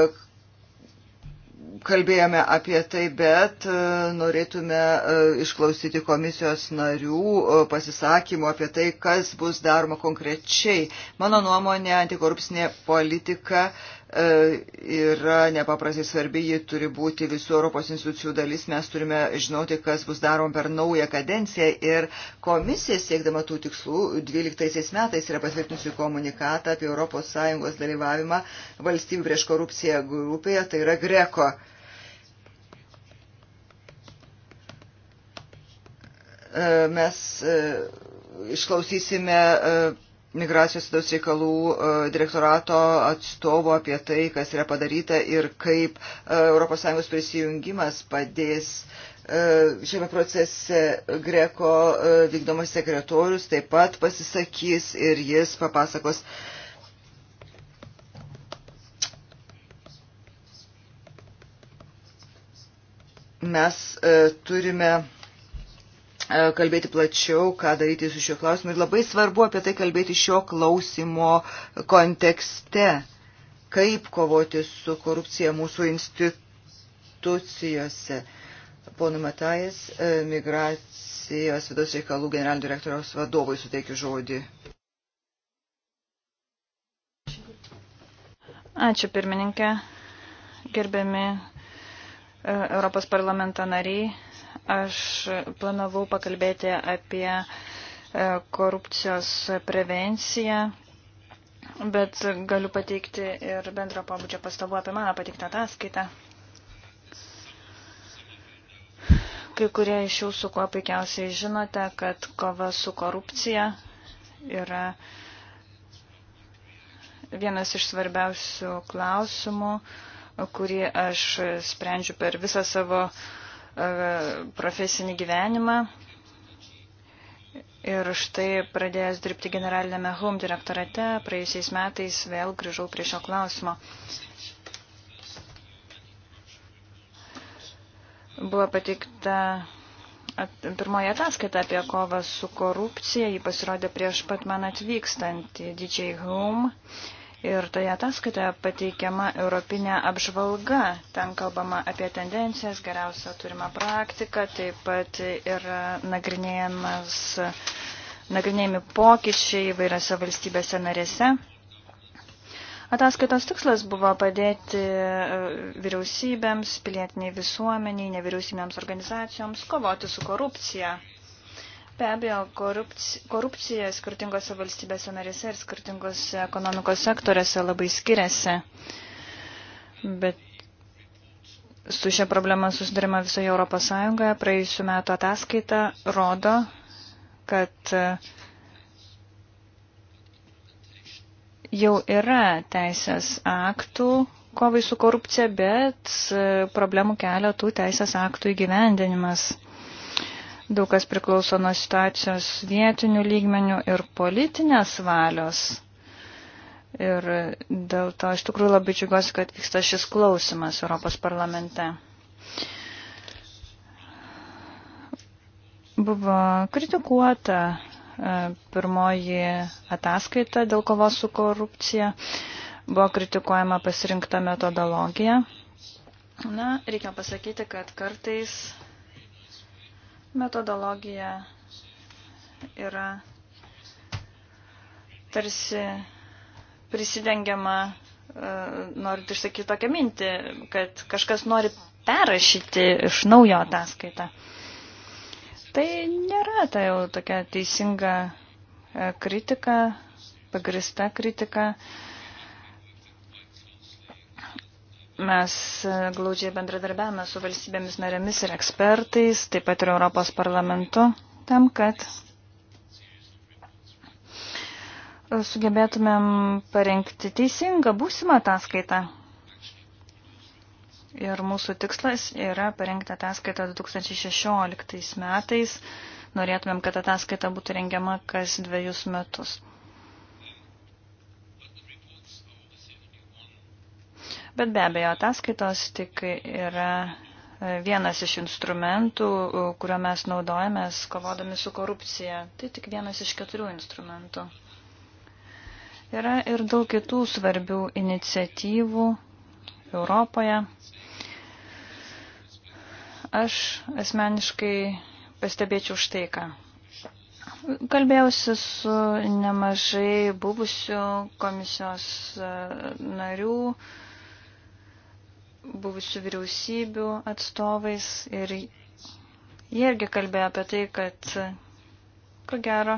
kalbėjome apie tai, bet e, norėtume e, išklausyti komisijos narių e, pasisakymų apie tai, kas bus daroma konkrečiai. Mano nuomonė, antikorupsinė politika E, yra nepaprastai svarbi, ji turi būti visų Europos institucijų dalis. Mes turime žinoti, kas bus darom per naują kadenciją ir komisija siekdama tų tikslų 12 metais yra patvirtinusi komunikatą apie ES dalyvavimą valstybių prieš korupciją grupėje, tai yra Greko. E, mes e, išklausysime migracijos vidaus reikalų e, direktorato atstovo apie tai, kas yra padaryta ir kaip e, ES prisijungimas padės e, šiame procese Greko vykdomas sekretorius taip pat pasisakys ir jis papasakos. Mes turime E, kalbėti plačiau, ką daryti su šiuo klausimu. Ir labai svarbu apie tai kalbėti šio klausimo kontekste, kaip kovoti su korupcija mūsų institucijose. Pono Matajas, e, migracijos vidaus reikalų generalinio direktoriaus vadovui suteikiu žodį. Ačiū pirmininkė, gerbiami e, Europos parlamento nariai, Aš planavau pakalbėti apie e, korupcijos prevenciją, bet galiu pateikti ir bendro pobūdžio pastabų apie mano pateiktą ataskaitą. Kai kurie iš jūsų kuo puikiausiai žinote, kad kova su korupcija yra vienas iš svarbiausių klausimų, kurį aš sprendžiu per visą savo uh, E, profesinį gyvenimą. Ir štai pradėjęs dirbti generalinėme HUM direktorate, praėjusiais metais vėl grįžau prie šio klausimo. Buvo pateikta at, pirmoji ataskaita apie kovą su korupcija, ji pasirodė prieš pat man atvykstant į DJ HUM. Uh, Ir toje ataskaitoje pateikiama europinė apžvalga. Ten kalbama apie tendencijas, geriausią turimą praktiką, taip pat yra nagrinėjamas, nagrinėjami pokyčiai įvairiose valstybėse narėse. Ataskaitos tikslas buvo padėti e, vyriausybėms, pilietiniai visuomeniai, nevyriausybėms organizacijoms kovoti su korupcija. Be abejo, korupcija, korupcija skirtingose valstybėse narėse ir skirtingose ekonomikos sektoriuose labai skiriasi. Bet su šia problema susidarima visoje Europos Sąjungoje. Praėjusiu metu ataskaita rodo, kad jau yra teisės aktų kovai su korupcija, bet e, problemų kelia tų teisės aktų įgyvendinimas. Daug kas priklauso nuo situacijos vietinių lygmenių ir politinės valios. Ir dėl to aš tikrųjų labai džiugiuosi, kad vyksta šis klausimas Europos parlamente. Buvo kritikuota e, pirmoji ataskaita dėl kovos su korupcija, buvo kritikuojama pasirinkta metodologija. Na, reikia pasakyti, kad kartais Metodologija yra tarsi prisidengiama, e, norit išsakyti tokią mintį, kad kažkas nori perrašyti iš naujo ataskaitą. Tai nėra ta jau tokia teisinga e, kritika, pagrista kritika. Uh, Mes e, glaudžiai bendradarbiavame su valstybėmis narėmis ir ekspertais, taip pat ir Europos parlamentu, tam, kad e, sugebėtumėm parengti teisingą būsimą ataskaitą. Ir mūsų tikslas yra parengti ataskaitą 2016 metais. Norėtumėm, kad ataskaita būtų rengiama kas dviejus metus. Bet be abejo, ataskaitos tik yra e, vienas iš instrumentų, e, kuriuo mes naudojamės kovodami su korupcija. Tai tik vienas iš keturių instrumentų. Yra ir daug kitų svarbių iniciatyvų Europoje. Aš asmeniškai pastebėčiau štai ką. Kalbėjausi su nemažai buvusių komisijos e, narių, uh, buvusių vyriausybių atstovais ir jie irgi kalbėjo apie tai, kad ko gero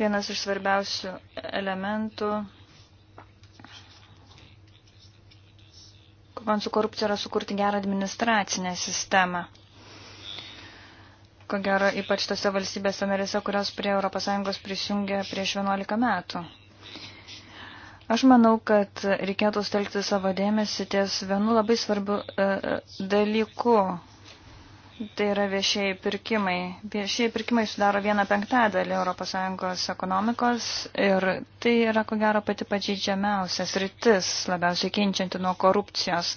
vienas iš svarbiausių elementų kovant su korupcija yra sukurti gerą administracinę sistemą. Ko gero, ypač tose valstybėse narėse, kurios prie ES prisijungė prieš 11 metų. Aš manau, kad reikėtų stelkti savo dėmesį ties vienu labai svarbiu e, e dalyku. Tai yra viešieji pirkimai. Viešieji pirkimai sudaro vieną penktadalį ES ekonomikos ir tai yra, ko gero, pati pažydžiamiausias rytis, labiausiai kenčianti nuo korupcijos.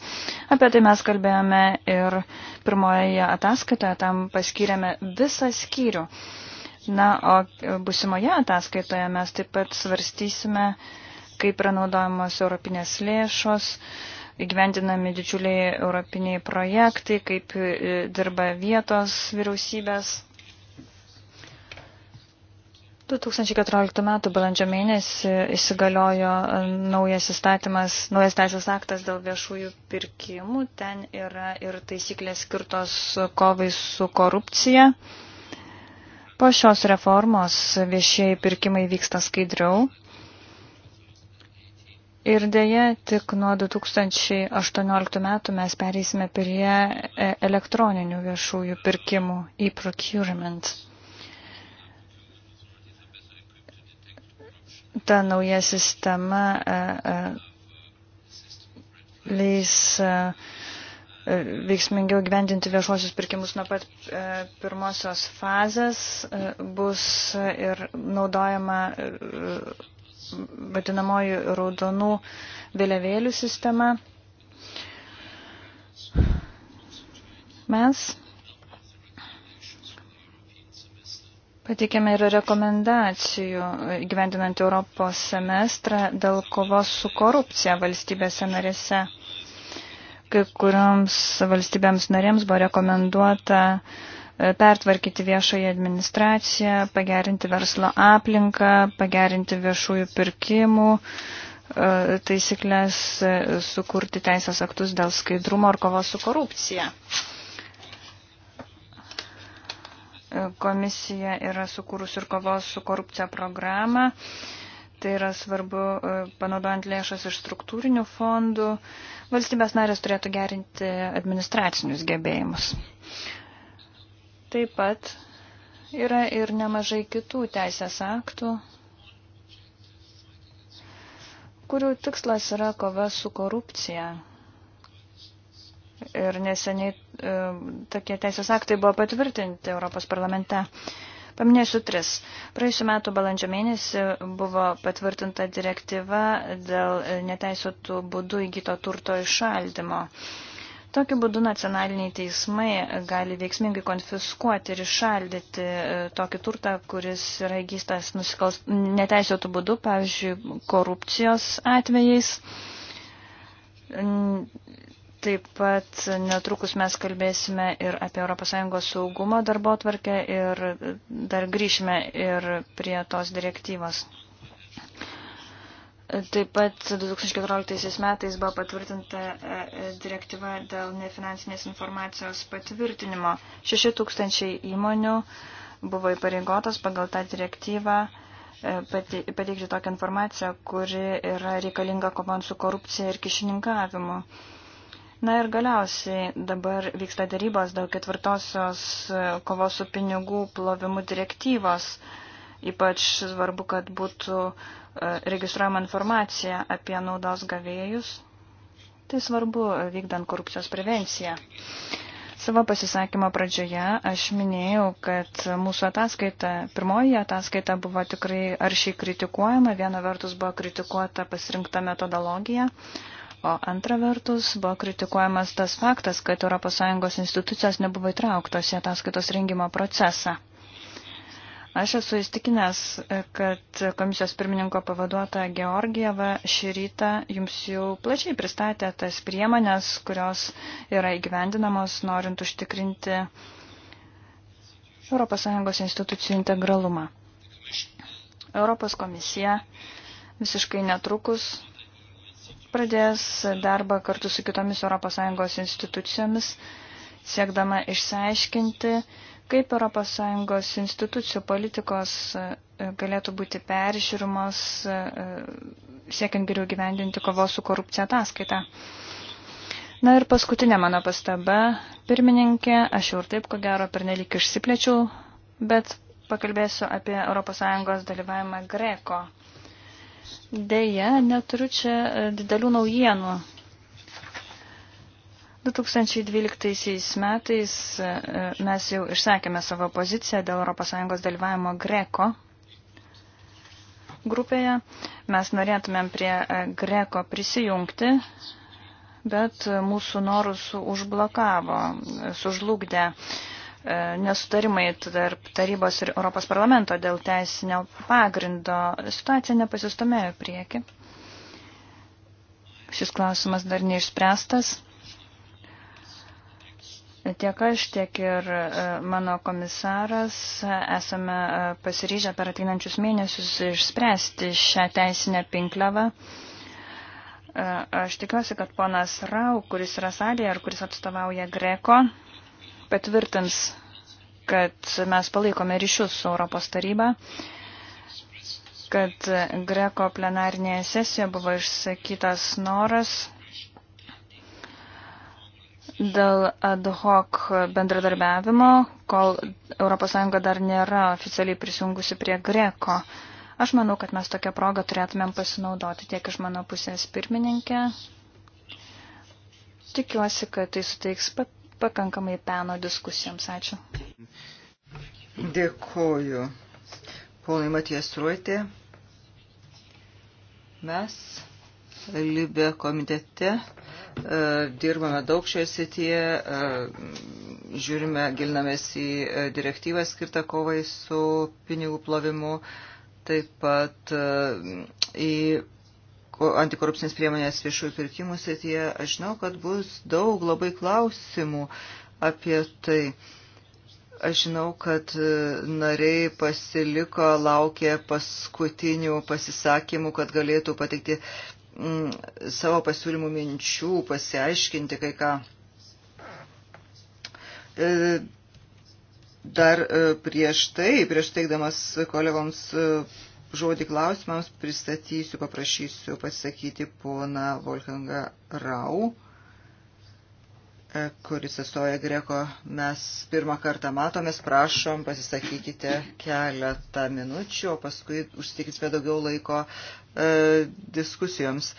Apie tai mes kalbėjome ir pirmoje ataskaitoje, tam paskyrėme visą skyrių. Na, o e, busimoje ataskaitoje mes taip pat svarstysime uh, kaip yra naudojamos europinės lėšos, įgyvendinami didžiuliai europiniai projektai, kaip e, dirba vietos vyriausybės. 2014 m. balandžio mėnesį įsigaliojo e, naujas įstatymas, naujas teisės aktas dėl viešųjų pirkimų. Ten yra ir taisyklės skirtos kovai su korupcija. Po šios reformos viešieji pirkimai vyksta skaidriau. Ir dėja, tik nuo 2018 metų mes pereisime prie e, elektroninių viešųjų pirkimų e-procurement. Ta nauja sistema e, e, leis veiksmingiau gyvendinti viešuosius pirkimus nuo pat pirmosios fazės, bus ir naudojama vadinamoji raudonų vėliavėlių sistema. Mes Pateikėme ir rekomendacijų gyvendinant Europos semestrą dėl kovos su korupcija valstybėse narėse. Kai kurioms valstybėms narėms buvo rekomenduota uh, pertvarkyti viešoje administraciją, pagerinti verslo aplinką, pagerinti viešųjų pirkimų e, taisyklės, e, sukurti teisės aktus dėl skaidrumo ir kovos su korupcija. E, komisija yra sukūrus ir kovos su korupcija programą. Tai yra svarbu panaudojant lėšas iš struktūrinių fondų. Valstybės narės turėtų gerinti administracinius gebėjimus. Taip pat yra ir nemažai kitų teisės aktų, kurių tikslas yra kova su korupcija. Ir neseniai e, tokie teisės aktai buvo patvirtinti Europos parlamente. Paminėsiu tris. Praėjusiu metu balandžio mėnesį buvo patvirtinta direktyva dėl neteisėtų būdų įgyto turto išaldymo. E, Tokiu būdu nacionaliniai teismai gali veiksmingai konfiskuoti ir išaldyti e, tokį turtą, kuris yra įgystas nusikals... neteisėtų būdų, pavyzdžiui, korupcijos atvejais. Taip pat netrukus mes kalbėsime ir apie ES saugumo darbo tvarkę ir dar grįšime ir prie tos direktyvos. Taip pat 2014 metais buvo patvirtinta e, e, direktyva dėl nefinansinės informacijos patvirtinimo. 6000 įmonių buvo įpareigotos pagal tą direktyvą e, pateikti tokią informaciją, kuri yra reikalinga kovant su korupcija ir kišininkavimu. Na ir galiausiai dabar vyksta darybos dėl ketvirtosios kovos su pinigų plovimu direktyvos Ypač svarbu, kad būtų e, registruojama informacija apie naudos gavėjus. Tai svarbu e, vykdant korupcijos prevenciją. Savo pasisakymo pradžioje aš minėjau, kad mūsų ataskaita, pirmoji ataskaita buvo tikrai aršiai kritikuojama. Viena vertus buvo kritikuota pasirinkta metodologija, o antra vertus buvo kritikuojamas tas faktas, kad ES institucijos nebuvo įtrauktos į ataskaitos rengimo procesą. Aš esu įstikinęs, kad komisijos pirmininko pavaduota Georgieva šį rytą jums jau plačiai pristatė tas priemonės, kurios yra įgyvendinamos, norint užtikrinti ES institucijų integralumą. Europos komisija visiškai netrukus pradės darbą kartu su kitomis ES institucijomis, siekdama išsiaiškinti, Kaip ES institucijų politikos e, galėtų būti peržiūrimos e, siekiant geriau gyvendinti kovos su korupcija ataskaitą? Na ir paskutinė mano pastaba, pirmininkė, aš jau ir taip, ko gero, pernelik išsiplečiau, bet pakalbėsiu apie ES dalyvavimą Greko. Deja, neturiu čia e, didelių naujienų 2012 metais e, e, mes jau išsakėme savo poziciją dėl ES dalyvavimo Greko grupėje. Mes norėtumėm prie e, Greko prisijungti, bet mūsų norus užblokavo, sužlugdė nesutarimai tarp tarybos ir Europos parlamento dėl teisinio pagrindo. Situacija nepasistumėjo prieki. Šis klausimas dar neišspręstas. Tiek aš, tiek ir e, mano komisaras esame e, pasiryžę per ateinančius mėnesius išspręsti šią teisinę pinklevą. E, aš tikiuosi, kad ponas Rau, kuris yra salėje ar kuris atstovauja Greko, patvirtins, kad mes palaikome ryšius su Europos taryba, kad Greko plenarinėje sesijoje buvo išsakytas noras dėl ad hoc bendradarbiavimo, kol ES dar nėra oficialiai prisijungusi prie Greko. Aš manau, kad mes tokią progą turėtumėm pasinaudoti tiek iš mano pusės pirmininkė. Tikiuosi, kad tai suteiks pakankamai peno diskusijoms. Ačiū. Dėkoju. Ponai Matijas Ruotė. Mes Libe komitete e, dirbame daug šioje srityje, e, žiūrime, gilinamės į e, direktyvą skirtą kovai su pinigų plovimu, taip pat į antikorupcinės priemonės viešųjų pirkimų srityje. Aš žinau, kad bus daug labai klausimų apie tai. Aš žinau, kad nariai pasiliko, laukė paskutinių pasisakymų, kad galėtų pateikti m, mm, savo pasiūlymų minčių, pasiaiškinti kai ką. E, dar e, prieš tai, prieš teikdamas kolegoms e, žodį klausimams, pristatysiu, paprašysiu pasakyti poną Volkangą Rau. E, E, kuris atstovauja Greko, mes pirmą kartą matomės, prašom, pasisakykite keletą minučių, o paskui užsitikysime daugiau laiko e, diskusijoms.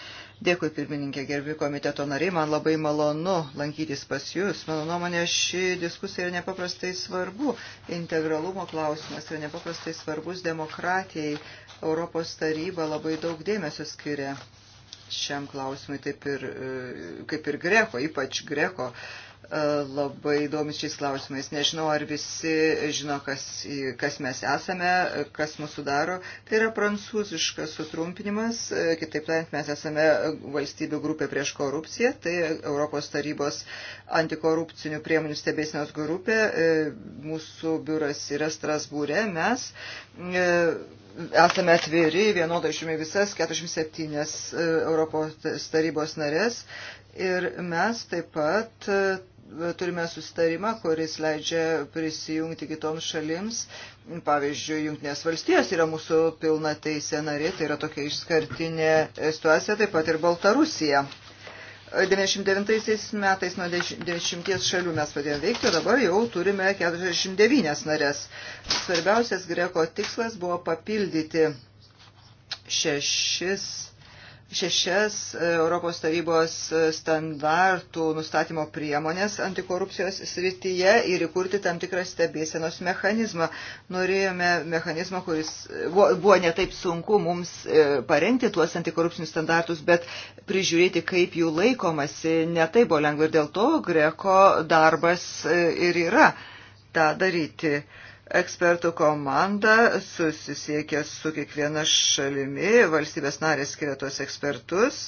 Dėkui, pirmininkė, gerbi komiteto nariai, man labai malonu lankytis pas Jūs. Mano nuomonė, ši diskusija yra nepaprastai svarbu. Integralumo klausimas yra nepaprastai svarbus demokratijai. Europos taryba labai daug dėmesio skiria šiam klausimui, taip ir, e, kaip ir Greko, ypač Greko. E, labai įdomis šiais klausimais. Nežinau, ar visi žino, kas, kas mes esame, kas mūsų daro. Tai yra prancūziškas sutrumpinimas, kitaip tariant, mes esame valstybių grupė prieš korupciją, tai Europos tarybos antikorupcinių priemonių stebėsinos grupė, mūsų biuras yra Strasbūre, mes e, esame atviri, vienodai žymė visas 47 e, Europos tarybos narės. Ir mes taip pat turime sustarimą, kuris leidžia prisijungti kitoms šalims. Pavyzdžiui, Junktinės valstijos yra mūsų pilna teisė narė, tai yra tokia išskirtinė situacija, taip pat ir Baltarusija. 99 metais nuo 10 šalių mes pradėjome veikti, o dabar jau turime 49 narės. Svarbiausias greko tikslas buvo papildyti šešis šešias e, Europos tarybos e, standartų nustatymo priemonės antikorupcijos srityje ir įkurti tam tikrą stebėsenos mechanizmą. Norėjome mechanizmą, kuris e, buvo netaip sunku mums parengti tuos antikorupcinius standartus, bet prižiūrėti, kaip jų laikomasi, netai buvo lengva ir dėl to Greko darbas ir yra tą daryti. Ekspertų komanda susisiekė su kiekviena šalimi, valstybės narės skiria tuos ekspertus,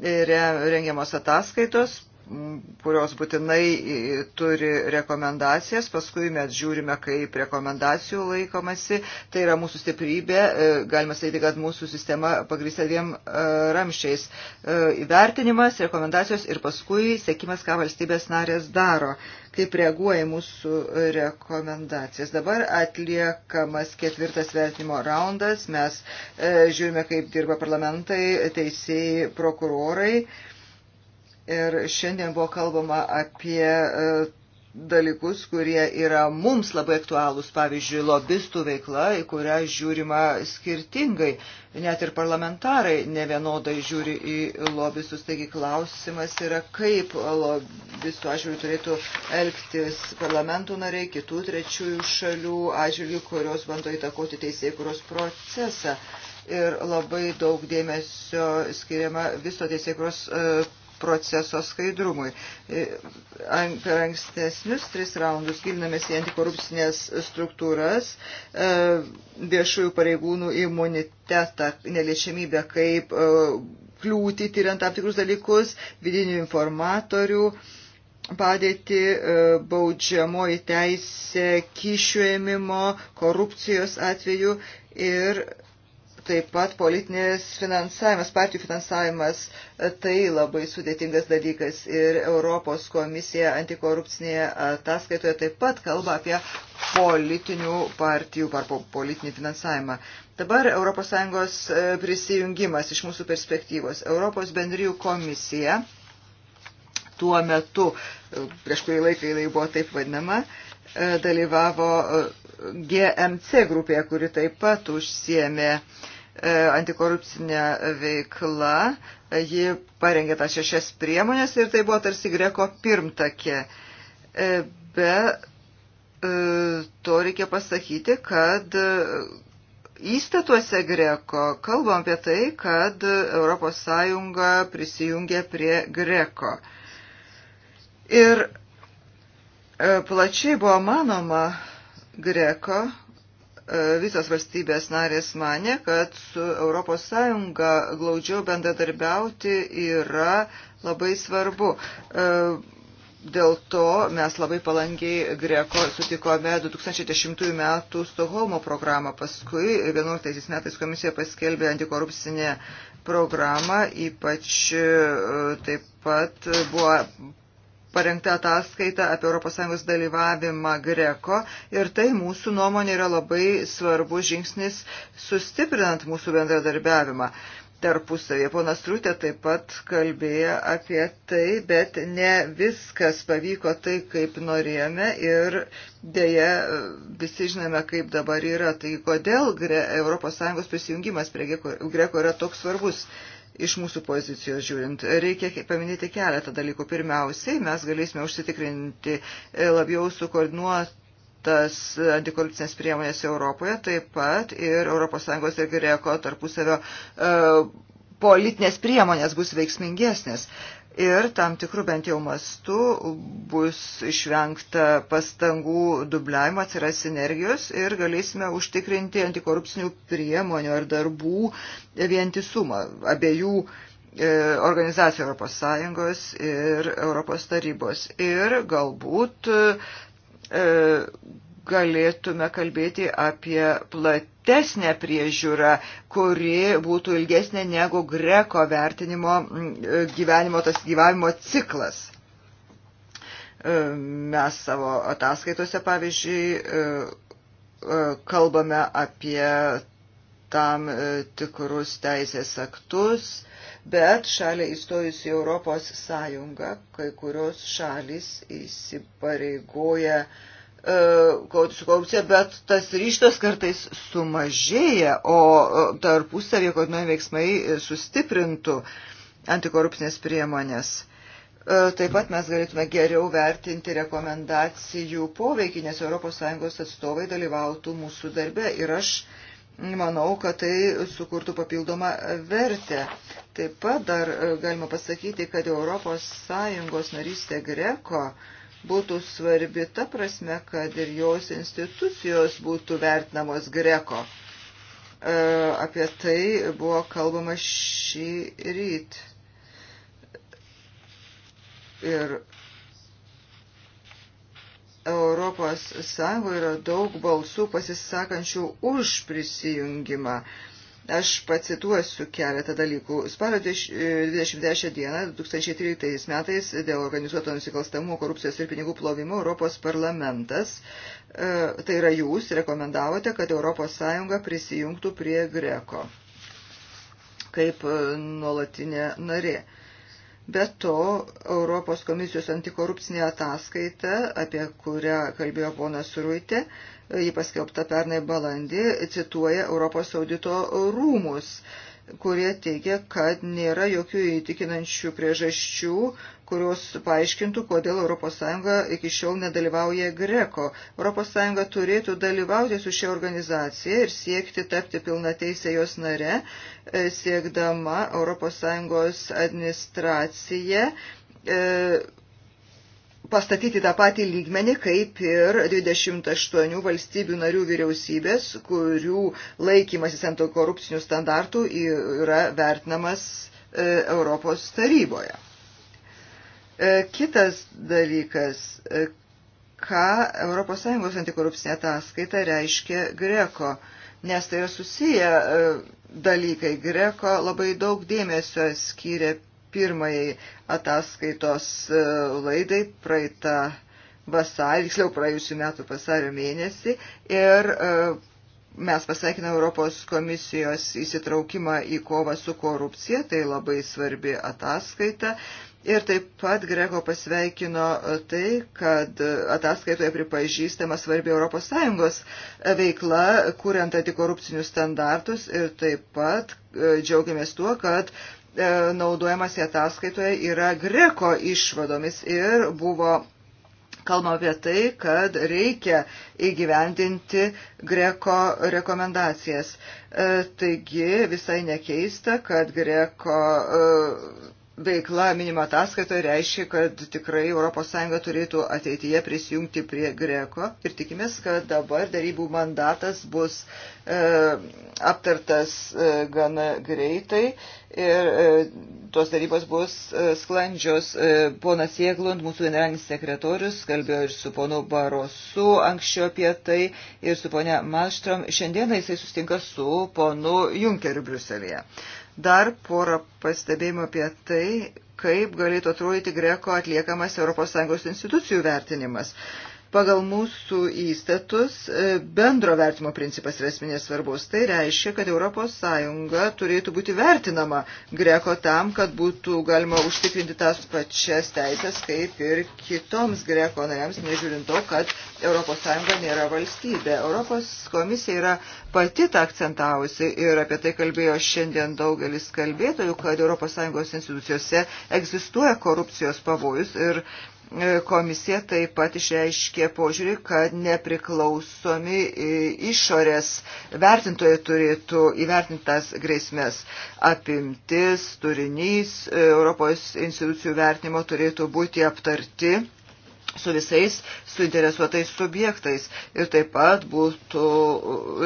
rengiamos ataskaitos, kurios būtinai turi rekomendacijas, paskui mes žiūrime, kaip rekomendacijų laikomasi. Tai yra mūsų stiprybė, e, galima sakyti, kad mūsų sistema pagrįsta dviem e, ramščiais. E, įvertinimas, rekomendacijos ir paskui sėkimas, ką valstybės narės daro kaip reaguoja mūsų rekomendacijas. Dabar atliekamas ketvirtas vertinimo raundas, mes e, žiūrime, kaip dirba parlamentai, teisėjai, prokurorai. Ir šiandien buvo kalbama apie e, dalykus, kurie yra mums labai aktualūs, pavyzdžiui, lobistų veikla, į kurią žiūrima skirtingai. Net ir parlamentarai nevienodai žiūri į lobistus, taigi klausimas yra, kaip lobistų atžvilgių turėtų elgtis parlamentų nariai, kitų trečiųjų šalių atžvilgių, kurios bando įtakoti teisėjų kurios procesą. Ir labai daug dėmesio skiriama viso teisėjų kurios e, proceso skaidrumui. E, per ankstesnius tris raundus gilinamės į antikorupcinės struktūras, e, viešųjų pareigūnų imunitetą, neliečiamybę kaip e, kliūti, tyriant tam tikrus dalykus, vidinių informatorių padėti baudžiamoji teisė, kyšių ėmimo, korupcijos atveju ir taip pat politinis finansavimas, partijų finansavimas, e, tai labai sudėtingas dalykas. Ir Europos komisija antikorupcinėje ataskaitoje taip pat kalba apie politinių partijų arba politinį finansavimą. Dabar ES e, prisijungimas iš mūsų perspektyvos. Europos bendrijų komisija tuo metu, e, prieš kurį laiką jinai buvo taip vadinama, dalyvavo GMC grupėje, kuri taip pat užsiemė uh, E, antikorupcinė veikla. Ji parengė tas šešias priemonės ir tai buvo tarsi greko pirmtakė. E, be e, to reikia pasakyti, kad įstatuose greko kalbam apie tai, kad ES prisijungia prie greko. Ir plačiai buvo manoma greko E, visos valstybės narės mane, kad su ES glaudžiau bendradarbiauti yra labai svarbu. E, dėl to mes labai palankiai Greko sutikome 2010 m. Stoholmo programą. Paskui 2011 metais komisija paskelbė antikorupcinę programą, ypač e, taip pat buvo parengta ataskaita apie ES dalyvavimą Greko ir tai mūsų nuomonė yra labai svarbus žingsnis sustiprinant mūsų bendradarbiavimą. Tarpusavėje ponas Rūtė taip pat kalbėjo apie tai, bet ne viskas pavyko tai, kaip norėjome ir dėja visi žinome, kaip dabar yra. Tai kodėl ES prisijungimas prie Greko yra toks svarbus? iš mūsų pozicijos žiūrint. Reikia paminėti keletą dalykų. Pirmiausiai, mes galėsime užsitikrinti e, labiau sukoordinuotas antikorupcinės priemonės Europoje, taip pat ir ES ir Greko tarpusavio e, politinės priemonės bus veiksmingesnės ir tam tikrų bent jau mastų bus išvengta pastangų dubliavimo, atsiras sinergijos ir galėsime užtikrinti antikorupcinių priemonių ar darbų vientisumą abiejų e, organizacijų Europos Sąjungos ir Europos tarybos. Ir galbūt e, galėtume kalbėti apie platį platesnę priežiūrą, kuri būtų ilgesnė negu greko vertinimo e, gyvenimo, tas gyvavimo ciklas. E, mes savo ataskaitose, pavyzdžiui, e, kalbame apie tam tikrus teisės aktus, bet šalia įstojus į Europos Sąjungą, kai kurios šalis įsipareigoja uh, E, kovoti su korupcija, bet tas ryštas kartais sumažėja, o e, tarpusavėje koordinavimo veiksmai sustiprintų antikorupcinės priemonės. E, taip pat mes galėtume geriau vertinti rekomendacijų poveikį, nes ES atstovai dalyvautų mūsų darbe ir aš manau, kad tai sukurtų papildomą vertę. Taip pat dar galima pasakyti, kad ES narystė Greko uh, būtų svarbi ta prasme, kad ir jos institucijos būtų vertinamos greko. E, apie tai buvo kalbama šį ryt. Ir Europos Sąjungoje yra daug balsų pasisakančių už prisijungimą. Uh, Aš pacituosiu keletą dalykų. Spalio 23 e, dieną 2013 metais dėl organizuoto nusikalstamumo, korupcijos ir pinigų plovimo Europos parlamentas, e, tai yra jūs, rekomendavote, kad ES prisijungtų prie Greko kaip e, nuolatinė narė. Be to, Europos komisijos antikorupcinė ataskaita, apie kurią kalbėjo ponas Ruitė, ji paskelbta pernai balandį, cituoja Europos audito rūmus kurie teigia, kad nėra jokių įtikinančių priežasčių, kurios paaiškintų, kodėl ES iki šiol nedalyvauja Greko. ES turėtų dalyvauti su šia organizacija ir siekti tapti pilna teisė jos nare, e, siekdama ES administraciją. E, pastatyti tą patį lygmenį, kaip ir 28 valstybių narių vyriausybės, kurių laikymasis antikorupcinių standartų yra vertinamas e, Europos taryboje. E, kitas dalykas, e, ką ES antikorupcinė ataskaita reiškia Greko, nes tai yra susiję dalykai. Greko labai daug dėmesio skiria pirmajai ataskaitos e, laidai praeitą vasarį, tiksliau praėjusiu metu vasario mėnesį ir e, mes pasveikiname Europos komisijos įsitraukimą į kovą su korupcija, tai labai svarbi ataskaita. Ir taip pat Greko pasveikino e, tai, kad ataskaitoje pripažįstama svarbi ES veikla, kuriant antikorupcinius standartus ir taip pat džiaugiamės tuo, kad E, naudojamas ataskaitoje yra greko išvadomis ir buvo kalbama apie tai, kad reikia įgyvendinti greko rekomendacijas. E, taigi visai nekeista, kad greko e, veikla minima ataskaitoje reiškia, kad tikrai ES turėtų ateityje prisijungti prie Greko ir tikimės, kad dabar darybų mandatas bus e, aptartas e, gana greitai ir e, tos darybos bus e, sklandžios. E, ponas Jėglund, mūsų generalinis sekretorius, kalbėjo ir su ponu Barosu anksčiau apie tai ir su ponia Malštrom. Šiandieną jisai sustinka su ponu Junkeriu Briuselėje. Dar porą pastebėjimų apie tai, kaip galėtų atrodyti Greko atliekamas ES institucijų vertinimas. Pagal mūsų įstatus e, bendro vertimo principas yra esminės svarbus. Tai reiškia, kad ES turėtų būti vertinama greko tam, kad būtų galima užtikrinti tas pačias teisės kaip ir kitoms greko nariams, nežiūrint to, kad ES nėra valstybė. Europos komisija yra pati tą akcentavusi ir apie tai kalbėjo šiandien daugelis kalbėtojų, kad ES institucijose egzistuoja korupcijos pavojus ir E, komisija taip pat išreiškė požiūrį, kad nepriklausomi e, išorės vertintojai turėtų įvertintas grėsmės. Apimtis, turinys e, Europos institucijų vertinimo turėtų būti aptarti su visais suinteresuotais subjektais. Ir taip pat būtų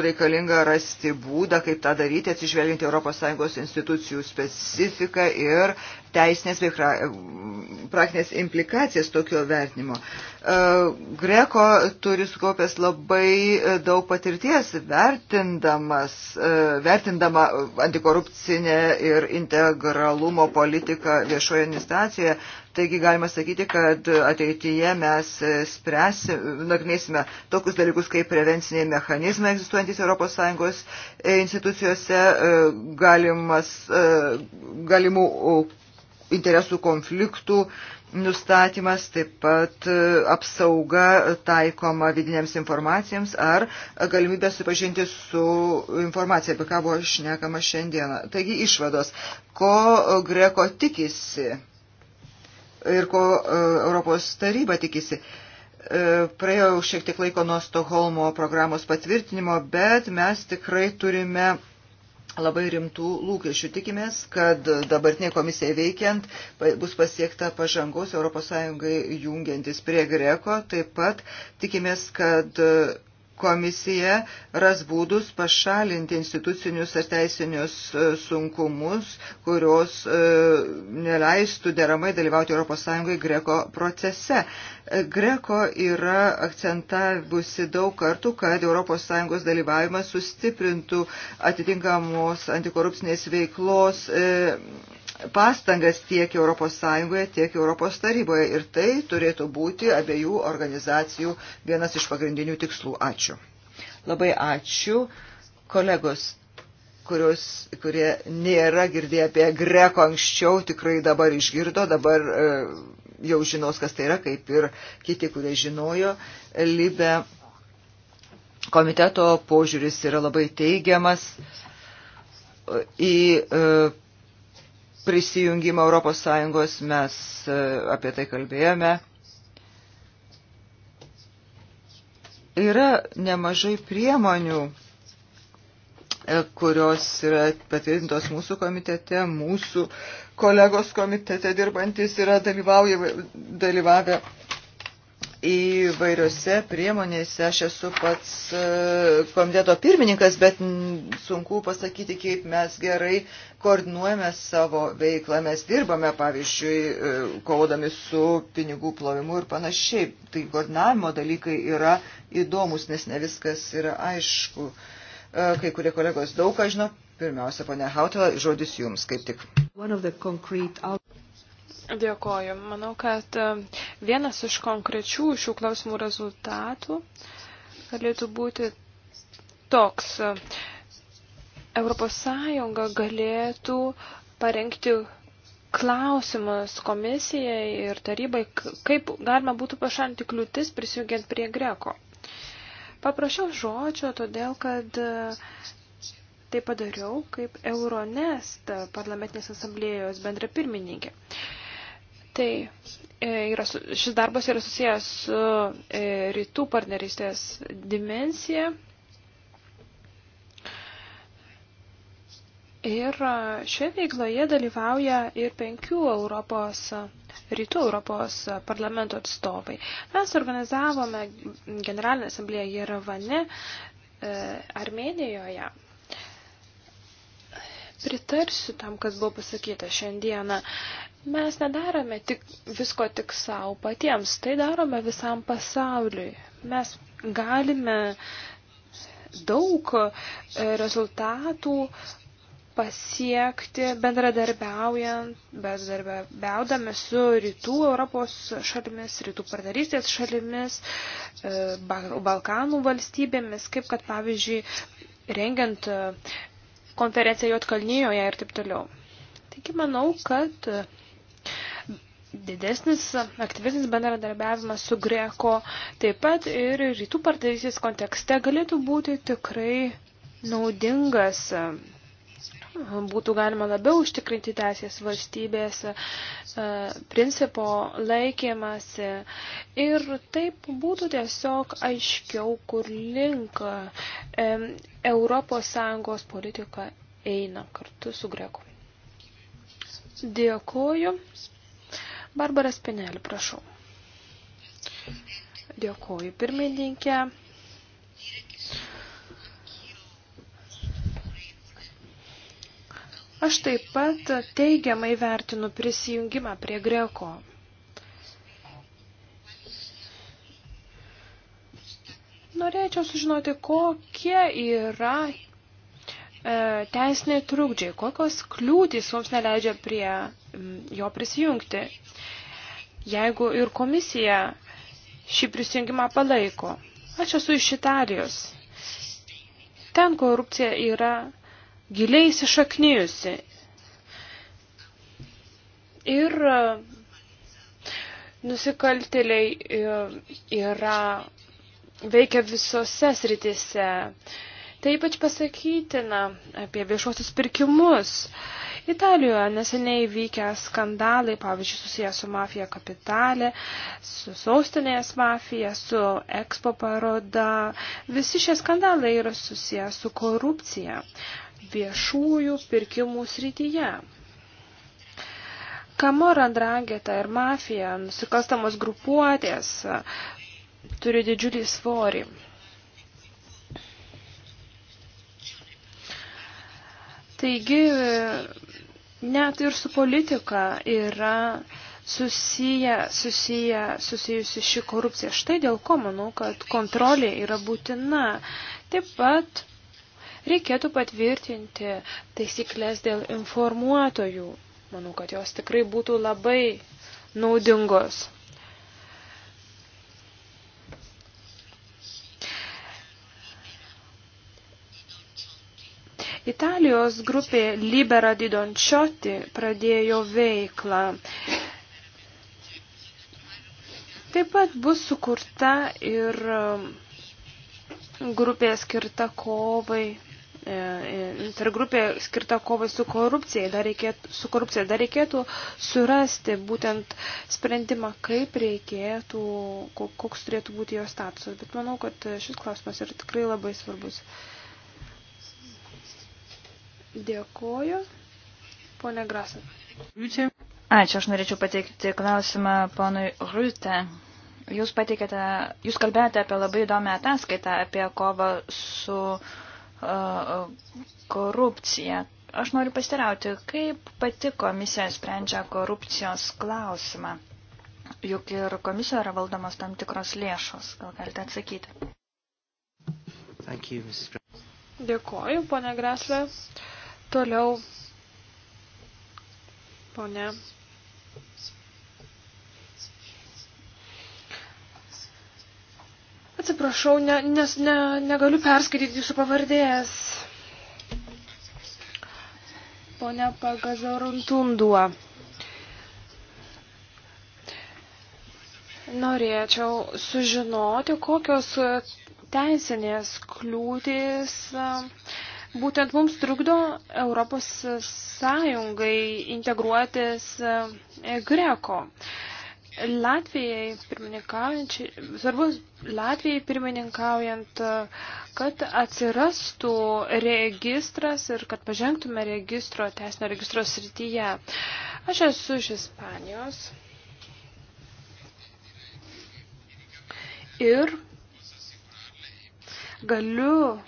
reikalinga rasti būdą, kaip tą daryti, atsižvelginti ES institucijų specifiką ir teisinės bei praktinės implikacijas tokio vertinimo. E, Greko turi sukaupęs labai daug patirties vertindamas, e, vertindama antikorupcinę ir integralumo politiką viešoje administracijoje Taigi galima sakyti, kad ateityje mes spręsi, nagrinėsime tokius dalykus kaip prevenciniai mechanizmai egzistuojantis ES institucijose, e, galimas, e, galimų interesų konfliktų nustatymas, taip pat e, apsauga taikoma vidiniams informacijams ar galimybė supažinti su informacija, apie ką buvo šnekama šiandieną. Taigi išvados, ko Greko tikisi ir ko e, Europos taryba tikisi. E, praėjo šiek tiek laiko nuo Stokholmo programos patvirtinimo, bet mes tikrai turime labai rimtų lūkesčių. Tikimės, kad dabartinė komisija veikiant bus pasiekta pažangos ES jungiantis prie Greko. Taip pat tikimės, kad Komisija ras būdus pašalinti institucinius ar teisinius e, sunkumus, kurios e, neleistų deramai dalyvauti ES greko procese. Greko yra akcentavusi daug kartų, kad ES dalyvavimas sustiprintų atitinkamos antikorupcinės veiklos e, pastangas tiek ES, tiek ES taryboje. Ir tai turėtų būti abiejų organizacijų vienas iš pagrindinių tikslų. Ačiū. Labai ačiū kolegos, kurios, kurie nėra girdėję apie Greko anksčiau, tikrai dabar išgirdo, dabar. E, jau žinos, kas tai yra, kaip ir kiti, kurie žinojo. Libe komiteto požiūris yra labai teigiamas į e, prisijungimą Europos Sąjungos, mes e, apie tai kalbėjome. Yra nemažai priemonių E, kurios yra patvirtintos mūsų komitete, mūsų kolegos komitete dirbantis yra dalyvavę įvairiose priemonėse. Aš esu pats e, komiteto pirmininkas, bet sunku pasakyti, kaip mes gerai koordinuojame savo veiklą. Mes dirbame, pavyzdžiui, e, kovodami su pinigų plovimu ir panašiai. Tai koordinavimo dalykai yra įdomus, nes ne viskas yra aišku. Uh, E, kai kurie kolegos daug ką žino. Pirmiausia, ponia Hautela, žodis jums kaip tik. Dėkoju. Manau, kad e, vienas iš konkrečių šių klausimų rezultatų galėtų būti toks. Europos Sąjunga galėtų parengti klausimas komisijai ir tarybai, kaip galima būtų pašalinti kliūtis prisijungiant prie greko. Paprašiau žodžio, todėl kad e, tai padariau kaip Euronest e, parlamentinės asamblėjos bendra pirmininkė. Tai e, yra, šis darbas yra susijęs su rytų partnerystės dimensija Ir šioje veikloje dalyvauja ir penkių Europos, rytų Europos parlamento atstovai. Mes organizavome Generalinę asamblėją Jeravane, e, Armenijoje. Pritarsiu tam, kas buvo pasakyta šiandieną. Mes nedarome tik, visko tik savo patiems, tai darome visam pasauliui. Mes galime daug e, rezultatų pasiekti bendradarbiaujant, bendradarbiaudami su rytų Europos šalimis, rytų partnerystės šalimis, e, Balkanų valstybėmis, kaip kad pavyzdžiui rengiant e, konferenciją Jotkalnyjoje ir taip toliau. Taigi manau, kad e, didesnis, aktyvesnis bendradarbiavimas su Greko taip pat ir rytų partnerystės kontekste galėtų būti tikrai naudingas būtų galima labiau užtikrinti teisės valstybės e, principo laikymasi ir taip būtų tiesiog aiškiau, kur link ES politika eina kartu su Greku. Dėkoju. Barbara Spinelį, prašau. Dėkoju pirmininkė. Aš taip pat teigiamai vertinu prisijungimą prie Greko. Norėčiau sužinoti, kokie yra e, teisiniai trukdžiai, kokios kliūtys mums neleidžia prie m, jo prisijungti, jeigu ir komisija šį prisijungimą palaiko. Aš esu iš Italijos. Ten korupcija yra giliai įsišaknyjusi. Ir e, nusikaltėliai e, yra veikia visose sritise. Tai ypač pasakytina apie viešuosius pirkimus. Italijoje neseniai vykę skandalai, pavyzdžiui, susijęs su mafija kapitalė, su saustinės mafija, su ekspo paroda. Visi šie skandalai yra susijęs su korupcija viešųjų pirkimų srityje. Kamor andrageta ir mafija, nusikalstamos grupuotės, turi didžiulį svorį. Taigi, net ir su politika yra susiję, susiję, susijusi ši korupcija. Štai dėl ko manau, kad kontrolė yra būtina. Taip pat Reikėtų patvirtinti taisyklės dėl informuotojų. Manau, kad jos tikrai būtų labai naudingos. Italijos grupė Libera di Doncioti pradėjo veiklą. Taip pat bus sukurta ir um, grupė skirta kovai E, e, intergrupė skirta kovai su korupcija. Dar reikėtų, su korupcija dar reikėtų surasti būtent sprendimą, kaip reikėtų, koks turėtų būti jo statusas. Bet manau, kad šis klausimas yra tikrai labai svarbus. Dėkoju. Pone Grasa. Ačiū, aš norėčiau pateikti klausimą ponui Rūte. Jūs, pateikėte, jūs kalbėjote apie labai įdomią ataskaitą, apie kovą su uh, korupciją. Aš noriu pasirauti, kaip pati komisija sprendžia korupcijos klausimą. Juk ir komisijoje yra valdomos tam tikros lėšos. Gal galite atsakyti? Thank you, Mrs. Dėkoju, ponė Greslė. Toliau, ponė Atsiprašau, ne, nes ne, negaliu perskaityti jūsų pavardės. Pone Pagazoruntundua. Norėčiau sužinoti, kokios teisinės kliūtis būtent mums trukdo Europos Sąjungai integruotis Greko. E Latvijai pirmininkaujančiai, svarbus Latvijai pirmininkaujant, kad atsirastų registras ir kad pažengtume registro, teisinio registro srityje. Aš esu iš Ispanijos. Ir galiu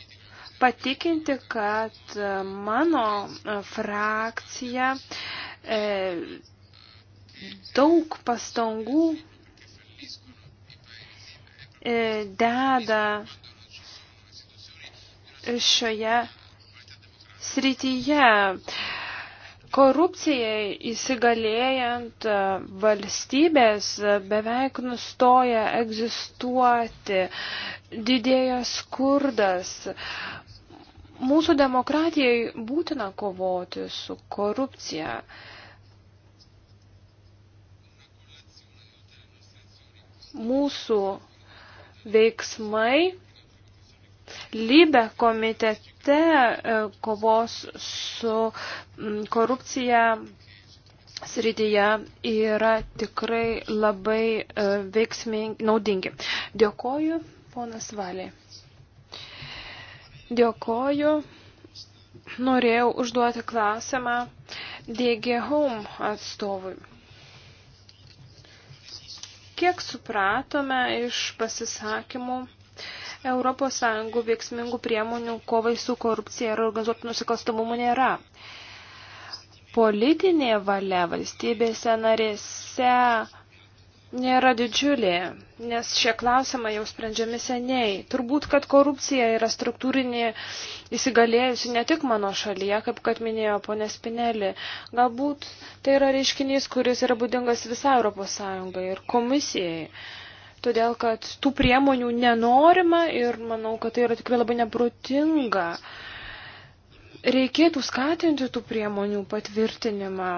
patikinti, kad mano frakcija e, daug pastangų e, deda šioje srityje. Korupcijai įsigalėjant e, valstybės beveik nustoja egzistuoti, didėja skurdas. Mūsų demokratijai būtina kovoti su korupcija. mūsų veiksmai Lybe komitete e, kovos su korupcija srityje yra tikrai labai e, veiksmingi, naudingi. Dėkoju, ponas Valiai. Dėkoju. Norėjau užduoti klausimą DG Home atstovui. Kiek supratome iš pasisakymų, ES veiksmingų priemonių kovai su korupcija ir organizuotų nusikalstamumu nėra. Politinė valia valstybėse narėse nėra didžiulė, nes šie klausimai jau sprendžiami seniai. Turbūt, kad korupcija yra struktūrinė įsigalėjusi ne tik mano šalyje, kaip kad minėjo ponė Spinelė. Galbūt tai yra reiškinys, kuris yra būdingas visai Europos Sąjungai ir komisijai. Todėl, kad tų priemonių nenorima ir manau, kad tai yra tikrai labai neprotinga. Reikėtų skatinti tų priemonių patvirtinimą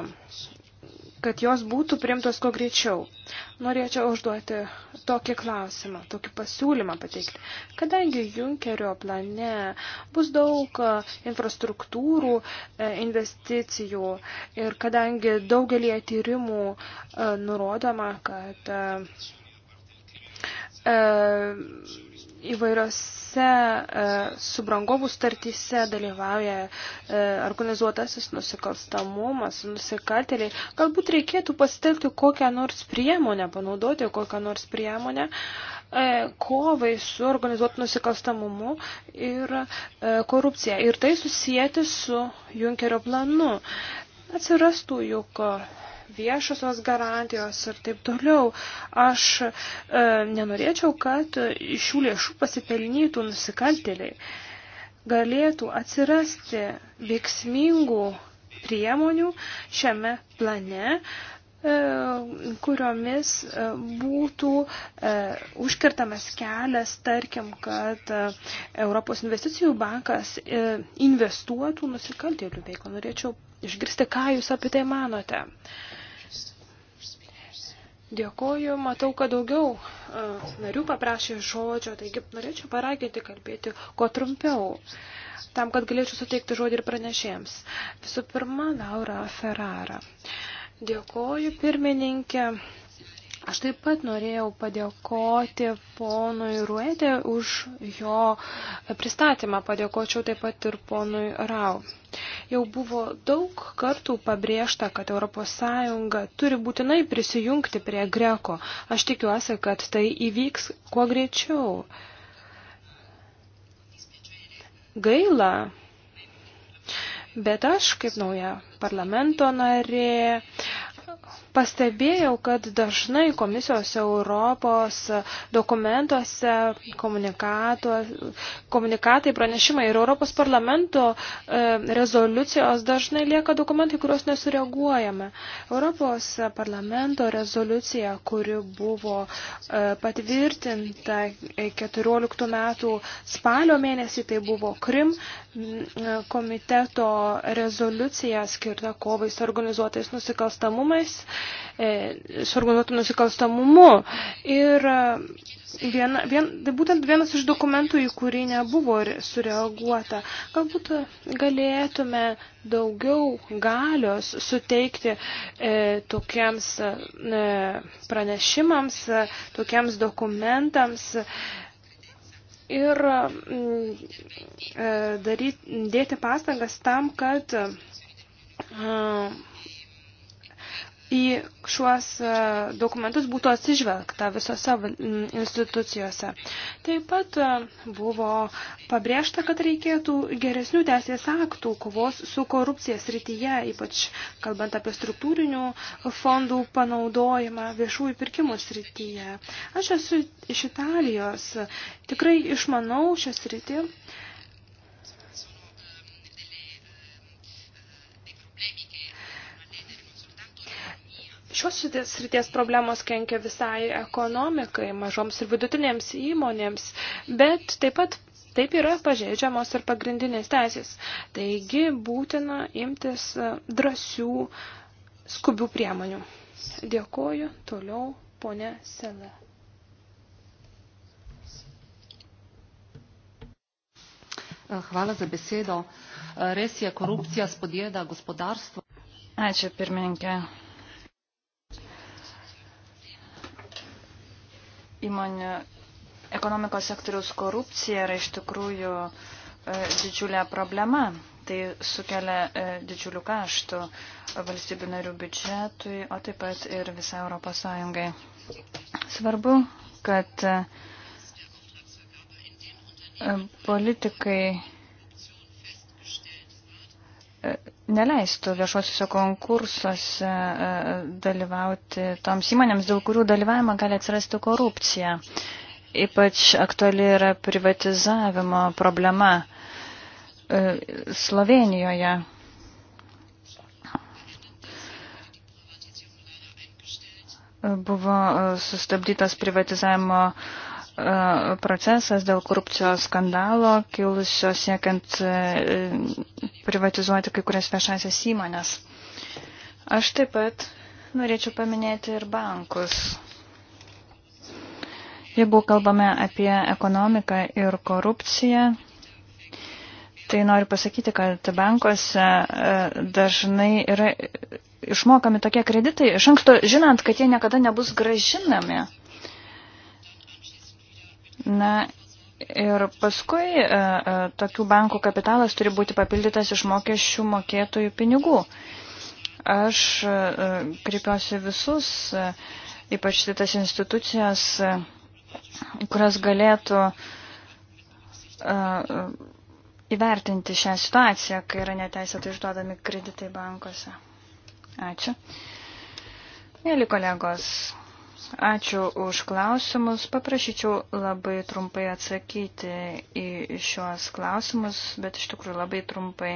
kad jos būtų primtos kuo greičiau. Norėčiau užduoti tokį klausimą, tokį pasiūlymą pateikti. Kadangi Junkerio plane bus daug e, infrastruktūrų e, investicijų ir kadangi daugelie tyrimų e, nurodoma, kad E, įvairiose e, subrangovų startyse dalyvauja e, organizuotasis nusikalstamumas, nusikaltėliai. Galbūt reikėtų pasitelkti kokią nors priemonę, panaudoti kokią nors priemonę kovai su organizuotu nusikalstamumu ir korupcija. Ir tai susijęti su Junkerio planu. Atsirastų juk viešosios garantijos ir taip toliau. Aš e, nenorėčiau, kad iš šių lėšų pasipelnytų nusikaltėliai. Galėtų atsirasti veiksmingų priemonių šiame plane, e, E, kuriomis e, būtų e, užkirtamas kelias, tarkim, kad Europos investicijų bankas investuotų nusikaltėlių veiklą. Norėčiau išgirsti, ką Jūs apie tai manote. Dėkoju, matau, kad daugiau narių paprašė žodžio, taigi norėčiau paraginti kalbėti kuo trumpiau, tam, kad galėčiau suteikti žodį ir pranešėjams. Visų pirma, Laura Ferrara. Uh, Dėkoju, pirmininkė. Aš taip pat norėjau padėkoti ponui Ruedė už jo pristatymą. Padėkočiau taip pat ir ponui Rau. Jau buvo daug kartų pabrėžta, kad ES turi būtinai prisijungti prie Greko. Aš tikiuosi, kad tai įvyks kuo greičiau. Gaila, Bet aš, kaip nauja parlamento narė, Pastebėjau, kad dažnai komisijos Europos dokumentuose, komunikatai, pranešimai ir Europos parlamento e, rezoliucijos dažnai lieka dokumentai, kuriuos nesureaguojame. Europos parlamento rezoliucija, kuri buvo e, patvirtinta 14 metų spalio mėnesį, tai buvo Krim komiteto rezoliucija skirta kovai su organizuotais nusikalstamumais E, suorganizuotų nusikalstamumu. Ir e, viena, vien, tai būtent vienas iš dokumentų, į kurį nebuvo sureaguota. Galbūt galėtume daugiau galios suteikti e, tokiems e, pranešimams, e, tokiems dokumentams. Ir mm, e, daryt, dėti pastangas tam, kad e, į šiuos e, dokumentus būtų atsižvelgta visose institucijose. Taip pat e, buvo pabrėžta, kad reikėtų geresnių teisės aktų kovos su korupcija srityje, ypač kalbant apie struktūrinių fondų panaudojimą viešųjų pirkimų srityje. Aš esu iš Italijos, tikrai išmanau šią sritį Šios srities problemos kenkia visai ekonomikai, mažoms ir vidutinėms įmonėms, bet taip pat Taip yra pažeidžiamos ir pagrindinės teisės. Taigi būtina imtis e, drąsių skubių priemonių. Dėkoju. Toliau ponė Sela. E, hvala za besedo. E, res je, korupcija spodjeda gospodarstvo. Ačiū pirmininkė. įmonių ekonomikos sektoriaus korupcija yra iš tikrųjų e, didžiulė problema. Tai sukelia e, didžiulių kaštų valstybių narių biudžetui, o taip pat ir visai Europos Sąjungai. Svarbu, kad e, politikai neleistų viešuosiuose konkursuose e, dalyvauti toms įmonėms, dėl kurių dalyvavimą gali atsirasti korupcija. Ypač aktuali yra privatizavimo problema e, Slovenijoje. Buvo e, sustabdytas privatizavimo uh, E, procesas dėl korupcijos skandalo kilusio siekiant e, privatizuoti kai kurias viešasias įmonės. Aš taip pat norėčiau paminėti ir bankus. Jeigu kalbame apie ekonomiką ir korupciją, tai noriu pasakyti, kad bankuose e, dažnai yra išmokami tokie kreditai, iš anksto žinant, kad jie niekada nebus gražinami. Na ir paskui e, e, tokių bankų kapitalas turi būti papildytas iš mokesčių mokėtojų pinigų. Aš e, kreipiuosi visus, ypač tas institucijas, kurios galėtų įvertinti šią situaciją, kai yra neteisėtai išduodami kreditai bankuose. Ačiū. Mėly kolegos, Ačiū už klausimus. Paprašyčiau labai trumpai atsakyti į šiuos klausimus, bet iš tikrųjų labai trumpai.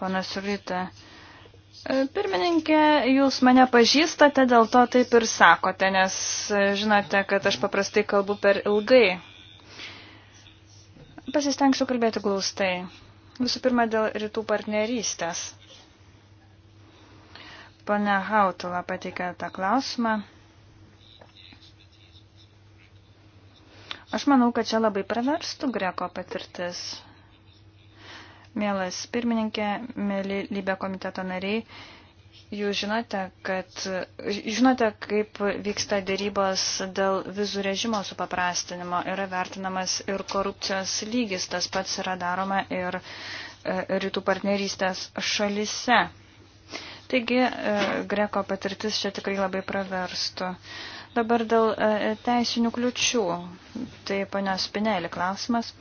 Panas Rita, pirmininkė, jūs mane pažįstate, dėl to taip ir sakote, nes žinote, kad aš paprastai kalbu per ilgai. Pasistengsiu kalbėti glaustai. Visų pirma, dėl rytų partnerystės. Pane Hautala pateikė tą klausimą. Aš manau, kad čia labai praverstų greko patirtis. Mielas pirmininkė, mėly Libė komiteto nariai, jūs žinote, kad, žinote, kaip vyksta dėrybos dėl vizų režimo supaprastinimo, yra vertinamas ir korupcijos lygis, tas pats yra daroma ir e, rytų partnerystės šalise. Taigi, e, greko patirtis čia tikrai labai praverstų. Dabar dėl e, teisinių kliučių. Tai panios Spinelį klausimas.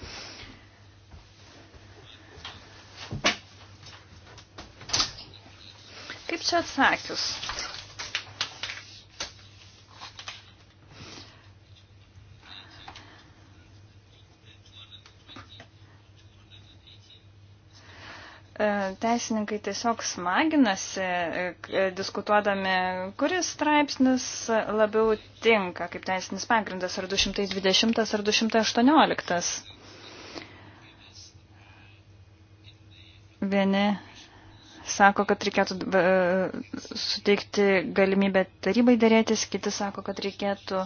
Kaip čia atsakius? E, teisininkai tiesiog smaginasi, e, e, diskutuodami, kuris straipsnis labiau tinka kaip teisinis pagrindas, ar 220 ar 218. Vieni sako, kad reikėtų suteikti galimybę tarybai dėrėtis, kiti sako, kad reikėtų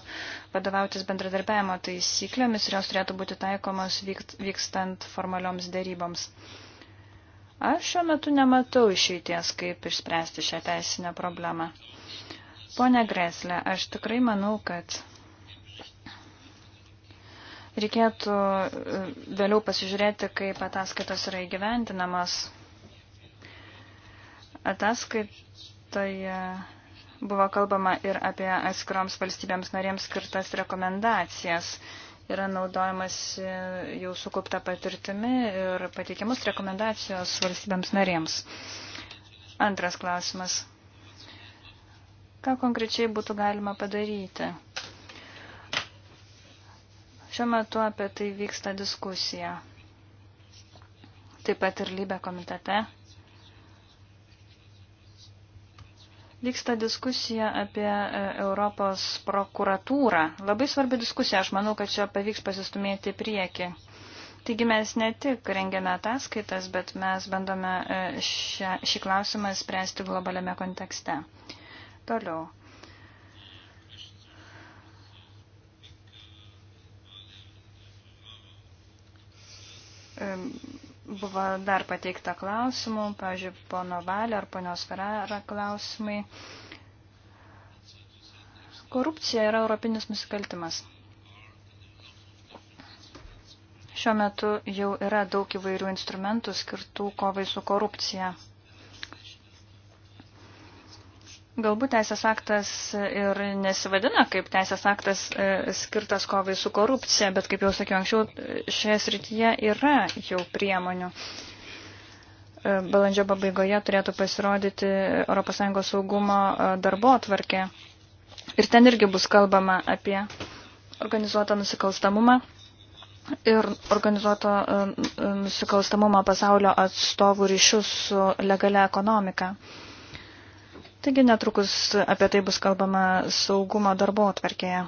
vadovautis bendradarbiavimo taisyklėmis ir jos turėtų būti taikomos vykstant formalioms dėryboms. Aš šiuo metu nematau išeities, kaip išspręsti šią teisinę problemą. Pone Greslė, aš tikrai manau, kad reikėtų e, vėliau pasižiūrėti, kaip ataskaitos yra įgyventinamas. Ataskaitoje buvo kalbama ir apie atskiroms valstybėms narėms skirtas rekomendacijas yra naudojamas e, jau sukaupta patirtimi ir pateikiamus rekomendacijos valstybėms narėms. Antras klausimas. Ką konkrečiai būtų galima padaryti? Šiuo metu apie tai vyksta diskusija. Taip pat ir lybė komitete Vyksta diskusija apie e, Europos prokuratūrą. Labai svarbi diskusija, aš manau, kad čia pavyks pasistumėti prieki. Taigi mes ne tik rengiame ataskaitas, bet mes bandome e, šią, šį klausimą spręsti globaliame kontekste. Toliau. Buvo dar pateikta klausimų, pavyzdžiui, pono Valio ar ponios Ferrara klausimai. Korupcija yra europinis nusikaltimas. Šiuo metu jau yra daug įvairių instrumentų skirtų kovai su korupcija. Galbūt teisės aktas ir nesivadina kaip teisės aktas e, skirtas kovai su korupcija, bet kaip jau sakiau anksčiau, šioje srityje yra jau priemonių. E, balandžio pabaigoje turėtų pasirodyti ES saugumo e, darbo atvarkė. Ir ten irgi bus kalbama apie organizuotą nusikalstamumą ir organizuotą nusikalstamumą pasaulio atstovų ryšius su legalia ekonomika. Taigi netrukus apie tai bus kalbama saugumo darbo atvarkėje.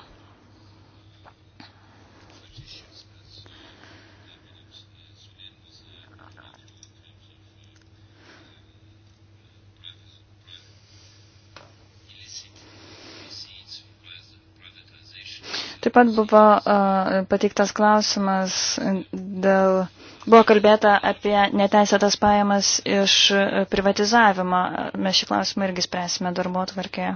Taip pat buvo pateiktas klausimas dėl Buvo kalbėta apie neteisėtas pajamas iš e, privatizavimo. Mes šį klausimą irgi spręsime darbo atvarkėje.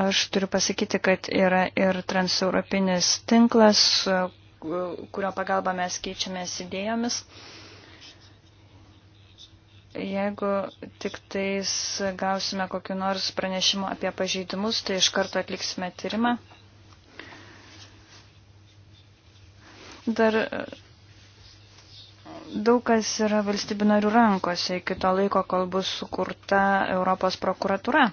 Aš turiu pasakyti, kad yra ir transeuropinis tinklas, e, kurio pagalba mes keičiamės idėjomis. Jeigu tik tais gausime kokiu nors pranešimu apie pažeidimus, tai iš karto atliksime tyrimą. Dar e, daug kas yra valstybių narių rankose iki to laiko, kol bus sukurta Europos prokuratura.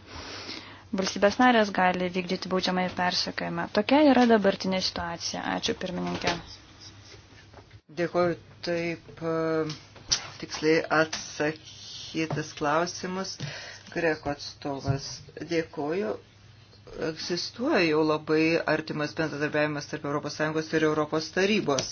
Valstybės narės gali vykdyti baudžiamąjį persekiojimą. Tokia yra dabartinė situacija. Ačiū pirmininkė. Dėkuoju taip e, tiksliai atsakytas klausimus. Greko atstovas. Dėkuoju egzistuoja jau labai artimas bendradarbiavimas tarp ES ir Europos tarybos.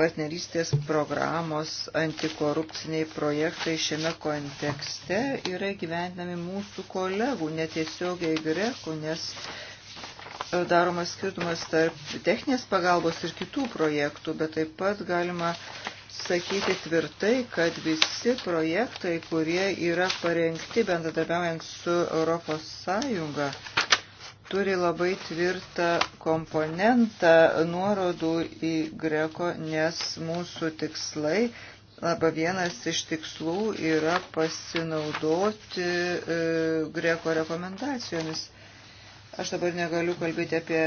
Partnerystės programos, antikorupciniai projektai šiame kontekste yra gyvenami mūsų kolegų, netiesiogiai grekų, nes e, daromas skirtumas tarp techninės pagalbos ir kitų projektų, bet taip pat galima sakyti tvirtai, kad visi projektai, kurie yra parengti bendradarbiaujant su Europos Sąjunga, turi labai tvirtą komponentą nuorodų į greko, nes mūsų tikslai arba vienas iš tikslų yra pasinaudoti e, greko rekomendacijomis. Aš dabar negaliu kalbėti apie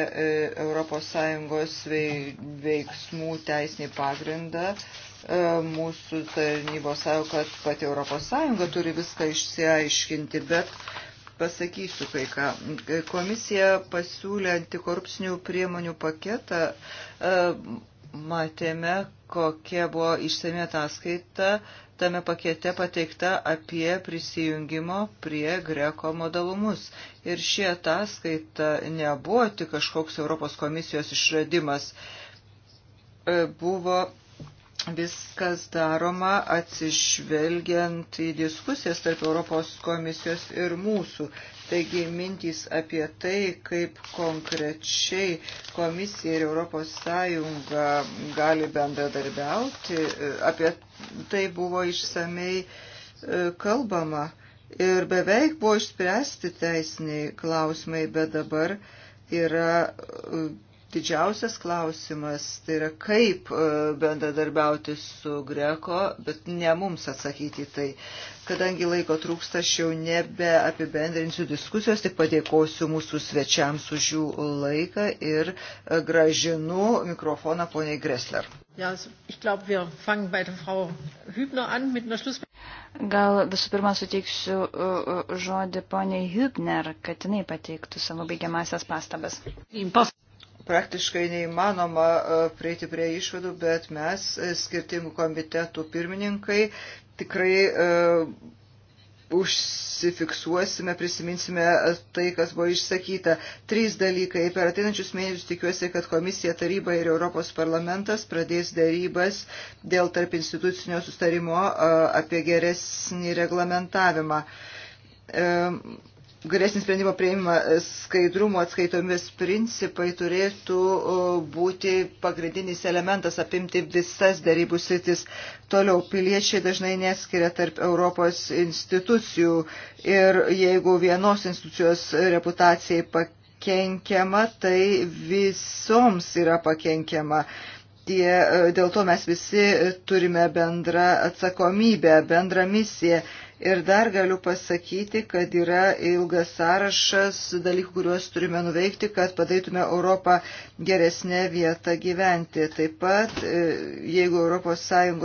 ES veiksmų teisinį pagrindą, E, mūsų tarnybos savo, kad pati ES turi viską išsiaiškinti, bet pasakysiu kai ką. Komisija pasiūlė antikorupsinių priemonių paketą. E, matėme, kokia buvo išsami ataskaita tame pakete pateikta apie prisijungimo prie greko modalumus. Ir ši ataskaita nebuvo tik kažkoks Europos komisijos išradimas. E, buvo viskas daroma atsižvelgiant į diskusijas tarp Europos komisijos ir mūsų. Taigi mintys apie tai, kaip konkrečiai komisija ir Europos Sąjunga gali bendradarbiauti, apie tai buvo išsamei e, kalbama. Ir beveik buvo išspręsti teisiniai klausimai, bet dabar yra e, didžiausias klausimas tai yra kaip e, bendradarbiauti su Greko, bet ne mums atsakyti tai. Kadangi laiko trūksta, aš jau nebe apibendrinsiu diskusijos, tik padėkosiu mūsų svečiams už jų laiką ir e, gražinu mikrofoną poniai Gressler. Gal visų pirma suteiksiu e, žodį poniai Hübner, kad jinai pateiktų savo baigiamasias pastabas. Impossible praktiškai neįmanoma e, prieiti prie išvadų, bet mes, e, skirtingų komitetų pirmininkai, tikrai e, užsifiksuosime, prisiminsime tai, kas buvo išsakyta. Trys dalykai. Per ateinančius mėnesius tikiuosi, kad komisija, taryba ir Europos parlamentas pradės dėrybas dėl tarp institucinio sustarimo apie geresnį reglamentavimą geresnį sprendimo prieimimą e, skaidrumo atskaitomis principai turėtų e, būti pagrindinis elementas apimti visas darybų sritis. Toliau piliečiai dažnai neskiria tarp Europos institucijų ir jeigu vienos institucijos reputacijai pakenkiama, tai visoms yra pakenkiama tie, e, dėl to mes visi turime bendrą atsakomybę, bendrą misiją Ir dar galiu pasakyti, kad yra ilgas sąrašas dalykų, kuriuos turime nuveikti, kad padarytume Europą geresnę vietą gyventi. Taip pat, e, jeigu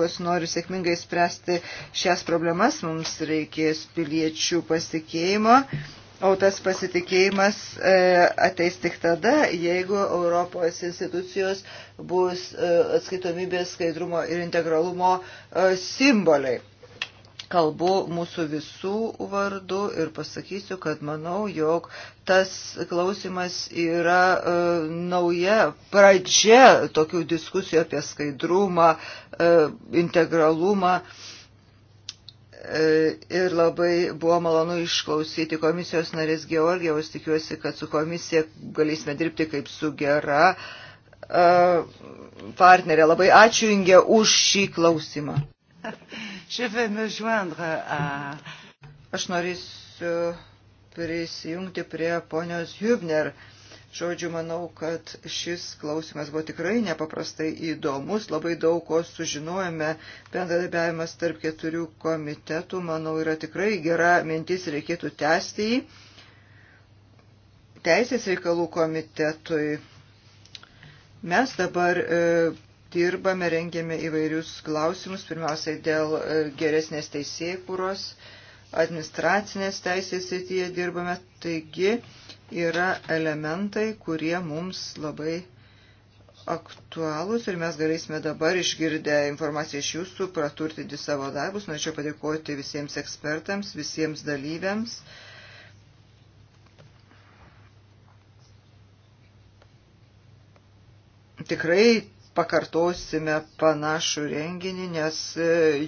ES nori sėkmingai spręsti šias problemas, mums reikės piliečių pasitikėjimo. O tas pasitikėjimas e, ateis tik tada, jeigu Europos institucijos bus e, atskaitomybės, skaidrumo ir integralumo e, simboliai kalbu mūsų visų vardu ir pasakysiu, kad manau, jog tas klausimas yra e, nauja pradžia tokių diskusijų apie skaidrumą, e, integralumą. E, ir labai buvo malonu išklausyti komisijos narės Georgijaus. Tikiuosi, kad su komisija galėsime dirbti kaip su gera e, partnerė. Labai ačiū Ingė už šį klausimą. (laughs) Aš norėsiu prisijungti prie ponios Hübner. Žodžiu, manau, kad šis klausimas buvo tikrai nepaprastai įdomus, labai daug ko sužinojame. Bendradarbiavimas tarp keturių komitetų, manau, yra tikrai gera mintis, reikėtų tęsti jį. Teisės reikalų komitetui mes dabar e, dirbame, rengėme įvairius klausimus, pirmiausiai dėl e, geresnės teisėkūros, administracinės teisės srityje dirbame, taigi yra elementai, kurie mums labai aktualūs ir mes galėsime dabar išgirdę informaciją iš jūsų praturtinti savo darbus. Norėčiau padėkoti visiems ekspertams, visiems dalyviams. Tikrai pakartosime panašų renginį, nes e,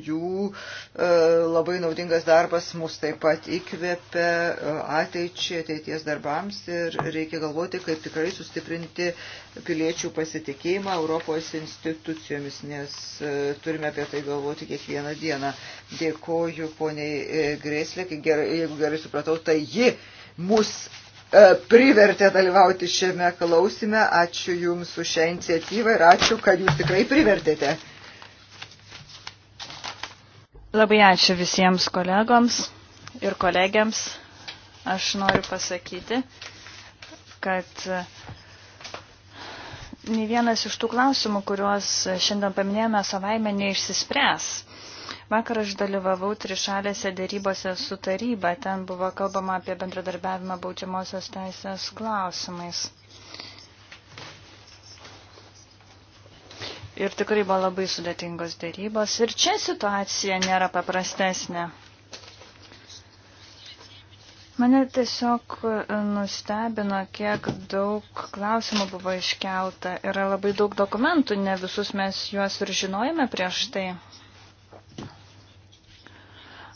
jų e, labai naudingas darbas mus taip pat įkvėpia e, ateičiai, ateities darbams ir reikia galvoti, kaip tikrai sustiprinti piliečių pasitikėjimą Europos institucijomis, nes turime apie tai galvoti kiekvieną dieną. Dėkoju poniai Greslė, gerai, jeigu gerai supratau, tai ji mus E, privertė dalyvauti šiame klausime. Ačiū Jums už šią iniciatyvą ir ačiū, kad Jūs tikrai privertėte. Labai ačiū visiems kolegoms ir kolegiams. Aš noriu pasakyti, kad e, nei vienas iš tų klausimų, kuriuos šiandien paminėjome, savaime neišsispręs. Vakar aš dalyvavau trišalėse dėrybose su taryba. Ten buvo kalbama apie bendradarbiavimą baudžiamosios teisės klausimais. Ir tikrai buvo labai sudėtingos dėrybos. Ir čia situacija nėra paprastesnė. Mane tiesiog nustebino, kiek daug klausimų buvo iškelta. Yra labai daug dokumentų, ne visus mes juos ir žinojame prieš tai.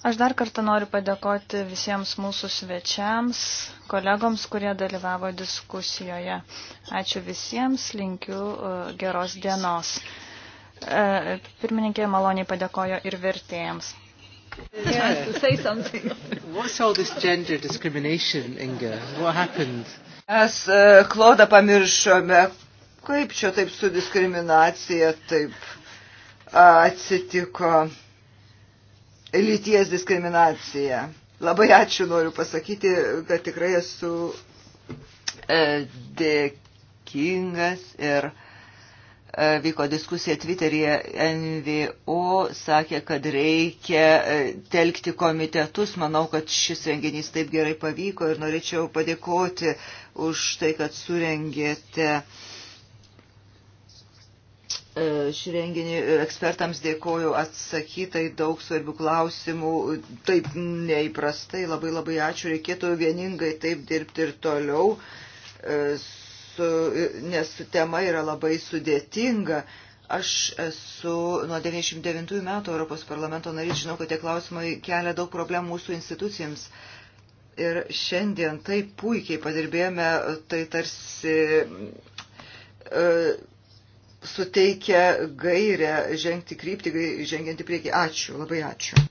Aš dar kartą noriu padėkoti visiems mūsų svečiams, kolegoms, kurie dalyvavo diskusijoje. Ačiū visiems, linkiu e, geros dienos. E, pirmininkė maloniai padėkojo ir vertėjams. Mes e, klodą pamiršome, kaip čia taip su diskriminacija taip atsitiko lyties diskriminacija. Labai ačiū noriu pasakyti, kad tikrai esu e, dėkingas ir e, vyko diskusija Twitter'yje, NVO sakė, kad reikia e, telkti komitetus. Manau, kad šis renginys taip gerai pavyko ir norėčiau padėkoti už tai, kad surengėte uh, E, šį renginį ekspertams dėkoju atsakytai daug svarbių klausimų, taip neįprastai, labai labai ačiū, reikėtų vieningai taip dirbti ir toliau, e, su, nes tema yra labai sudėtinga. Aš esu nuo 99 metų Europos parlamento narys, žinau, kad tie klausimai kelia daug problemų mūsų institucijams. Ir šiandien taip puikiai padirbėjome, tai tarsi. E, suteikia gairę žengti kryptį, žengianti priekį. Ačiū, labai ačiū.